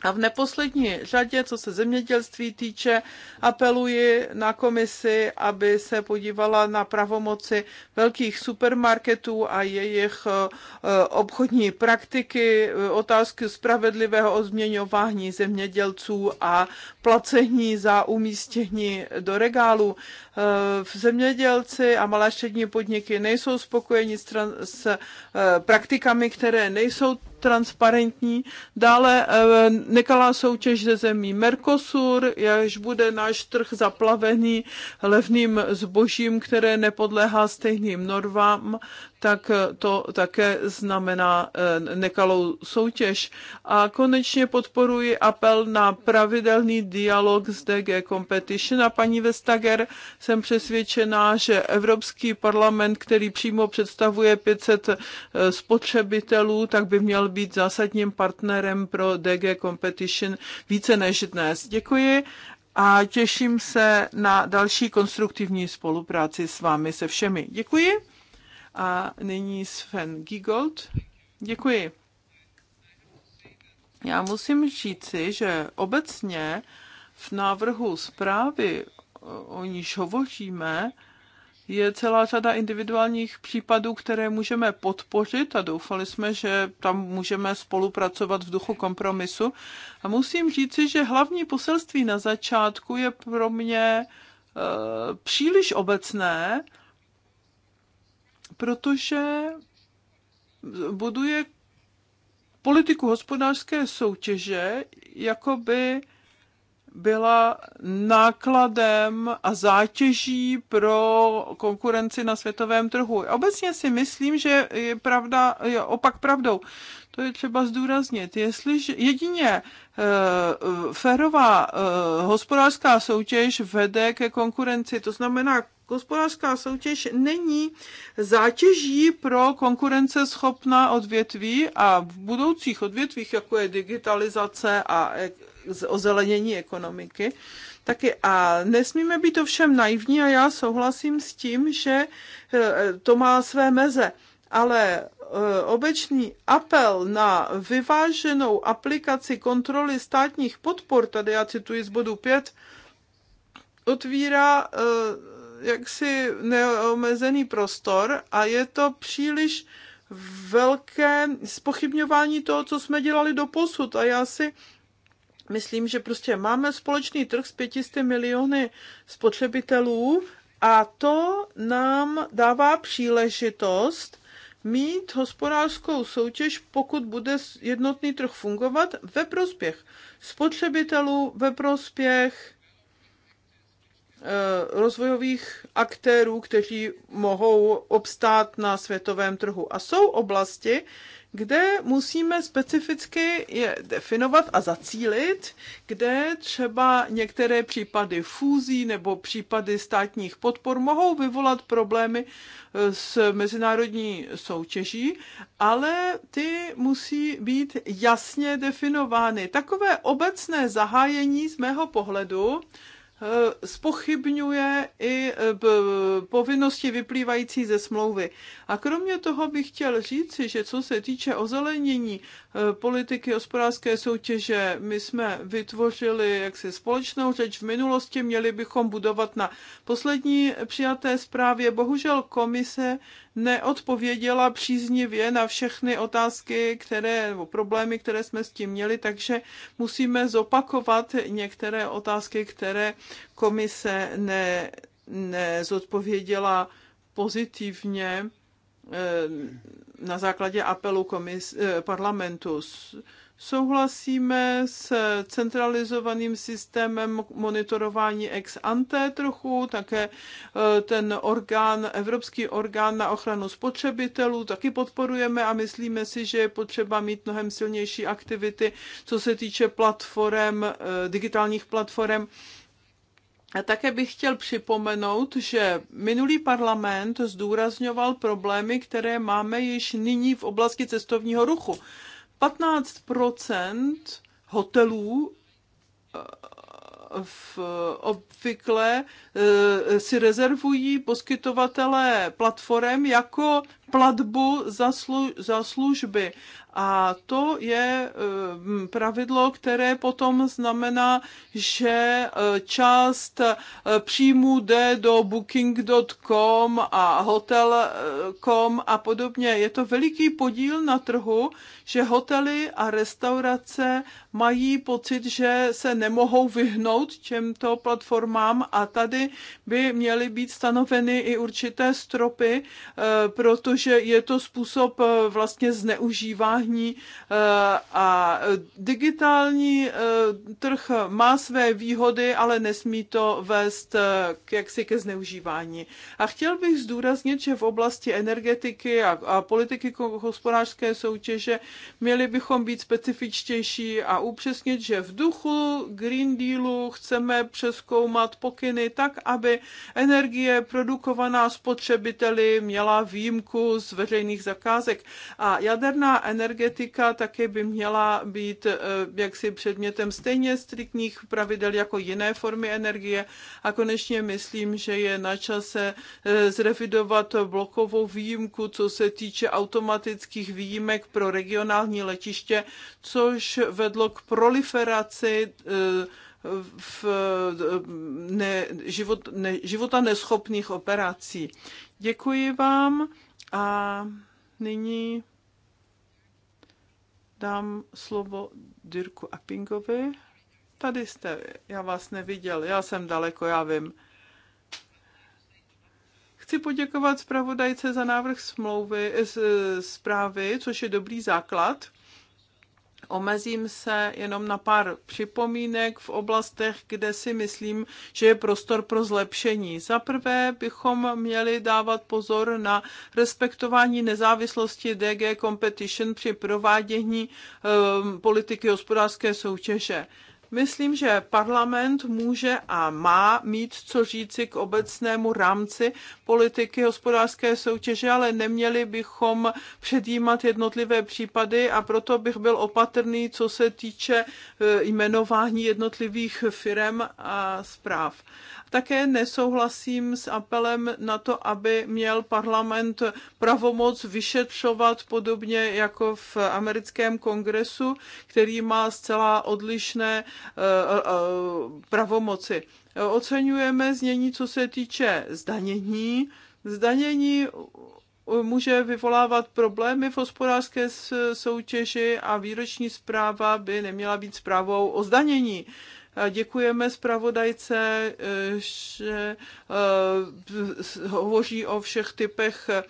a v neposlední řadě, co se zemědělství týče, apeluji na komisi, aby se podívala na pravomoci velkých supermarketů a jejich eh, obchodní praktiky, eh, otázky spravedlivého odměňování zemědělců a placení za umístění do regálu. Eh, v zemědělci a malé střední podniky nejsou spokojeni s praktikami, které nejsou transparentní. Dále eh, nekalá soutěž ze zemí Mercosur, jež bude náš trh zaplavený levným zbožím, které nepodléhá stejným normám, tak eh, to také znamená eh, nekalou soutěž. A konečně podporuji apel na pravidelný dialog s DG Competition a paní Vestager jsem přesvědčená, že Evropský parlament, který přímo představuje 500 eh, spotřebitelů, tak by měl být zásadním partnerem pro DG Competition více než dnes. Děkuji a těším se na další konstruktivní spolupráci s vámi se všemi. Děkuji. A nyní Sven Gigold. Děkuji. Já musím říci, že obecně v návrhu zprávy, o níž hovoříme, je celá řada individuálních případů, které můžeme podpořit a doufali jsme, že tam můžeme spolupracovat v duchu kompromisu. A musím říci, že hlavní poselství na začátku je pro mě e, příliš obecné protože buduje politiku hospodářské soutěže, jako by byla nákladem a zátěží pro konkurenci na světovém trhu. Obecně si myslím, že je, pravda, je opak pravdou. To je třeba zdůraznit. Jestliže jedině e, férová e, hospodářská soutěž vede ke konkurenci, to znamená Hospodářská soutěž není zátěží pro konkurenceschopná odvětví a v budoucích odvětvích, jako je digitalizace a ozelenění ekonomiky, taky a nesmíme být ovšem naivní a já souhlasím s tím, že e, to má své meze, ale e, obecný apel na vyváženou aplikaci kontroly státních podpor, tady já cituji z bodu 5, otvírá e, jaksi neomezený prostor a je to příliš velké spochybňování toho, co jsme dělali do posud. A já si myslím, že prostě máme společný trh s 500 miliony spotřebitelů a to nám dává příležitost mít hospodářskou soutěž, pokud bude jednotný trh fungovat, ve prospěch spotřebitelů, ve prospěch Eh, rozvojových aktérů, kteří mohou obstát na světovém trhu. A jsou oblasti, kde musíme specificky je definovat a zacílit, kde třeba některé případy fúzí nebo případy státních podpor mohou vyvolat problémy eh, s mezinárodní soutěží, ale ty musí být jasně definovány. Takové obecné zahájení z mého pohledu Eh, spochybňuje i eh, povinnosti vyplývající ze smlouvy. A kromě toho bych chtěl říci, že co se týče ozelenění eh, politiky hospodářské soutěže, my jsme vytvořili jaksi společnou řeč v minulosti, měli bychom budovat na poslední přijaté zprávě. Bohužel komise neodpověděla příznivě na všechny otázky, které, nebo problémy, které jsme s tím měli, takže musíme zopakovat některé otázky, které komise ne, nezodpověděla pozitivně eh, na základě apelu komis, eh, parlamentu. Souhlasíme s centralizovaným systémem monitorování ex ante trochu, také e, ten orgán, Evropský orgán na ochranu spotřebitelů taky podporujeme a myslíme si, že je potřeba mít mnohem silnější aktivity, co se týče platform, e, digitálních platform, a také bych chtěl připomenout, že minulý parlament zdůrazňoval problémy, které máme již nyní v oblasti cestovního ruchu. 15 hotelů eh, v obvykle eh, si rezervují poskytovatelé platform jako platbu za, slu, za služby. A to je eh, pravidlo, které potom znamená, že eh, část eh, příjmů jde do booking.com a hotel.com a podobně. Je to veliký podíl na trhu, že hotely a restaurace mají pocit, že se nemohou vyhnout těmto platformám a tady by měly být stanoveny i určité stropy, protože protože je to způsob eh, vlastně zneužívání eh, a digitální eh, trh má své výhody, ale nesmí to vést k, jaksi ke zneužívání. A chtěl bych zdůraznit, že v oblasti energetiky a, a politiky hospodářské soutěže měli bychom být specifičtější a upřesnit, že v duchu Green Dealu chceme přeskoumat pokyny tak, aby energie produkovaná spotřebiteli měla výjimku z veřejných zakázek. A jaderná energetika také by měla být eh, jaksi předmětem stejně striktních pravidel jako jiné formy energie. A konečně myslím, že je na čase eh, zrevidovat blokovou výjimku, co se týče automatických výjimek pro regionální letiště, což vedlo k proliferaci eh, v ne, život, ne, života neschopných operací. Děkuji vám a nyní dám slovo Dirku Appingovi. Tady jste, já vás neviděl, já jsem daleko, já vím. Chci poděkovat zpravodajce za návrh smlouvy, zprávy, což je dobrý základ Omezím se jenom na pár připomínek v oblastech, kde si myslím, že je prostor pro zlepšení. Za prvé bychom měli dávat pozor na respektování nezávislosti DG Competition při provádění um, politiky hospodářské soutěže. Myslím, že parlament může a má mít co říci k obecnému rámci politiky hospodářské soutěže, ale neměli bychom předjímat jednotlivé případy a proto bych byl opatrný, co se týče e, jmenování jednotlivých firm a zpráv. Také nesouhlasím s apelem na to, aby měl parlament pravomoc vyšetřovat podobně jako v americkém kongresu, který má zcela odlišné eh, eh, pravomoci. Oceňujeme znění, co se týče zdanění. Zdanění může vyvolávat problémy v hospodářské soutěži a výroční zpráva by neměla být zprávou o zdanění. Děkujeme zpravodajce, eh, že eh, hovoří o všech typech eh,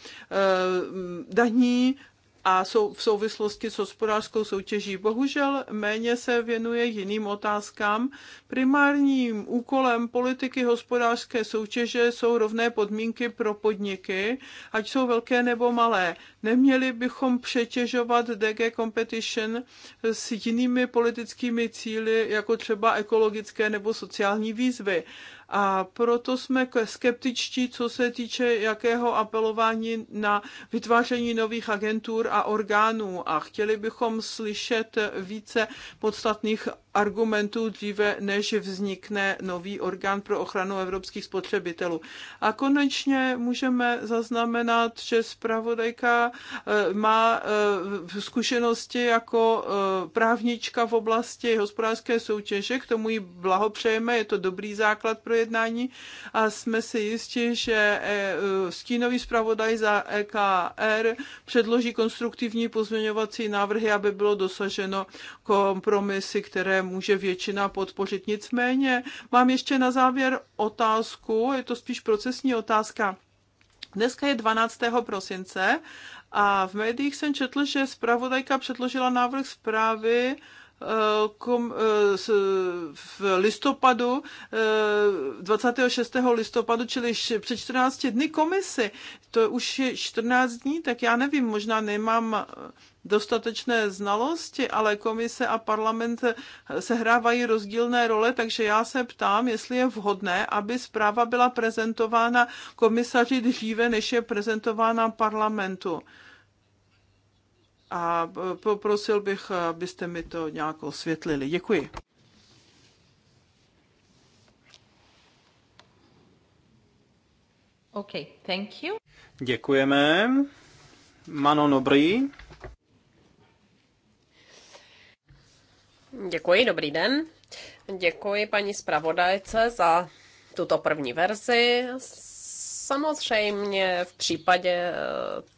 daní a jsou v souvislosti s hospodářskou soutěží. Bohužel méně se věnuje jiným otázkám. Primárním úkolem politiky hospodářské soutěže jsou rovné podmínky pro podniky, ať jsou velké nebo malé. Neměli bychom přetěžovat DG Competition s jinými politickými cíly, jako třeba ekologické nebo sociální výzvy a proto jsme skeptičtí, co se týče jakého apelování na vytváření nových agentur a orgánů a chtěli bychom slyšet více podstatných argumentů dříve, než vznikne nový orgán pro ochranu evropských spotřebitelů. A konečně můžeme zaznamenat, že zpravodajka eh, má eh, zkušenosti jako eh, právnička v oblasti hospodářské soutěže, k tomu ji blahopřejeme, je to dobrý základ pro jednání a jsme si jistí, že stínový zpravodaj za EKR předloží konstruktivní pozměňovací návrhy, aby bylo dosaženo kompromisy, které může většina podpořit. Nicméně mám ještě na závěr otázku, je to spíš procesní otázka. Dneska je 12. prosince a v médiích jsem četl, že zpravodajka předložila návrh zprávy eh, kom, eh, v listopadu, 26. Eh, listopadu, čili před 14 dny komisy. To už je 14 dní, tak já nevím, možná nemám dostatečné znalosti, ale komise a parlament sehrávají rozdílné role, takže já se ptám, jestli je vhodné, aby zpráva byla prezentována komisaři dříve, než je prezentována parlamentu. A poprosil bych, abyste mi to nějak osvětlili. Děkuji. Okay, thank you. Děkujeme. Manon Dobrý. Děkuji, dobrý den. Děkuji paní zpravodajce za tuto první verzi. Samozřejmě v případě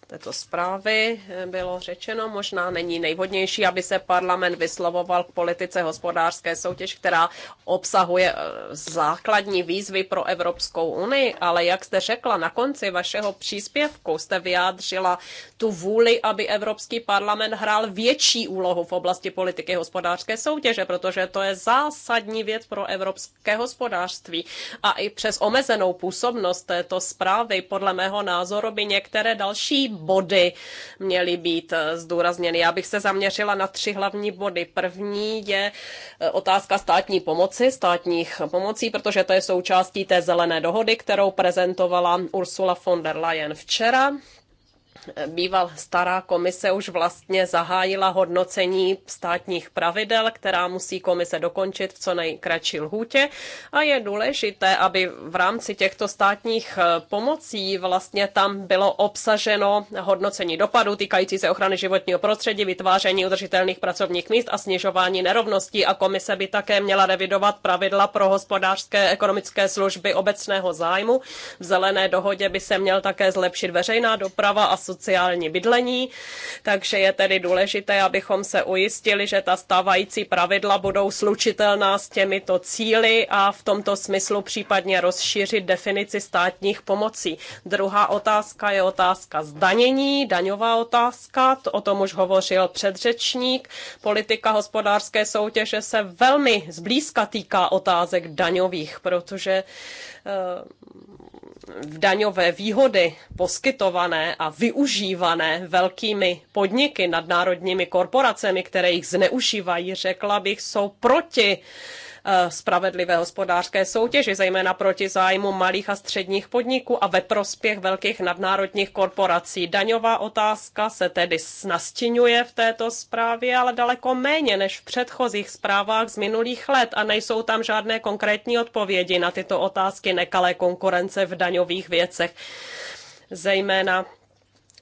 této zprávy eh, bylo řečeno, možná není nejvhodnější, aby se parlament vyslovoval k politice hospodářské soutěž, která obsahuje eh, základní výzvy pro Evropskou unii, ale jak jste řekla na konci vašeho příspěvku, jste vyjádřila tu vůli, aby Evropský parlament hrál větší úlohu v oblasti politiky hospodářské soutěže, protože to je zásadní věc pro evropské hospodářství. A i přes omezenou působnost této zprávy, podle mého názoru, by některé další body měly být eh, zdůrazněny. Já bych se zaměřila na tři hlavní body. První je eh, otázka státní pomoci, státních pomocí, protože to je součástí té zelené dohody, kterou prezentovala Ursula von der Leyen včera býval stará komise už vlastně zahájila hodnocení státních pravidel, která musí komise dokončit v co nejkratší lhůtě a je důležité, aby v rámci těchto státních eh, pomocí vlastně tam bylo obsaženo hodnocení dopadů týkající se ochrany životního prostředí, vytváření udržitelných pracovních míst a snižování nerovností a komise by také měla revidovat pravidla pro hospodářské ekonomické služby obecného zájmu. V zelené dohodě by se měl také zlepšit veřejná doprava a sociální bydlení, takže je tedy důležité, abychom se ujistili, že ta stávající pravidla budou slučitelná s těmito cíly a v tomto smyslu případně rozšířit definici státních pomocí. Druhá otázka je otázka zdanění, daňová otázka, o tom už hovořil předřečník. Politika hospodářské soutěže se velmi zblízka týká otázek daňových, protože Eh, daňové výhody poskytované a využívané velkými podniky, nadnárodními korporacemi, které jich zneužívají, řekla bych, jsou proti Eh, spravedlivé hospodářské soutěže zejména proti zájmu malých a středních podniků a ve prospěch velkých nadnárodních korporací. Daňová otázka se tedy nastiňuje v této zprávě, ale daleko méně než v předchozích zprávách z minulých let a nejsou tam žádné konkrétní odpovědi na tyto otázky nekalé konkurence v daňových věcech. Zejména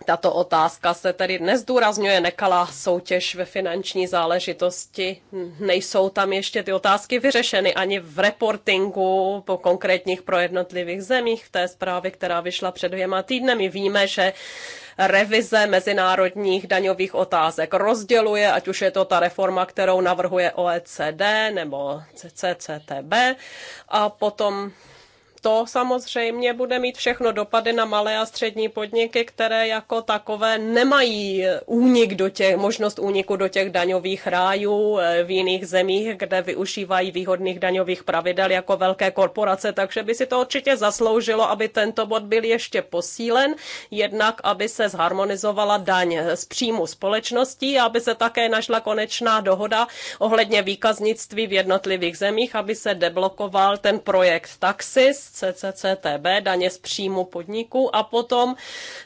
tato otázka se tedy nezdůrazňuje nekalá soutěž ve finanční záležitosti. Nejsou tam ještě ty otázky vyřešeny ani v reportingu po konkrétních pro jednotlivých zemích v té zprávě, která vyšla před dvěma týdny. My víme, že revize mezinárodních daňových otázek rozděluje, ať už je to ta reforma, kterou navrhuje OECD nebo CCTB. a potom to samozřejmě bude mít všechno dopady na malé a střední podniky, které jako takové nemají únik do těch, možnost úniku do těch daňových rájů eh, v jiných zemích, kde využívají výhodných daňových pravidel jako velké korporace, takže by si to určitě zasloužilo, aby tento bod byl ještě posílen, jednak aby se zharmonizovala daň z příjmu společností a aby se také našla konečná dohoda ohledně výkaznictví v jednotlivých zemích, aby se deblokoval ten projekt Taxis, CCCTB, daně z příjmu podniku a potom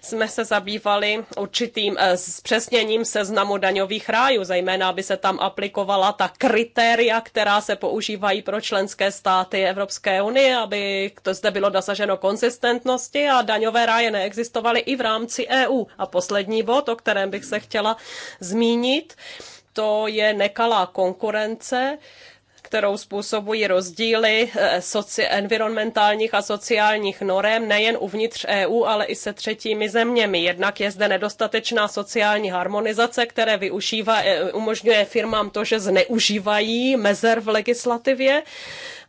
jsme se zabývali určitým zpřesněním eh, seznamu daňových rájů, zejména aby se tam aplikovala ta kritéria, která se používají pro členské státy Evropské unie, aby to zde bylo dosaženo konsistentnosti a daňové ráje neexistovaly i v rámci EU. A poslední bod, o kterém bych se chtěla zmínit, to je nekalá konkurence kterou způsobují rozdíly eh, soci- environmentálních a sociálních norem nejen uvnitř EU, ale i se třetími zeměmi. Jednak je zde nedostatečná sociální harmonizace, které využívá, eh, umožňuje firmám to, že zneužívají mezer v legislativě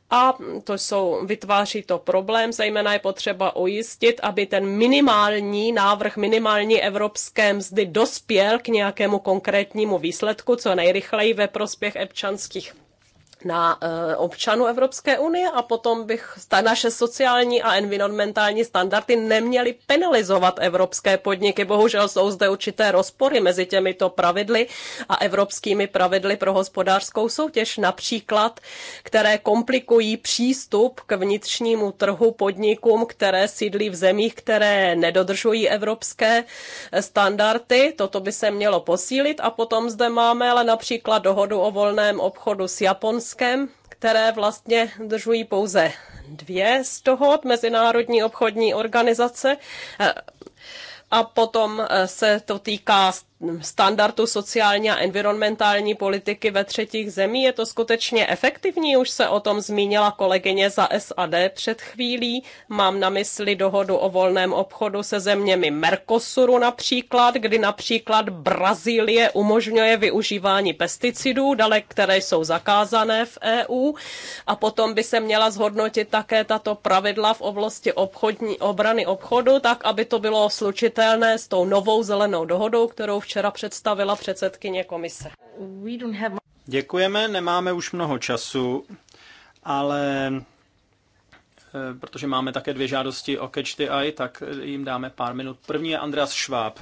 a to jsou, vytváří to problém, zejména je potřeba ujistit, aby ten minimální návrh, minimální evropské mzdy dospěl k nějakému konkrétnímu výsledku, co nejrychleji ve prospěch občanských na eh, občanů Evropské unie a potom bych ta naše sociální a environmentální standardy neměly penalizovat evropské podniky. Bohužel jsou zde určité rozpory mezi těmito pravidly a evropskými pravidly pro hospodářskou soutěž například, které komplikují přístup k vnitřnímu trhu podnikům, které sídlí v zemích, které nedodržují evropské standardy. Toto by se mělo posílit a potom zde máme ale například dohodu o volném obchodu s Japonskem, Japonskem, které vlastně držují pouze dvě z dohod Mezinárodní obchodní organizace. Eh, a potom eh, se to týká standardu sociální a environmentální politiky ve třetích zemí. Je to skutečně efektivní? Už se o tom zmínila kolegyně za SAD před chvílí. Mám na mysli dohodu o volném obchodu se zeměmi Mercosuru například, kdy například Brazílie umožňuje využívání pesticidů, dalek, které jsou zakázané v EU. A potom by se měla zhodnotit také tato pravidla v oblasti obchodní, obrany obchodu, tak aby to bylo slučitelné s tou novou zelenou dohodou, kterou včera představila předsedkyně komise. Děkujeme, nemáme už mnoho času, ale eh, protože máme také dvě žádosti o Catch the Eye, tak jim dáme pár minut. První je Andreas Schwab.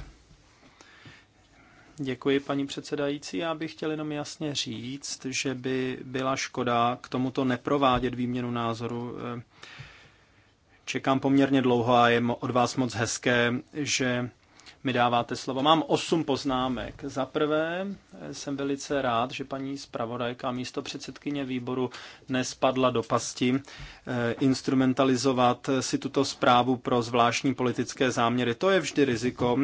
Děkuji, paní předsedající. Já bych chtěl jenom jasně říct, že by byla škoda k tomuto neprovádět výměnu názoru. Eh, čekám poměrně dlouho a je od vás moc hezké, že mi dáváte slovo. Mám osm poznámek. Za prvé eh, jsem velice rád, že paní zpravodajka místo předsedkyně výboru nespadla do pasti eh, instrumentalizovat eh, si tuto zprávu pro zvláštní politické záměry. To je vždy riziko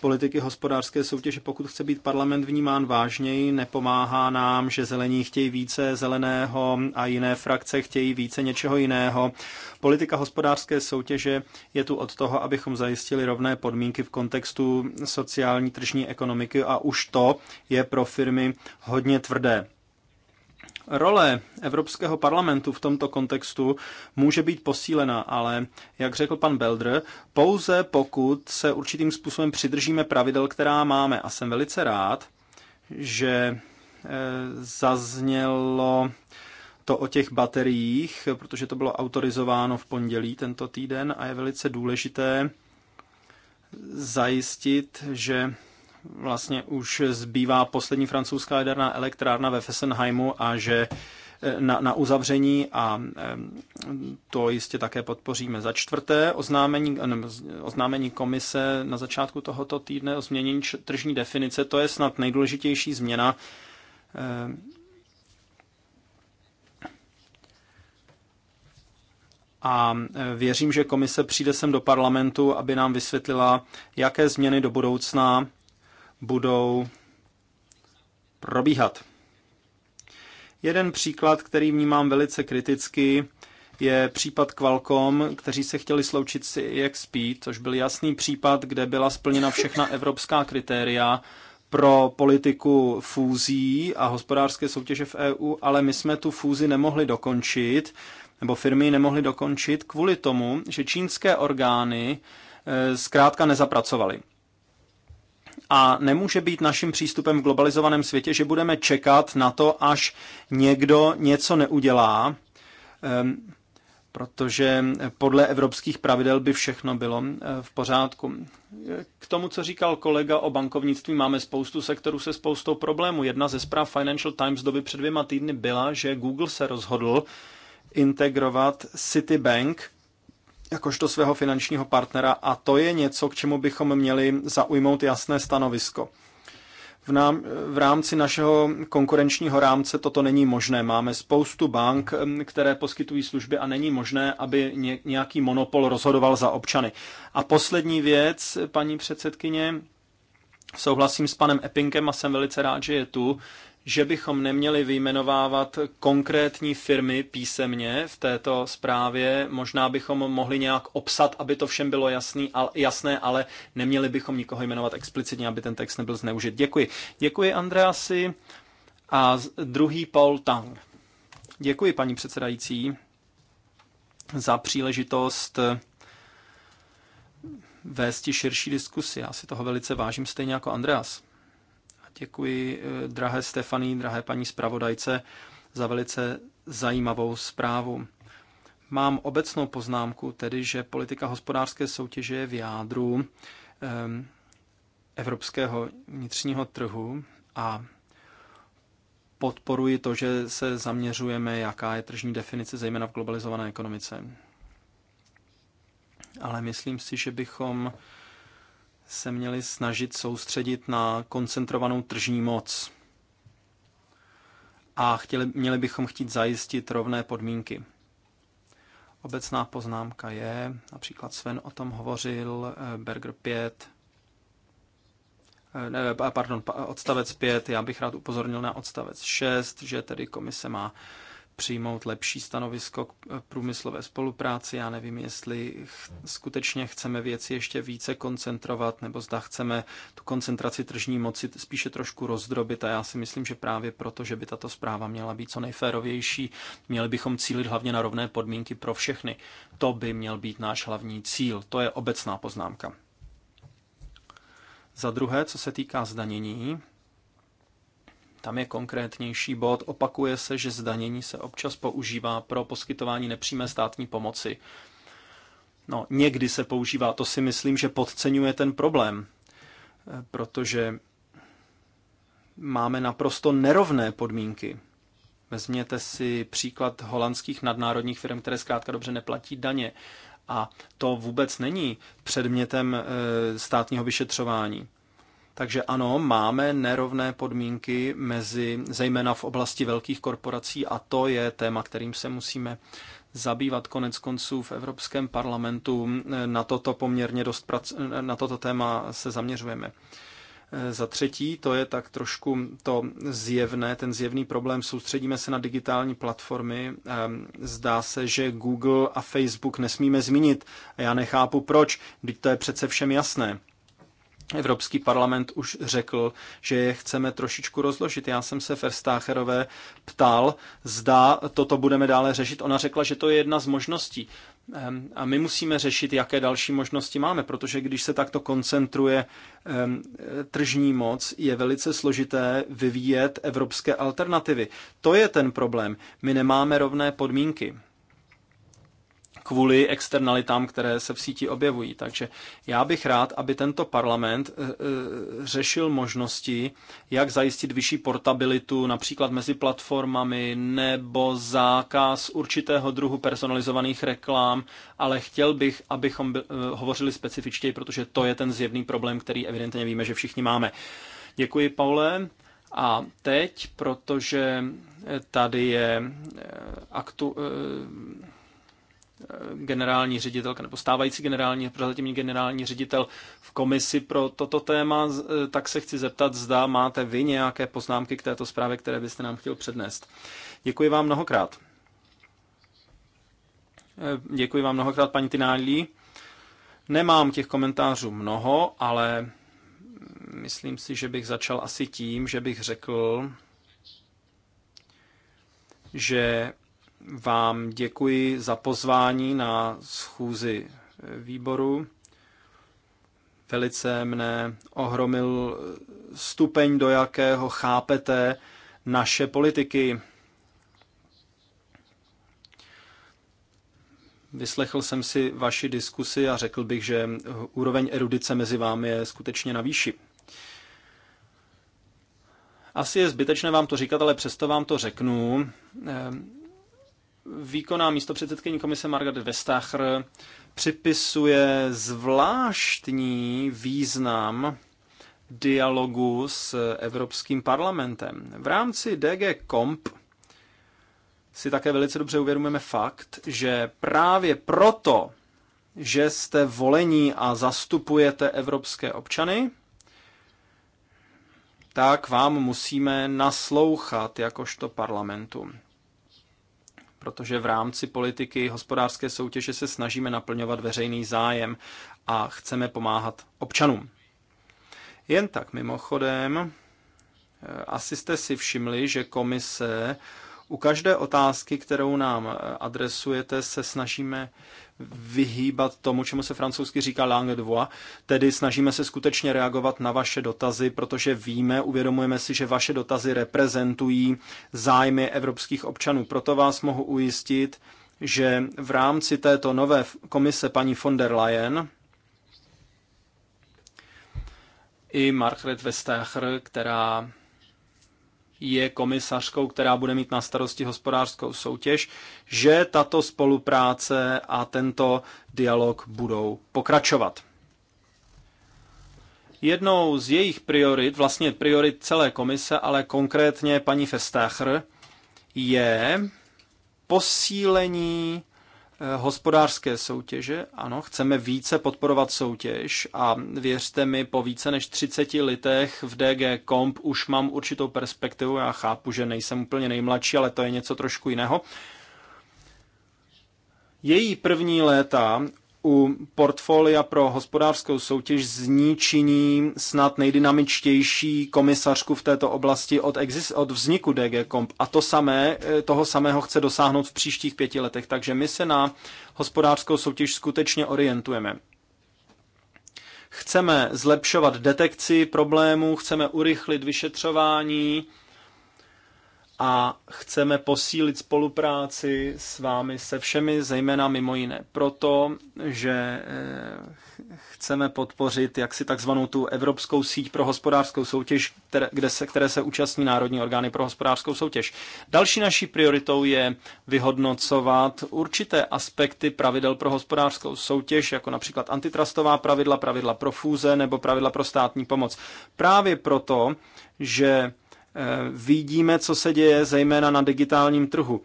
politiky hospodářské soutěže. Pokud chce být parlament vnímán vážněji, nepomáhá nám, že zelení chtějí více zeleného a jiné frakce chtějí více něčeho jiného. Politika hospodářské soutěže je tu od toho, abychom zajistili rovné podmínky v kontextu tu sociální tržní ekonomiky a už to je pro firmy hodně tvrdé. Role Evropského parlamentu v tomto kontextu může být posílena, ale, jak řekl pan Belder, pouze pokud se určitým způsobem přidržíme pravidel, která máme. A jsem velice rád, že e, zaznělo to o těch bateriích, protože to bylo autorizováno v pondělí tento týden a je velice důležité, zajistit, že vlastně už zbývá poslední francouzská jaderná elektrárna ve Fessenheimu a že eh, na, na uzavření a eh, to jistě také podpoříme. Za čtvrté oznámení, eh, oznámení komise na začátku tohoto týdne o změnění tržní definice, to je snad nejdůležitější změna a e, věřím, že komise přijde sem do parlamentu, aby nám vysvětlila, jaké změny do budoucna budou probíhat. Jeden příklad, který vnímám velice kriticky, je případ Qualcomm, kteří se chtěli sloučit s EXP, což byl jasný případ, kde byla splněna všechna evropská kritéria pro politiku fúzí a hospodářské soutěže v EU, ale my jsme tu fúzi nemohli dokončit, nebo firmy nemohly dokončit kvůli tomu, že čínské orgány e, zkrátka nezapracovaly. A nemůže být naším přístupem v globalizovaném světě, že budeme čekat na to, až někdo něco neudělá, protože podle evropských pravidel by všechno bylo v pořádku. K tomu, co říkal kolega o bankovnictví, máme spoustu sektorů se spoustou problémů. Jedna ze zpráv Financial Times doby před dvěma týdny byla, že Google se rozhodl, integrovat Citibank jakožto svého finančního partnera a to je něco, k čemu bychom měli zaujmout jasné stanovisko. V, nám, v rámci našeho konkurenčního rámce toto není možné. Máme spoustu bank, které poskytují služby a není možné, aby nějaký monopol rozhodoval za občany. A poslední věc, paní předsedkyně, souhlasím s panem Eppinkem a jsem velice rád, že je tu, že bychom neměli vyjmenovávat konkrétní firmy písemně v této zprávě. Možná bychom mohli nějak obsat, aby to všem bylo jasný, ale, jasné, ale neměli bychom nikoho jmenovat explicitně, aby ten text nebyl zneužit. Děkuji. Děkuji, Andreasi. A druhý Paul Tang. Děkuji, paní předsedající, za příležitost eh, vést širší diskusi. Já si toho velice vážím, stejně jako Andreas. Děkuji eh, drahé Stefaní, drahé paní zpravodajce za velice zajímavou zprávu. Mám obecnou poznámku, tedy že politika hospodářské soutěže je v jádru ehm, evropského vnitřního trhu a podporuji to, že se zaměřujeme, jaká je tržní definice, zejména v globalizované ekonomice. Ale myslím si, že bychom se měli snažit soustředit na koncentrovanou tržní moc. A chtěli, měli bychom chtít zajistit rovné podmínky. Obecná poznámka je, například Sven o tom hovořil, eh, Berger 5, eh, ne, eh, pardon, odstavec 5, já bych rád upozornil na odstavec 6, že tedy komise má přijmout lepší stanovisko k eh, průmyslové spolupráci. Já nevím, jestli ch- skutečně chceme věci ještě více koncentrovat, nebo zda chceme tu koncentraci tržní moci spíše trošku rozdrobit. A já si myslím, že právě proto, že by tato zpráva měla být co nejférovější, měli bychom cílit hlavně na rovné podmínky pro všechny. To by měl být náš hlavní cíl. To je obecná poznámka. Za druhé, co se týká zdanění, tam je konkrétnější bod. Opakuje se, že zdanění se občas používá pro poskytování nepřímé státní pomoci. No, někdy se používá, to si myslím, že podceňuje ten problém, protože máme naprosto nerovné podmínky. Vezměte si příklad holandských nadnárodních firm, které zkrátka dobře neplatí daně. A to vůbec není předmětem eh, státního vyšetřování. Takže ano, máme nerovné podmínky mezi, zejména v oblasti velkých korporací a to je téma, kterým se musíme zabývat konec konců v Evropském parlamentu. Eh, na toto poměrně dost prac- eh, na toto téma se zaměřujeme. Eh, za třetí, to je tak trošku to zjevné, ten zjevný problém, soustředíme se na digitální platformy. Ehm, zdá se, že Google a Facebook nesmíme zmínit. já nechápu proč, když to je přece všem jasné. Evropský parlament už řekl, že je chceme trošičku rozložit. Já jsem se Verstácherové ptal, zda toto budeme dále řešit. Ona řekla, že to je jedna z možností. Ehm, a my musíme řešit, jaké další možnosti máme, protože když se takto koncentruje ehm, tržní moc, je velice složité vyvíjet evropské alternativy. To je ten problém. My nemáme rovné podmínky kvůli externalitám, které se v síti objevují. Takže já bych rád, aby tento parlament eh, eh, řešil možnosti, jak zajistit vyšší portabilitu například mezi platformami nebo zákaz určitého druhu personalizovaných reklám, ale chtěl bych, abychom eh, hovořili specifičtěji, protože to je ten zjevný problém, který evidentně víme, že všichni máme. Děkuji, Paule. A teď, protože tady je aktu, generální ředitelka nebo stávající generální, prozatímní generální ředitel v komisi pro toto téma, eh, tak se chci zeptat, zda máte vy nějaké poznámky k této zprávě, které byste nám chtěl přednést. Děkuji vám mnohokrát. Eh, děkuji vám mnohokrát, paní Tinálí. Nemám těch komentářů mnoho, ale myslím si, že bych začal asi tím, že bych řekl, že vám děkuji za pozvání na schůzi výboru. Velice mne ohromil stupeň, do jakého chápete naše politiky. Vyslechl jsem si vaši diskusi a řekl bych, že úroveň erudice mezi vámi je skutečně na výši. Asi je zbytečné vám to říkat, ale přesto vám to řeknu výkonná místo komise Margaret Vestacher připisuje zvláštní význam dialogu s Evropským parlamentem. V rámci DG Comp si také velice dobře uvědomujeme fakt, že právě proto, že jste volení a zastupujete evropské občany, tak vám musíme naslouchat jakožto parlamentu protože v rámci politiky hospodářské soutěže se snažíme naplňovat veřejný zájem a chceme pomáhat občanům. Jen tak mimochodem, eh, asi jste si všimli, že komise u každé otázky, kterou nám eh, adresujete, se snažíme vyhýbat tomu, čemu se francouzsky říká langue de voix, tedy snažíme se skutečně reagovat na vaše dotazy, protože víme, uvědomujeme si, že vaše dotazy reprezentují zájmy evropských občanů. Proto vás mohu ujistit, že v rámci této nové komise paní von der Leyen, i Margaret Vestager, která je komisařkou, která bude mít na starosti hospodářskou soutěž, že tato spolupráce a tento dialog budou pokračovat. Jednou z jejich priorit, vlastně priorit celé komise, ale konkrétně paní Festacher, je posílení Eh, hospodářské soutěže. Ano, chceme více podporovat soutěž a věřte mi, po více než 30 litech v DG Comp už mám určitou perspektivu. Já chápu, že nejsem úplně nejmladší, ale to je něco trošku jiného. Její první léta u portfolia pro hospodářskou soutěž z ní činí snad nejdynamičtější komisařku v této oblasti od, exist, od vzniku DG Comp. A to samé, eh, toho samého chce dosáhnout v příštích pěti letech. Takže my se na hospodářskou soutěž skutečně orientujeme. Chceme zlepšovat detekci problémů, chceme urychlit vyšetřování, a chceme posílit spolupráci s vámi, se všemi, zejména mimo jiné proto, že eh, chceme podpořit jaksi takzvanou tu Evropskou síť pro hospodářskou soutěž, které, kde se, které se účastní Národní orgány pro hospodářskou soutěž. Další naší prioritou je vyhodnocovat určité aspekty pravidel pro hospodářskou soutěž, jako například antitrustová pravidla, pravidla pro fúze nebo pravidla pro státní pomoc. Právě proto, že Eh, vidíme, co se děje zejména na digitálním trhu.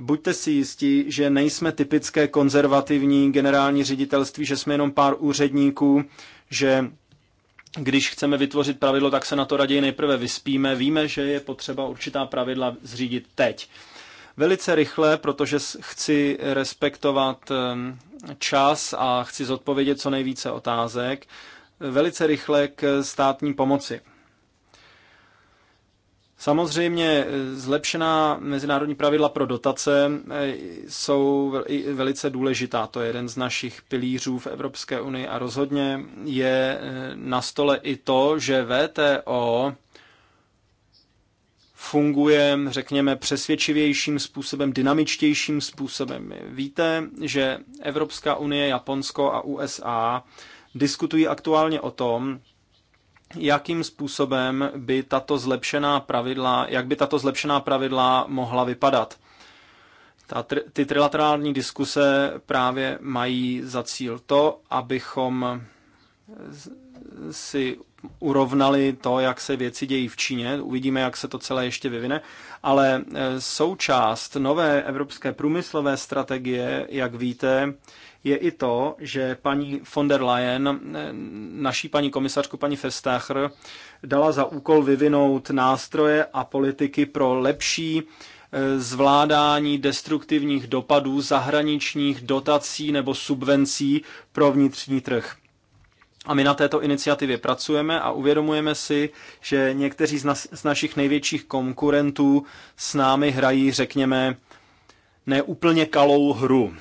Buďte si jistí, že nejsme typické konzervativní generální ředitelství, že jsme jenom pár úředníků, že když chceme vytvořit pravidlo, tak se na to raději nejprve vyspíme. Víme, že je potřeba určitá pravidla zřídit teď. Velice rychle, protože chci respektovat ehm, čas a chci zodpovědět co nejvíce otázek. Velice rychle k státní pomoci. Samozřejmě eh, zlepšená mezinárodní pravidla pro dotace eh, jsou velice důležitá. To je jeden z našich pilířů v Evropské unii a rozhodně je eh, na stole i to, že VTO funguje, řekněme, přesvědčivějším způsobem, dynamičtějším způsobem. Víte, že Evropská unie, Japonsko a USA diskutují aktuálně o tom, jakým způsobem by tato zlepšená pravidla, jak by tato zlepšená pravidla mohla vypadat. Ta, ty trilaterální diskuse právě mají za cíl to, abychom si urovnali to, jak se věci dějí v Číně. Uvidíme, jak se to celé ještě vyvine. Ale e, součást nové evropské průmyslové strategie, jak víte, je i to, že paní von der Leyen, e, naší paní komisařku, paní Festacher, dala za úkol vyvinout nástroje a politiky pro lepší e, zvládání destruktivních dopadů zahraničních dotací nebo subvencí pro vnitřní trh. A my na této iniciativě pracujeme a uvědomujeme si, že někteří z, nas, z našich největších konkurentů s námi hrají, řekněme, neúplně kalou hru.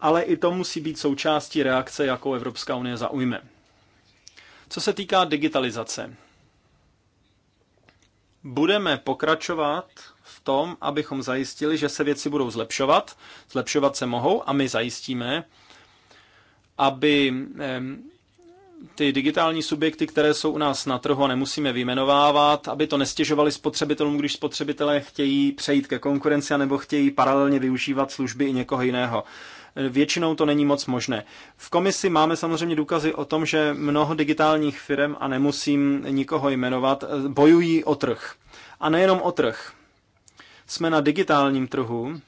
Ale i to musí být součástí reakce, jakou Evropská unie zaujme. Co se týká digitalizace, budeme pokračovat v tom, abychom zajistili, že se věci budou zlepšovat. Zlepšovat se mohou a my zajistíme, aby ty digitální subjekty, které jsou u nás na trhu a nemusíme vyjmenovávat, aby to nestěžovali spotřebitelům, když spotřebitelé chtějí přejít ke konkurenci nebo chtějí paralelně využívat služby i někoho jiného. Většinou to není moc možné. V komisi máme samozřejmě důkazy o tom, že mnoho digitálních firm, a nemusím nikoho jmenovat, bojují o trh. A nejenom o trh. Jsme na digitálním trhu,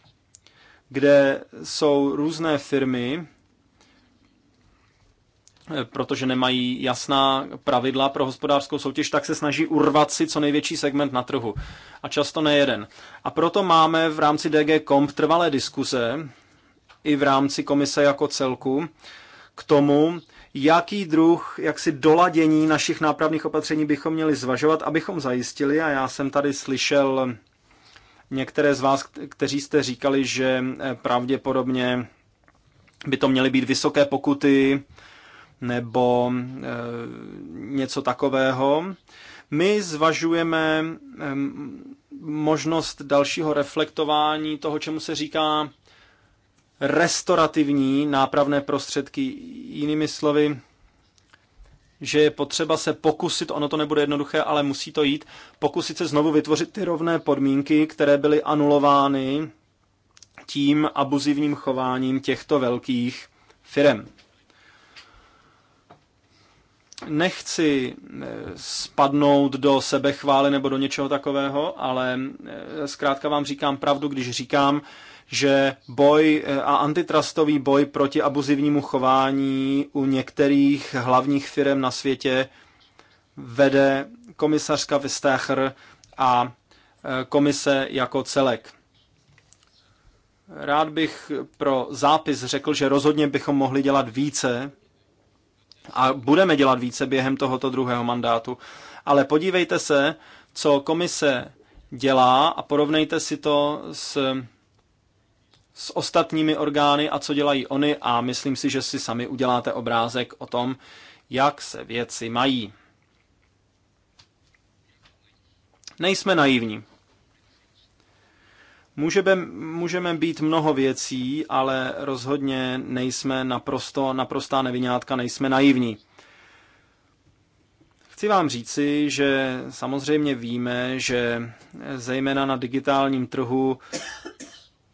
kde jsou různé firmy, protože nemají jasná pravidla pro hospodářskou soutěž, tak se snaží urvat si co největší segment na trhu. A často nejeden. A proto máme v rámci DG Comp trvalé diskuze i v rámci komise jako celku k tomu, jaký druh jaksi doladění našich nápravných opatření bychom měli zvažovat, abychom zajistili, a já jsem tady slyšel některé z vás, kteří jste říkali, že eh, pravděpodobně by to měly být vysoké pokuty, nebo eh, něco takového. My zvažujeme eh, možnost dalšího reflektování toho, čemu se říká restorativní nápravné prostředky. Jinými slovy, že je potřeba se pokusit, ono to nebude jednoduché, ale musí to jít, pokusit se znovu vytvořit ty rovné podmínky, které byly anulovány tím abuzivním chováním těchto velkých firem nechci eh, spadnout do sebechvály nebo do něčeho takového, ale eh, zkrátka vám říkám pravdu, když říkám, že boj eh, a antitrustový boj proti abuzivnímu chování u některých hlavních firm na světě vede komisařka Vestager a komise jako celek. Rád bych pro zápis řekl, že rozhodně bychom mohli dělat více a budeme dělat více během tohoto druhého mandátu. Ale podívejte se, co komise dělá a porovnejte si to s, s ostatními orgány a co dělají oni a myslím si, že si sami uděláte obrázek o tom, jak se věci mají. Nejsme naivní. Můžeme, můžeme být mnoho věcí, ale rozhodně nejsme naprosto, naprostá nevinátka, nejsme naivní. Chci vám říci, že samozřejmě víme, že zejména na digitálním trhu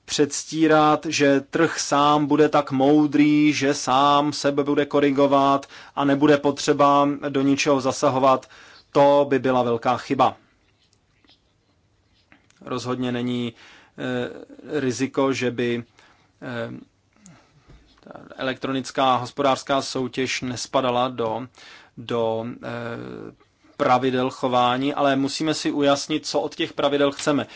předstírat, že trh sám bude tak moudrý, že sám sebe bude korigovat a nebude potřeba do ničeho zasahovat, to by byla velká chyba. Rozhodně není Eh, riziko, že by eh, elektronická hospodářská soutěž nespadala do, do eh, pravidel chování, ale musíme si ujasnit, co od těch pravidel chceme.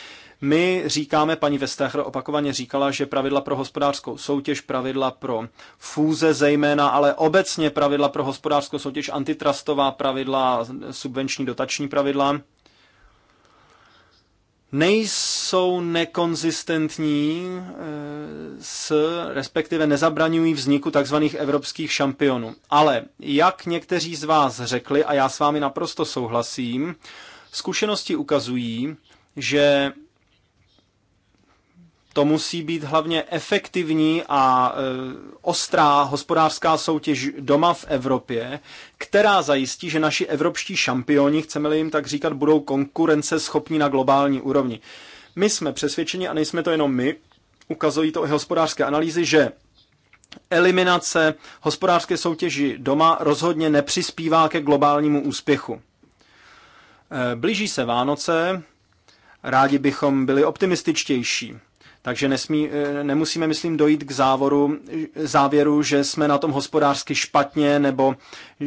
My říkáme, paní Vestacher opakovaně říkala, že pravidla pro hospodářskou soutěž, pravidla pro fúze zejména, ale obecně pravidla pro hospodářskou soutěž, antitrustová pravidla, subvenční dotační pravidla, nejsou nekonzistentní e, s, respektive nezabraňují vzniku takzvaných evropských šampionů. Ale jak někteří z vás řekli, a já s vámi naprosto souhlasím, zkušenosti ukazují, že to musí být hlavně efektivní a e, ostrá hospodářská soutěž doma v Evropě, která zajistí, že naši evropští šampioni, chceme-li jim tak říkat, budou konkurenceschopní na globální úrovni. My jsme přesvědčeni, a nejsme to jenom my, ukazují to i hospodářské analýzy, že eliminace hospodářské soutěži doma rozhodně nepřispívá ke globálnímu úspěchu. E, blíží se Vánoce, rádi bychom byli optimističtější. Takže nesmí, eh, nemusíme, myslím, dojít k závoru, závěru, že jsme na tom hospodářsky špatně nebo eh,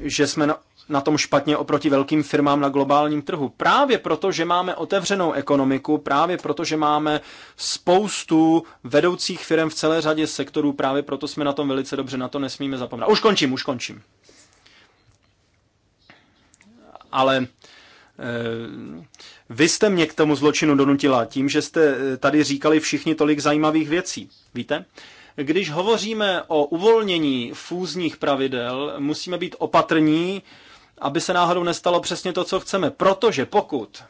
že jsme na tom špatně oproti velkým firmám na globálním trhu. Právě proto, že máme otevřenou ekonomiku, právě proto, že máme spoustu vedoucích firm v celé řadě sektorů, právě proto jsme na tom velice dobře, na to nesmíme zapomínat. Už končím, už končím. Ale eh, vy jste mě k tomu zločinu donutila tím, že jste eh, tady říkali všichni tolik zajímavých věcí. Víte? Když hovoříme o uvolnění fúzních pravidel, musíme být opatrní, aby se náhodou nestalo přesně to, co chceme. Protože pokud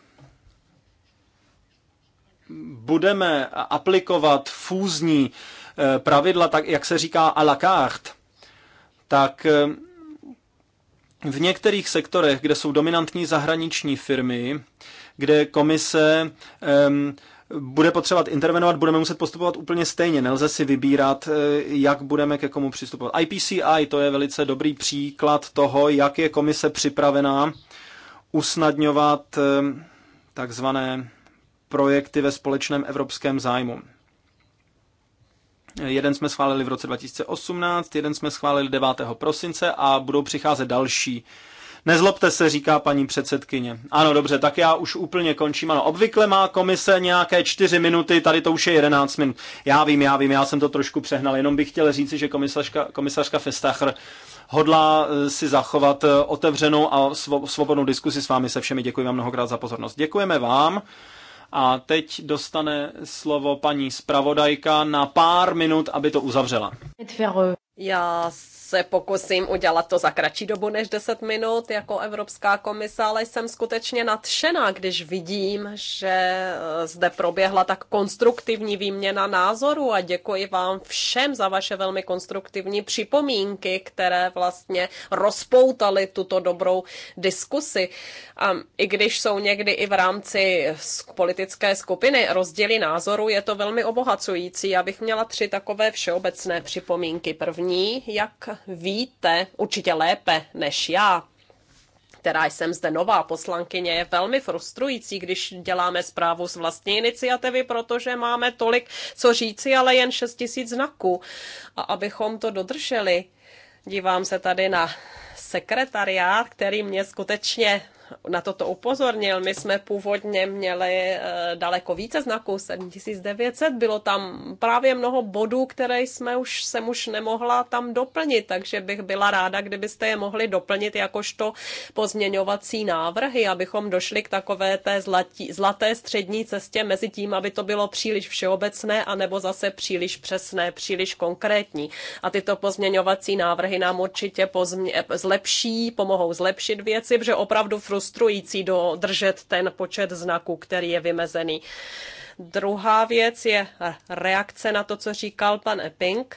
budeme aplikovat fúzní eh, pravidla, tak jak se říká à la carte, tak eh, v některých sektorech, kde jsou dominantní zahraniční firmy, kde komise bude potřebovat intervenovat, budeme muset postupovat úplně stejně. Nelze si vybírat, eh, jak budeme ke komu přistupovat. IPCI to je velice dobrý příklad toho, jak je komise připravená usnadňovat takzvané projekty ve společném evropském zájmu. Jeden jsme schválili v roce 2018, jeden jsme schválili 9. prosince a budou přicházet další Nezlobte se, říká paní předsedkyně. Ano, dobře, tak já už úplně končím. Ano, obvykle má komise nějaké čtyři minuty, tady to už je jedenáct minut. Já vím, já vím, já jsem to trošku přehnal, jenom bych chtěl říci, že komisařka, komisařka Festacher hodlá eh, si zachovat eh, otevřenou a svobodnou diskusi s vámi se všemi. Děkuji vám mnohokrát za pozornost. Děkujeme vám. A teď dostane slovo paní zpravodajka na pár minut, aby to uzavřela. Já se pokusím udělat to za kratší dobu než 10 minut jako Evropská komise, ale jsem skutečně nadšená, když vidím, že eh, zde proběhla tak konstruktivní výměna názorů a děkuji vám všem za vaše velmi konstruktivní připomínky, které vlastně rozpoutaly tuto dobrou diskusi. A I když jsou někdy i v rámci politické skupiny rozdíly názorů, je to velmi obohacující. Já bych měla tři takové všeobecné připomínky. První, jak víte určitě lépe než já, která jsem zde nová poslankyně, je velmi frustrující, když děláme zprávu z vlastní iniciativy, protože máme tolik co říci, ale jen 6 tisíc znaků. A abychom to dodrželi, dívám se tady na sekretariát, který mě skutečně na toto upozornil. My jsme původně měli eh, daleko více znaků, 7900, bylo tam právě mnoho bodů, které jsme už, jsem už nemohla tam doplnit, takže bych byla ráda, kdybyste je mohli doplnit jakožto pozměňovací návrhy, abychom došli k takové té zlatí, zlaté střední cestě mezi tím, aby to bylo příliš všeobecné, anebo zase příliš přesné, příliš konkrétní. A tyto pozměňovací návrhy nám určitě pozmě, zlepší, pomohou zlepšit věci, protože opravdu frustrují frustrující dodržet ten počet znaků, který je vymezený. Druhá věc je reakce na to, co říkal pan Epping.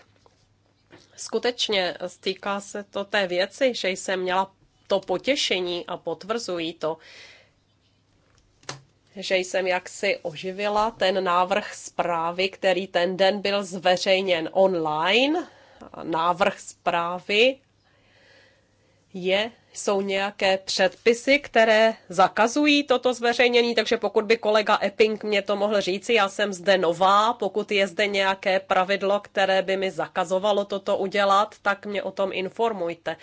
Skutečně stýká se to té věci, že jsem měla to potěšení a potvrzují to, že jsem jaksi oživila ten návrh zprávy, který ten den byl zveřejněn online. Návrh zprávy je jsou nějaké předpisy, které zakazují toto zveřejnění, takže pokud by kolega Epping mě to mohl říci, já jsem zde nová, pokud je zde nějaké pravidlo, které by mi zakazovalo toto udělat, tak mě o tom informujte.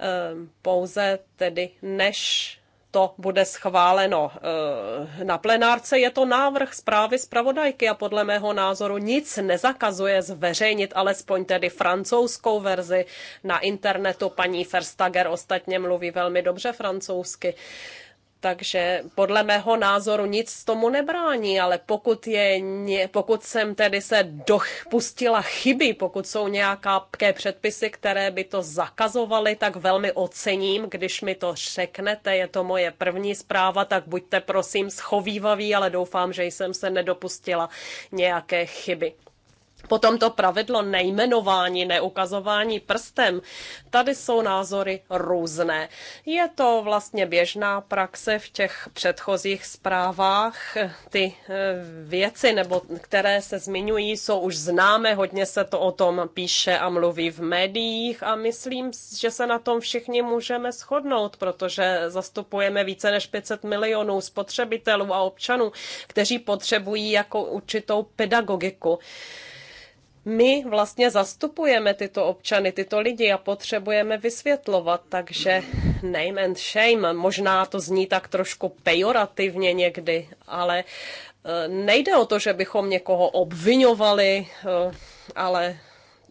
Ehm, pouze tedy než to bude schváleno eh, na plenárce, je to návrh zprávy zpravodajky a podle mého názoru nic nezakazuje zveřejnit alespoň tedy francouzskou verzi na internetu. Paní Verstager ostatně mluví velmi dobře francouzsky. Takže podle mého názoru nic tomu nebrání, ale pokud, je, pokud jsem tedy se dopustila chyby, pokud jsou nějaké předpisy, které by to zakazovaly, tak velmi ocením, když mi to řeknete. Je to moje první zpráva, tak buďte prosím schovývaví, ale doufám, že jsem se nedopustila nějaké chyby. Potom to pravidlo nejmenování, neukazování prstem, tady jsou názory různé. Je to vlastně běžná praxe v těch předchozích zprávách. Ty eh, věci, nebo které se zmiňují, jsou už známé, hodně se to o tom píše a mluví v médiích a myslím, že se na tom všichni můžeme shodnout, protože zastupujeme více než 500 milionů spotřebitelů a občanů, kteří potřebují jako určitou pedagogiku my vlastně zastupujeme tyto občany, tyto lidi a potřebujeme vysvětlovat, takže name and shame, možná to zní tak trošku pejorativně někdy, ale eh, nejde o to, že bychom někoho obvinovali, eh, ale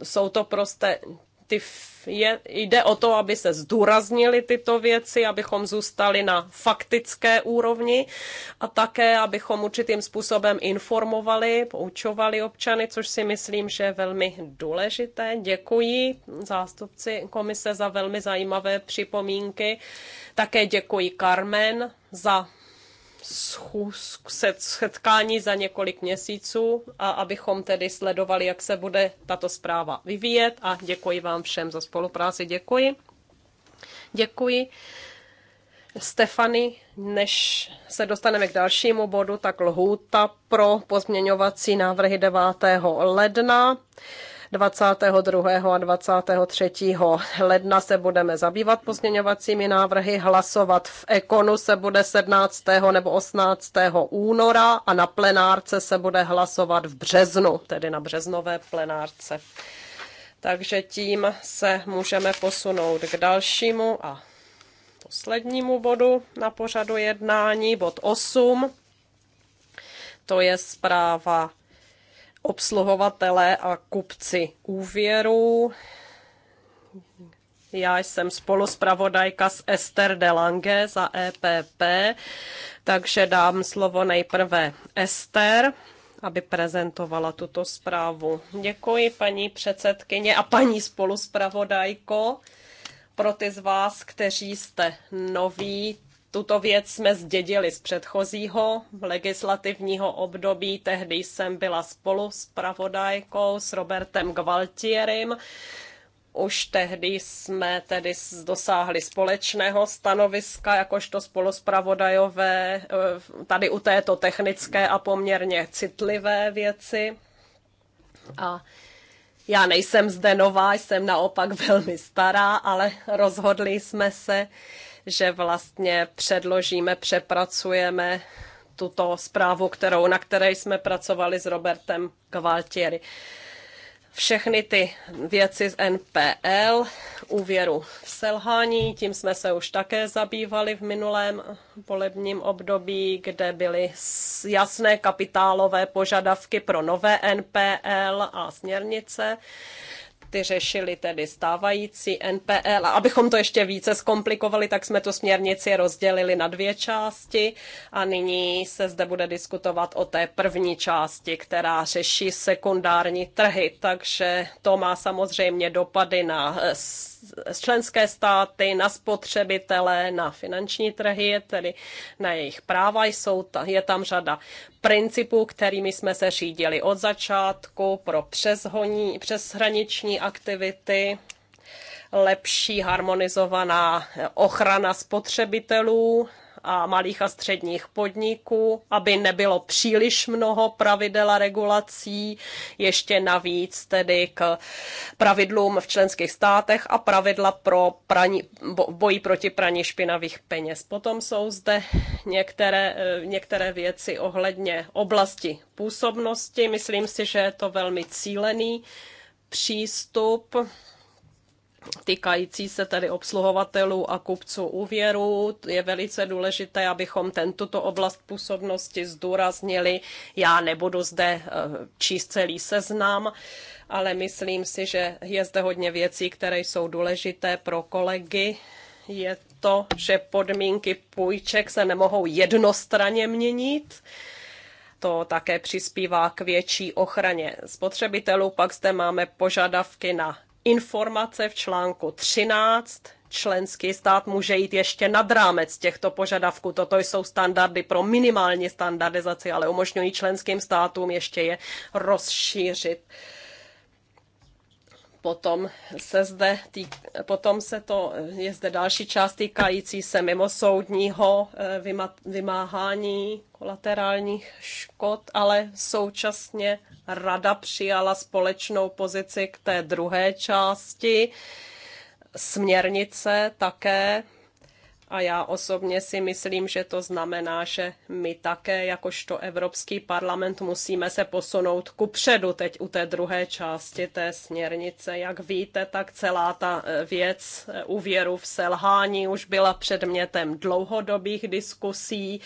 jsou to prostě ty je, jde o to, aby se zdůraznily tyto věci, abychom zůstali na faktické úrovni a také, abychom určitým způsobem informovali, poučovali občany, což si myslím, že je velmi důležité. Děkuji zástupci komise za velmi zajímavé připomínky. Také děkuji Carmen za setkání za několik měsíců a abychom tedy sledovali, jak se bude tato zpráva vyvíjet a děkuji vám všem za spolupráci. Děkuji. Děkuji. Stefany, než se dostaneme k dalšímu bodu, tak lhůta pro pozměňovací návrhy 9. ledna. 22. a 23. ledna se budeme zabývat pozměňovacími návrhy, hlasovat v Ekonu se bude 17. nebo 18. února a na plenárce se bude hlasovat v březnu, tedy na březnové plenárce. Takže tím se můžeme posunout k dalšímu a poslednímu bodu na pořadu jednání, bod 8. To je zpráva obsluhovatelé a kupci úvěru. Já jsem spoluspravodajka s Ester de Lange za EPP, takže dám slovo nejprve Ester aby prezentovala tuto zprávu. Děkuji paní předsedkyně a paní spoluspravodajko. Pro ty z vás, kteří jste noví, tuto věc jsme zdědili z předchozího legislativního období. Tehdy jsem byla spolu s pravodajkou, s Robertem Gvaltierem. Už tehdy jsme tedy dosáhli společného stanoviska, jakožto spoluspravodajové, eh, tady u této technické a poměrně citlivé věci. A já nejsem zde nová, jsem naopak velmi stará, ale rozhodli jsme se, že vlastně předložíme, přepracujeme tuto zprávu, kterou, na které jsme pracovali s Robertem Kvaltieri. Všechny ty věci z NPL, úvěru v selhání, tím jsme se už také zabývali v minulém volebním období, kde byly jasné kapitálové požadavky pro nové NPL a směrnice ty řešili tedy stávající NPL. A abychom to ještě více zkomplikovali, tak jsme tu směrnici rozdělili na dvě části a nyní se zde bude diskutovat o té první části, která řeší sekundární trhy, takže to má samozřejmě dopady na členské státy, na spotřebitele, na finanční trhy, tedy na jejich práva jsou, je tam řada principů, kterými jsme se řídili od začátku pro přeshoní, přeshraniční aktivity, lepší harmonizovaná ochrana spotřebitelů a malých a středních podniků, aby nebylo příliš mnoho pravidel a regulací, ještě navíc tedy k pravidlům v členských státech a pravidla pro praní, boji proti praní špinavých peněz. Potom jsou zde některé, eh, některé věci ohledně oblasti působnosti. Myslím si, že je to velmi cílený přístup týkající se tedy obsluhovatelů a kupců úvěru. Je velice důležité, abychom tento oblast působnosti zdůraznili. Já nebudu zde eh, číst celý seznam, ale myslím si, že je zde hodně věcí, které jsou důležité pro kolegy. Je to, že podmínky půjček se nemohou jednostranně měnit to také přispívá k větší ochraně spotřebitelů. Pak zde máme požadavky na informace v článku 13 členský stát může jít ještě nad rámec těchto požadavků. Toto jsou standardy pro minimální standardizaci, ale umožňují členským státům ještě je rozšířit. Uh, Potom se zde týk, potom se to, je zde další část týkající se mimosoudního eh, vymáhání kolaterálních škod, ale současně rada přijala společnou pozici k té druhé části směrnice také a já osobně si myslím, že to znamená, že my také, jakožto Evropský parlament, musíme se posunout ku předu teď u té druhé části té směrnice. Jak víte, tak celá ta eh, věc úvěru eh, v selhání už byla předmětem dlouhodobých diskusí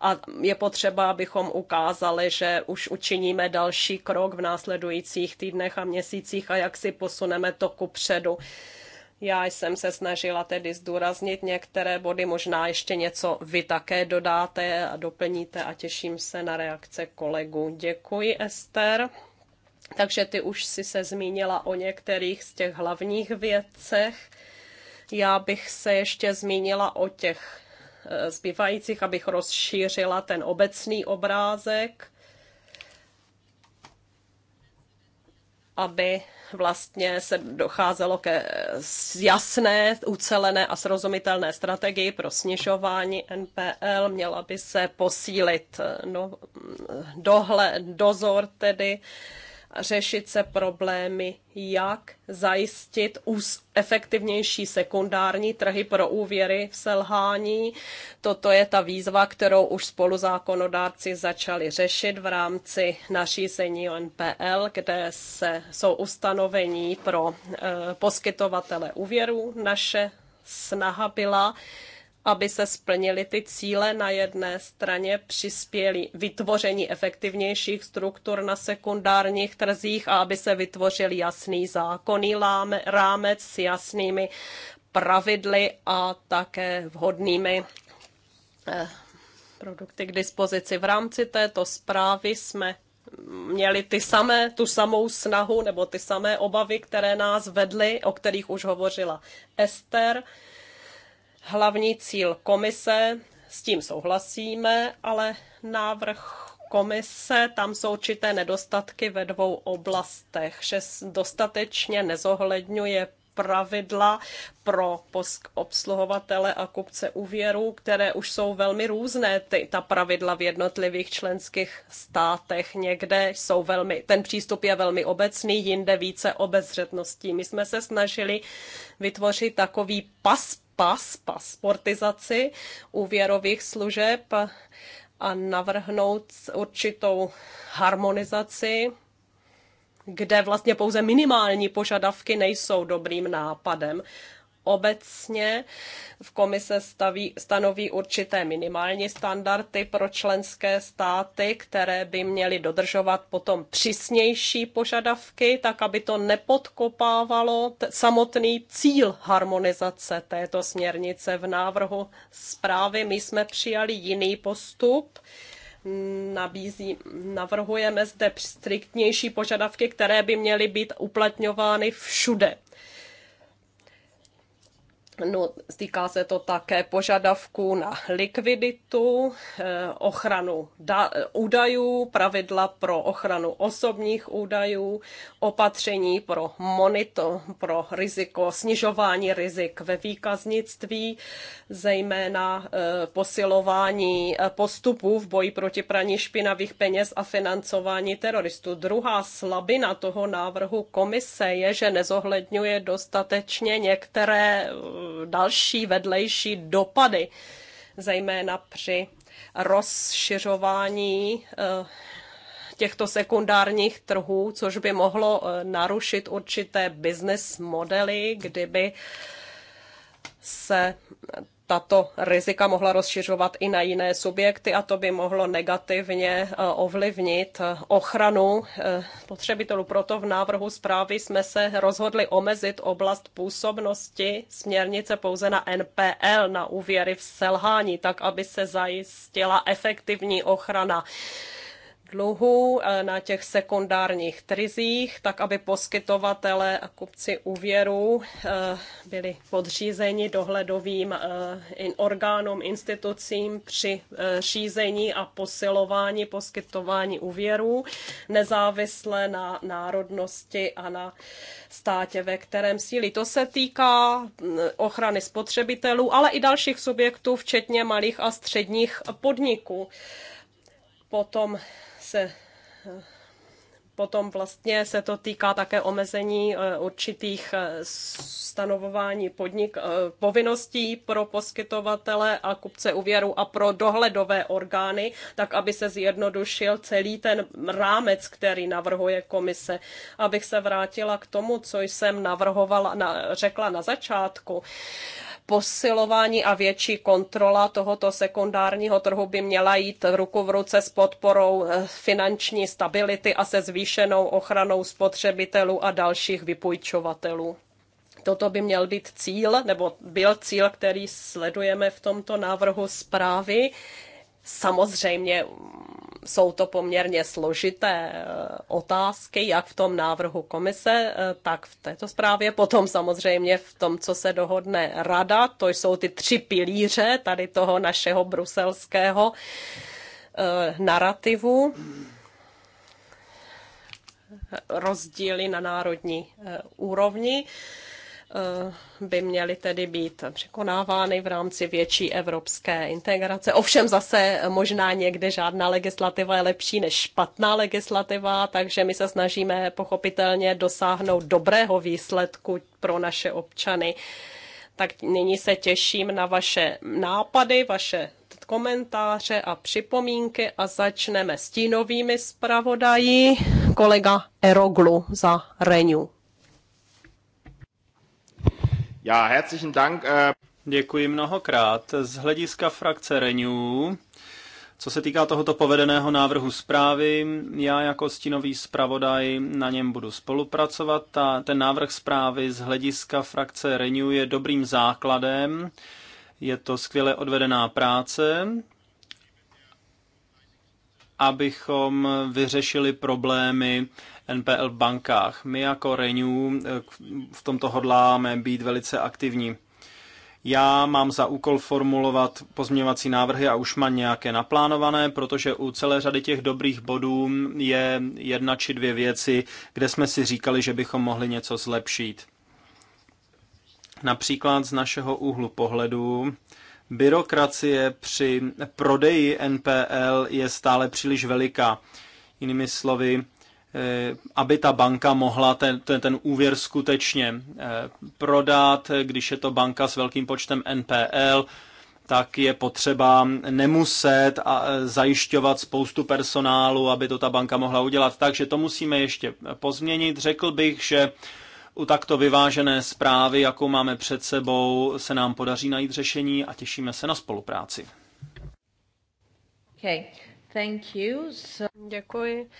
a je potřeba, abychom ukázali, že už učiníme další krok v následujících týdnech a měsících a jak si posuneme to ku předu. Já jsem se snažila tedy zdůraznit některé body, možná ještě něco vy také dodáte a doplníte a těším se na reakce kolegů. Děkuji, Ester. Takže ty už si se zmínila o některých z těch hlavních věcech. Já bych se ještě zmínila o těch eh, zbývajících, abych rozšířila ten obecný obrázek, aby vlastně se docházelo ke jasné, ucelené a srozumitelné strategii pro snižování NPL. Měla by se posílit no, dohled, dozor tedy řešit se problémy, jak zajistit efektivnější sekundární trhy pro úvěry v selhání. Toto je ta výzva, kterou už spoluzákonodárci začali řešit v rámci nařízení NPL, kde se, jsou ustanovení pro e, poskytovatele úvěru. Naše snaha byla aby se splnily ty cíle na jedné straně, přispěli vytvoření efektivnějších struktur na sekundárních trzích a aby se vytvořil jasný zákonný rámec s jasnými pravidly a také vhodnými eh, produkty k dispozici. V rámci této zprávy jsme měli ty samé, tu samou snahu nebo ty samé obavy, které nás vedly, o kterých už hovořila Ester hlavní cíl komise, s tím souhlasíme, ale návrh komise, tam jsou určité nedostatky ve dvou oblastech. že dostatečně nezohledňuje pravidla pro obsluhovatele a kupce úvěru, které už jsou velmi různé, ty, ta pravidla v jednotlivých členských státech. Někde jsou velmi, ten přístup je velmi obecný, jinde více obezřetností. My jsme se snažili vytvořit takový pas pas, pasportizaci úvěrových služeb a navrhnout určitou harmonizaci, kde vlastně pouze minimální požadavky nejsou dobrým nápadem obecně v komise staví, stanoví určité minimální standardy pro členské státy, které by měly dodržovat potom přísnější požadavky, tak aby to nepodkopávalo samotný cíl harmonizace této směrnice v návrhu zprávy. My jsme přijali jiný postup nabízí, navrhujeme zde striktnější požadavky, které by měly být uplatňovány všude. No, týká se to také požadavků na likviditu, eh, ochranu údajů, pravidla pro ochranu osobních údajů, opatření pro monitor, pro riziko, snižování rizik ve výkaznictví, zejména eh, posilování eh, postupů v boji proti praní špinavých peněz a financování teroristů. Druhá slabina toho návrhu komise je, že nezohledňuje dostatečně některé další vedlejší dopady, zejména při rozšiřování eh, těchto sekundárních trhů, což by mohlo eh, narušit určité business modely, kdyby se tato rizika mohla rozšiřovat i na jiné subjekty a to by mohlo negativně eh, ovlivnit eh, ochranu eh, potřebitelů. Proto v návrhu zprávy jsme se rozhodli omezit oblast působnosti směrnice pouze na NPL, na úvěry v selhání, tak aby se zajistila efektivní ochrana dluhu eh, na těch sekundárních trzích, tak aby poskytovatele a kupci úvěru eh, byli podřízeni dohledovým eh, orgánům, institucím při řízení a posilování poskytování úvěrů, nezávisle na národnosti a na státě, ve kterém sílí. To se týká mm, ochrany spotřebitelů, ale i dalších subjektů, včetně malých a středních podniků. Potom se potom vlastně se to týká také omezení eh, určitých eh, stanovování podnik, eh, povinností pro poskytovatele a kupce úvěru a pro dohledové orgány, tak aby se zjednodušil celý ten rámec, který navrhuje komise. Abych se vrátila k tomu, co jsem navrhovala, na, řekla na začátku posilování a větší kontrola tohoto sekundárního trhu by měla jít ruku v ruce s podporou eh, finanční stability a se zvýšenou ochranou spotřebitelů a dalších vypůjčovatelů. Toto by měl být cíl, nebo byl cíl, který sledujeme v tomto návrhu zprávy. Samozřejmě jsou to poměrně složité eh, otázky, jak v tom návrhu komise, eh, tak v této zprávě. Potom samozřejmě v tom, co se dohodne rada, to jsou ty tři pilíře tady toho našeho bruselského eh, narrativu rozdíly na národní úrovni. Eh, by měly tedy být překonávány v rámci větší evropské integrace. Ovšem zase možná někde žádná legislativa je lepší než špatná legislativa, takže my se snažíme pochopitelně dosáhnout dobrého výsledku pro naše občany. Tak nyní se těším na vaše nápady, vaše komentáře a připomínky a začneme s tínovými zpravodají kolega Eroglu za Renew. Já herzlichen Dank. Eh, Děkuji mnohokrát. Z hlediska frakce Renew, co se týká tohoto povedeného návrhu zprávy, já jako stínový zpravodaj na něm budu spolupracovat. Ta, ten návrh zprávy z hlediska frakce Renew je dobrým základem. Je to skvěle odvedená práce, abychom vyřešili problémy NPL bankách. My jako Renew eh, v tomto hodláme být velice aktivní. Já mám za úkol formulovat pozměňovací návrhy a už mám nějaké naplánované, protože u celé řady těch dobrých bodů je jedna či dvě věci, kde jsme si říkali, že bychom mohli něco zlepšit. Například z našeho úhlu pohledu byrokracie při prodeji NPL je stále příliš veliká. Jinými slovy, Eh, aby ta banka mohla ten, ten, ten úvěr skutečně eh, prodat. Když je to banka s velkým počtem NPL, tak je potřeba nemuset a eh, zajišťovat spoustu personálu, aby to ta banka mohla udělat. Takže to musíme ještě pozměnit. Řekl bych, že u takto vyvážené zprávy, jakou máme před sebou, se nám podaří najít řešení a těšíme se na spolupráci. Okay. Thank you. So... Děkuji.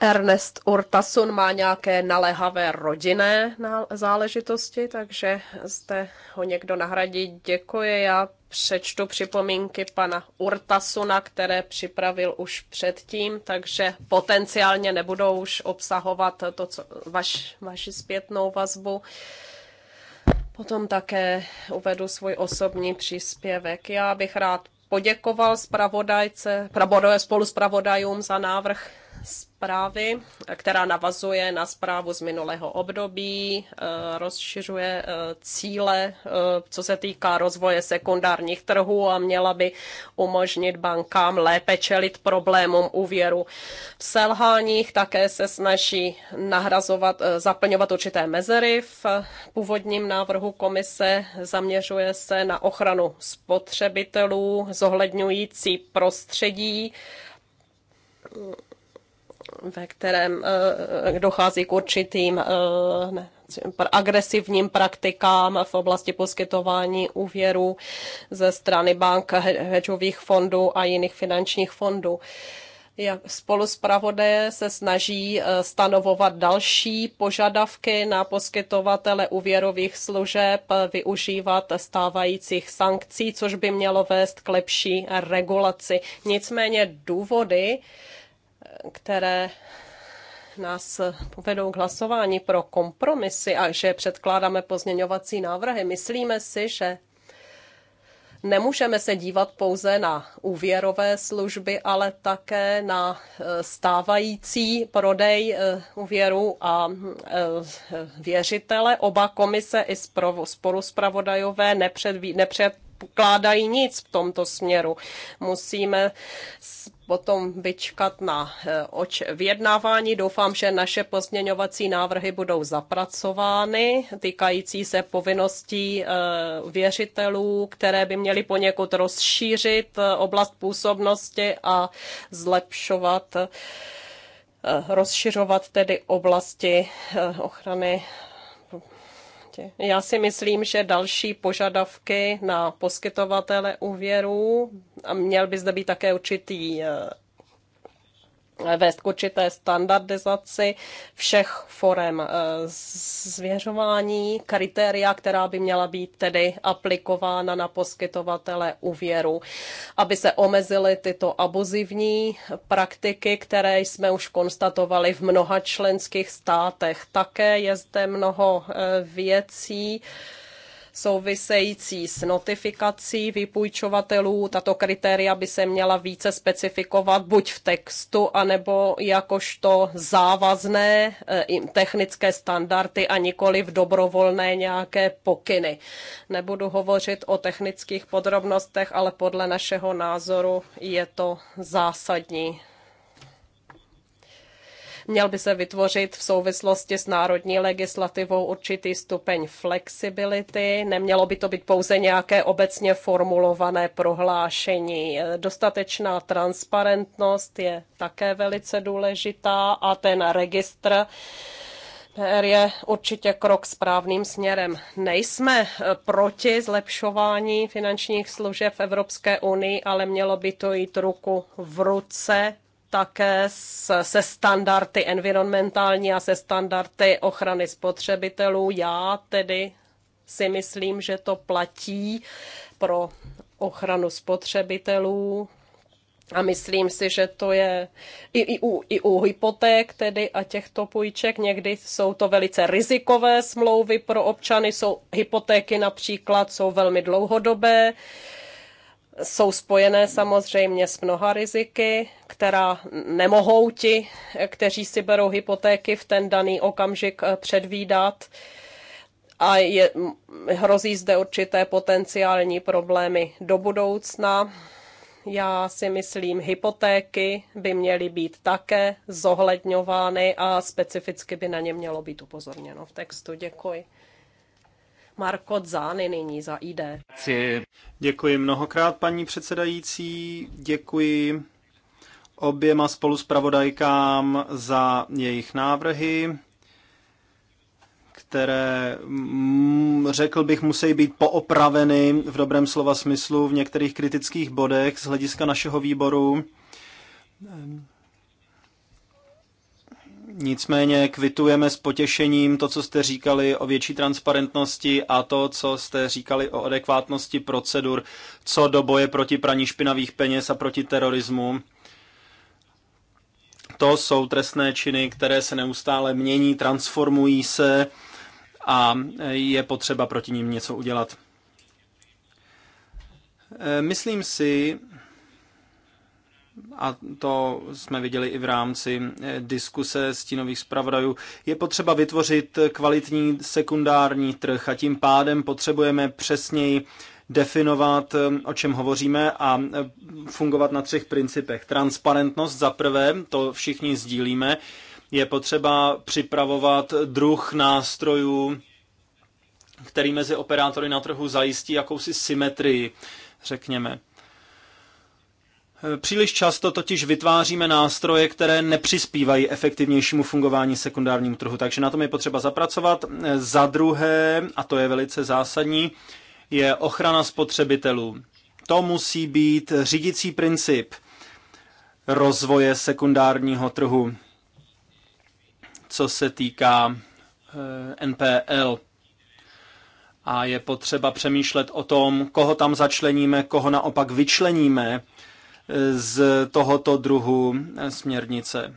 Ernest Urtasun má nějaké naléhavé rodinné záležitosti, takže zde ho někdo nahradí. Děkuji, já přečtu připomínky pana Urtasuna, které připravil už předtím, takže potenciálně nebudou už obsahovat to, co, vaš, vaši zpětnou vazbu. Potom také uvedu svůj osobní příspěvek. Já bych rád poděkoval spravodajce, spolu spravodajům za návrh zprávy, která navazuje na zprávu z minulého období, eh, rozšiřuje eh, cíle, eh, co se týká rozvoje sekundárních trhů a měla by umožnit bankám lépe čelit problémům úvěru v selháních. Také se snaží nahrazovat, zaplňovat určité mezery v původním návrhu komise. Zaměřuje se na ochranu spotřebitelů, zohledňující prostředí ve kterém eh, eh, dochází k určitým eh, ne, agresivním praktikám v oblasti poskytování úvěru ze strany bank, hedžových fondů a jiných finančních fondů. Jak spolu se snaží stanovovat další požadavky na poskytovatele úvěrových služeb, využívat stávajících sankcí, což by mělo vést k lepší regulaci. Nicméně důvody, které nás povedou k hlasování pro kompromisy a že předkládáme pozměňovací návrhy, myslíme si, že nemůžeme se dívat pouze na úvěrové služby, ale také na e, stávající prodej e, úvěru a e, věřitele. Oba komise i sporu spravodajové nepředpokládají nic v tomto směru. Musíme potom vyčkat na e, oč vyjednávání. Doufám, že naše pozměňovací návrhy budou zapracovány, týkající se povinností e, věřitelů, které by měly poněkud rozšířit e, oblast působnosti a zlepšovat rozšiřovat tedy oblasti ochrany proti. Já si myslím, že další požadavky na poskytovatele úvěrů, a měl by zde být také určitý eh, vést k určité standardizaci všech forem eh, zvěřování, kritéria, která by měla být tedy aplikována na poskytovatele úvěru, aby se omezily tyto abuzivní praktiky, které jsme už konstatovali v mnoha členských státech. Také je zde mnoho eh, věcí, související s notifikací vypůjčovatelů. Tato kritéria by se měla více specifikovat buď v textu, anebo jakožto závazné eh, technické standardy a nikoli v dobrovolné nějaké pokyny. Nebudu hovořit o technických podrobnostech, ale podle našeho názoru je to zásadní Měl by se vytvořit v souvislosti s národní legislativou určitý stupeň flexibility. Nemělo by to být pouze nějaké obecně formulované prohlášení. Dostatečná transparentnost je také velice důležitá a ten registr je určitě krok správným směrem. Nejsme proti zlepšování finančních služeb v Evropské unii, ale mělo by to jít ruku v ruce také se, standardy environmentální a se standardy ochrany spotřebitelů. Já tedy si myslím, že to platí pro ochranu spotřebitelů. A myslím si, že to je i, i, u, i u hypoték tedy a těchto půjček. Někdy jsou to velice rizikové smlouvy pro občany, jsou hypotéky například, jsou velmi dlouhodobé jsou spojené samozřejmě s mnoha riziky, která nemohou ti, kteří si berou hypotéky v ten daný okamžik eh, předvídat a je, mm, hrozí zde určité potenciální problémy do budoucna. Já si myslím, hypotéky by měly být také zohledňovány a specificky by na ně mělo být upozorněno v textu. Děkuji. Marko Zány nyní za ID. Děkuji mnohokrát, paní předsedající. Děkuji oběma spoluspravodajkám za jejich návrhy které, mm, řekl bych, musí být poopraveny v dobrém slova smyslu v některých kritických bodech z hlediska našeho výboru. Nicméně kvitujeme s potěšením to, co jste říkali o větší transparentnosti a to, co jste říkali o adekvátnosti procedur, co do boje proti praní špinavých peněz a proti terorismu. To jsou trestné činy, které se neustále mění, transformují se a je potřeba proti ním něco udělat. Myslím si, a to jsme viděli i v rámci eh, diskuse stínových zpravodajů, je potřeba vytvořit kvalitní sekundární trh a tím pádem potřebujeme přesněji definovat, eh, o čem hovoříme a eh, fungovat na třech principech. Transparentnost za prvé, to všichni sdílíme, je potřeba připravovat druh nástrojů, který mezi operátory na trhu zajistí jakousi symetrii, řekněme Příliš často totiž vytváříme nástroje, které nepřispívají efektivnějšímu fungování sekundárnímu trhu, takže na tom je potřeba zapracovat. Za druhé, a to je velice zásadní, je ochrana spotřebitelů. To musí být řídící princip rozvoje sekundárního trhu, co se týká eh, NPL a je potřeba přemýšlet o tom, koho tam začleníme, koho naopak vyčleníme z tohoto druhu směrnice.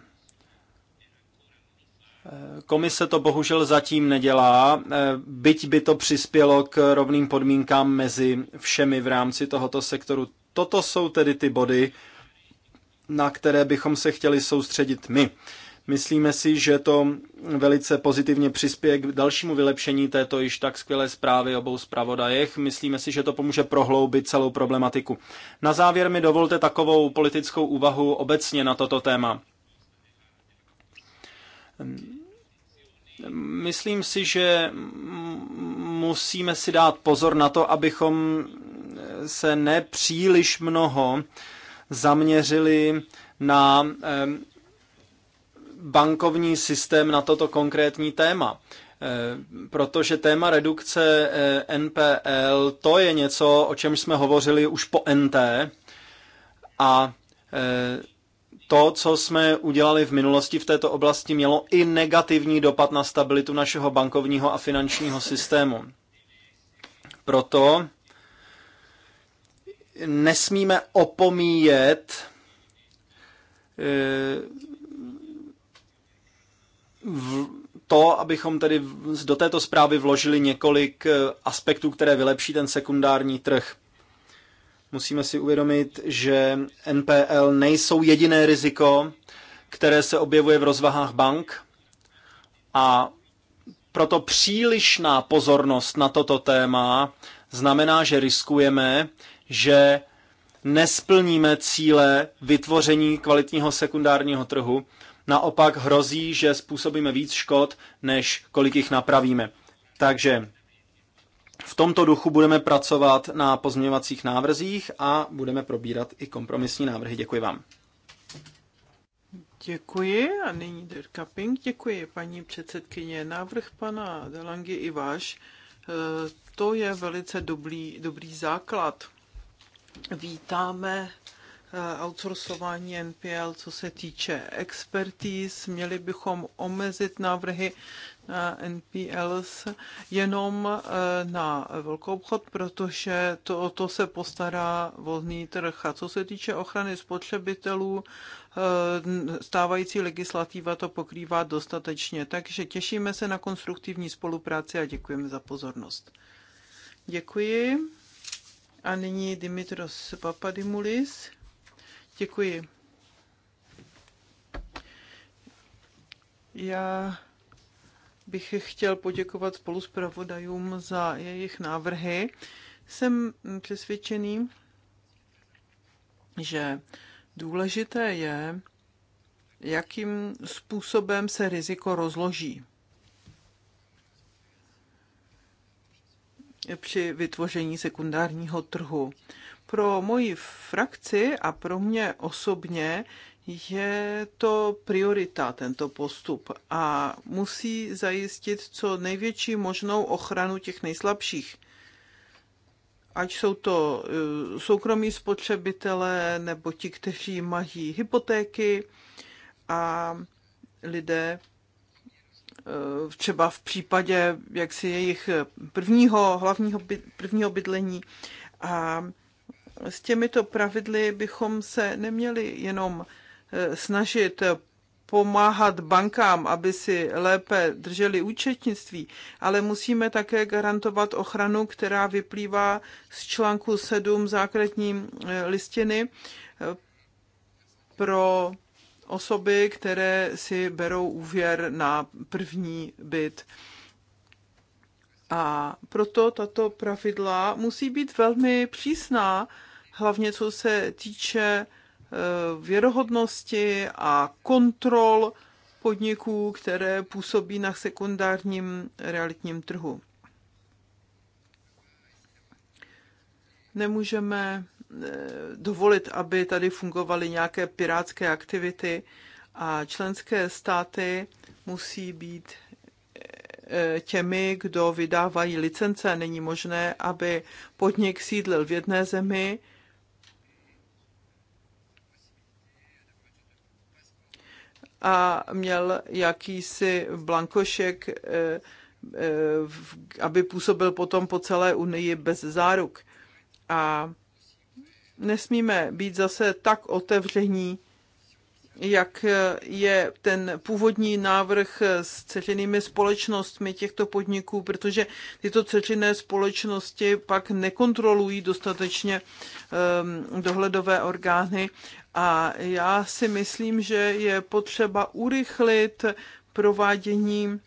Komise to bohužel zatím nedělá, byť by to přispělo k rovným podmínkám mezi všemi v rámci tohoto sektoru. Toto jsou tedy ty body, na které bychom se chtěli soustředit my. Myslíme si, že to velice pozitivně přispěje k dalšímu vylepšení této již tak skvělé zprávy obou zpravodajech. Myslíme si, že to pomůže prohloubit celou problematiku. Na závěr mi dovolte takovou politickou úvahu obecně na toto téma. Myslím si, že musíme si dát pozor na to, abychom se nepříliš mnoho zaměřili na bankovní systém na toto konkrétní téma. E, protože téma redukce e, NPL, to je něco, o čem jsme hovořili už po NT a e, to, co jsme udělali v minulosti v této oblasti, mělo i negativní dopad na stabilitu našeho bankovního a finančního systému. Proto nesmíme opomíjet to, abychom tedy do této zprávy vložili několik eh, aspektů, které vylepší ten sekundární trh. Musíme si uvědomit, že NPL nejsou jediné riziko, které se objevuje v rozvahách bank a proto přílišná pozornost na toto téma znamená, že riskujeme, že nesplníme cíle vytvoření kvalitního sekundárního trhu Naopak hrozí, že způsobíme víc škod, než kolik jich napravíme. Takže v tomto duchu budeme pracovat na pozměňovacích návrzích a budeme probírat i kompromisní návrhy. Děkuji vám. Děkuji a nyní Dirka Pink. Děkuji, paní předsedkyně. Návrh pana Delangy i váš, eh, to je velice dobrý, dobrý základ. Vítáme Eh, outsourcování NPL, co se týče expertíz. Měli bychom omezit návrhy na NPLs jenom eh, na velkou obchod, protože to, o to se postará volný trh. A co se týče ochrany spotřebitelů, eh, stávající legislativa to pokrývá dostatečně. Takže těšíme se na konstruktivní spolupráci a děkujeme za pozornost. Děkuji. A nyní Dimitros Papadimulis. Děkuji. Já bych chtěl poděkovat spoluspravodajům za jejich návrhy. Jsem přesvědčený, že důležité je, jakým způsobem se riziko rozloží při vytvoření sekundárního trhu. Pro moji frakci a pro mě osobně je to priorita, tento postup, a musí zajistit co největší možnou ochranu těch nejslabších. Ať jsou to eh, soukromí spotřebitelé nebo ti, kteří mají hypotéky a lidé, eh, třeba v případě jaksi jejich prvního, hlavního prvního bydlení. A s těmito pravidly bychom se neměli jenom eh, snažit pomáhat bankám, aby si lépe drželi účetnictví, ale musíme také garantovat ochranu, která vyplývá z článku 7 základní eh, listiny eh, pro osoby, které si berou úvěr na první byt. A proto tato pravidla musí být velmi přísná, hlavně co se týče eh, věrohodnosti a kontrol podniků, které působí na sekundárním realitním trhu. Nemůžeme eh, dovolit, aby tady fungovaly nějaké pirátské aktivity a členské státy musí být eh, těmi, kdo vydávají licence. Není možné, aby podnik sídlil v jedné zemi, a měl jakýsi blankošek, eh, eh, aby působil potom po celé Unii bez záruk. A nesmíme být zase tak otevření, jak je ten původní návrh s ceřinými společnostmi těchto podniků, protože tyto ceřinné společnosti pak nekontrolují dostatečně um, dohledové orgány a já si myslím, že je potřeba urychlit provádění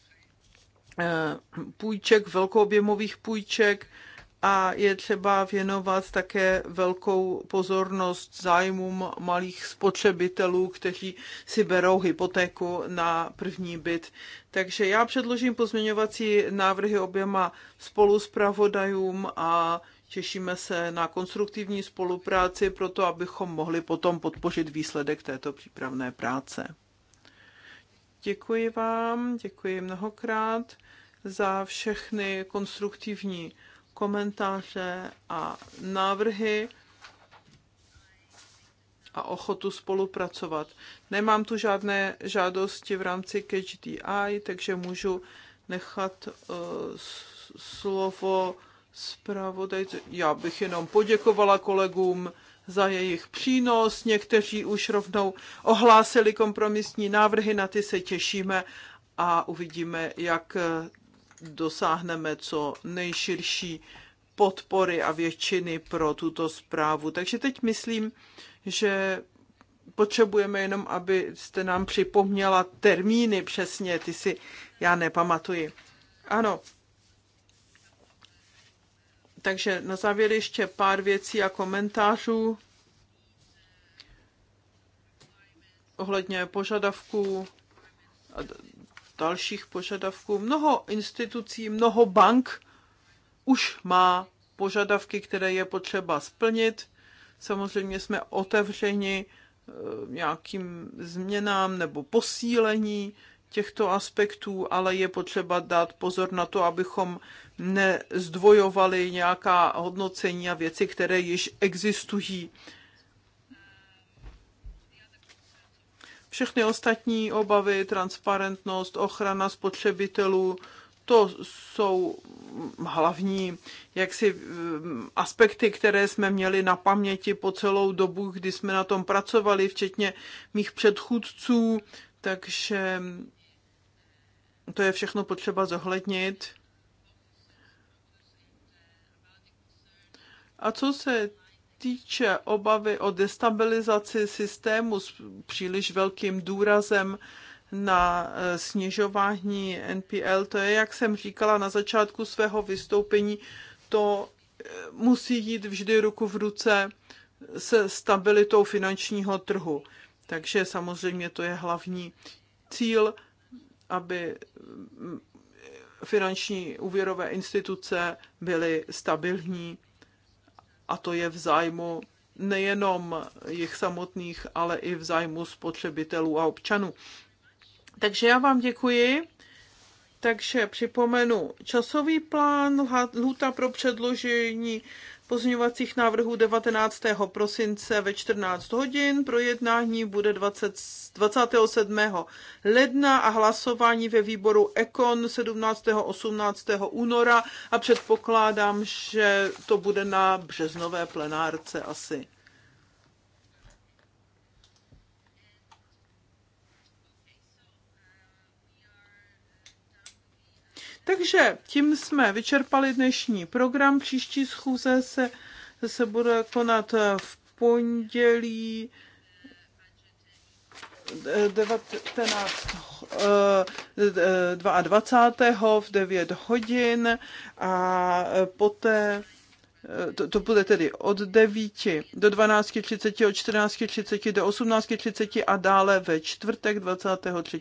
ehm, půjček, velkoobjemových půjček, a je třeba věnovat také velkou pozornost zájmům malých spotřebitelů, kteří si berou hypotéku na první byt. Takže já předložím pozměňovací návrhy oběma spoluspravodajům a těšíme se na konstruktivní spolupráci pro to, abychom mohli potom podpořit výsledek této přípravné práce. Děkuji vám, děkuji mnohokrát za všechny konstruktivní komentáře a návrhy a ochotu spolupracovat. Nemám tu žádné žádosti v rámci KGDI, takže můžu nechat uh, slovo zpravodajce. Já bych jenom poděkovala kolegům za jejich přínos. Někteří už rovnou ohlásili kompromisní návrhy, na ty se těšíme a uvidíme, jak dosáhneme co nejširší podpory a většiny pro tuto zprávu. Takže teď myslím, že potřebujeme jenom, abyste nám připomněla termíny přesně, ty si já nepamatuji. Ano. Takže na závěr ještě pár věcí a komentářů ohledně požadavků dalších požadavků. Mnoho institucí, mnoho bank už má požadavky, které je potřeba splnit. Samozřejmě jsme otevřeni eh, nějakým změnám nebo posílení těchto aspektů, ale je potřeba dát pozor na to, abychom nezdvojovali nějaká hodnocení a věci, které již existují všechny ostatní obavy, transparentnost, ochrana spotřebitelů, to jsou hlavní jaksi eh, aspekty, které jsme měli na paměti po celou dobu, kdy jsme na tom pracovali, včetně mých předchůdců, takže to je všechno potřeba zohlednit. A co se týče obavy o destabilizaci systému s příliš velkým důrazem na e, snižování NPL, to je, jak jsem říkala na začátku svého vystoupení, to e, musí jít vždy ruku v ruce se stabilitou finančního trhu. Takže samozřejmě to je hlavní cíl, aby mm, finanční úvěrové instituce byly stabilní a to je v zájmu nejenom jich samotných, ale i v zájmu spotřebitelů a občanů. Takže já vám děkuji. Takže připomenu časový plán, lhuta pro předložení pozměňovacích návrhů 19. prosince ve 14 hodin. Projednání bude 20, 27. ledna a hlasování ve výboru EKON 17. 18. února a předpokládám, že to bude na březnové plenárce asi. Takže tím jsme vyčerpali dnešní program. Příští schůze se, se bude konat v pondělí 19, 22. Eh, v 9 hodin a poté Eh, to, to bude tedy od 9 do 12.30, od 14.30 do 18.30 a dále ve čtvrtek 23.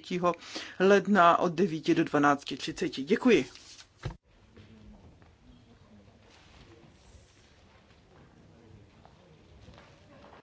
ledna od 9 do 12.30. Děkuji.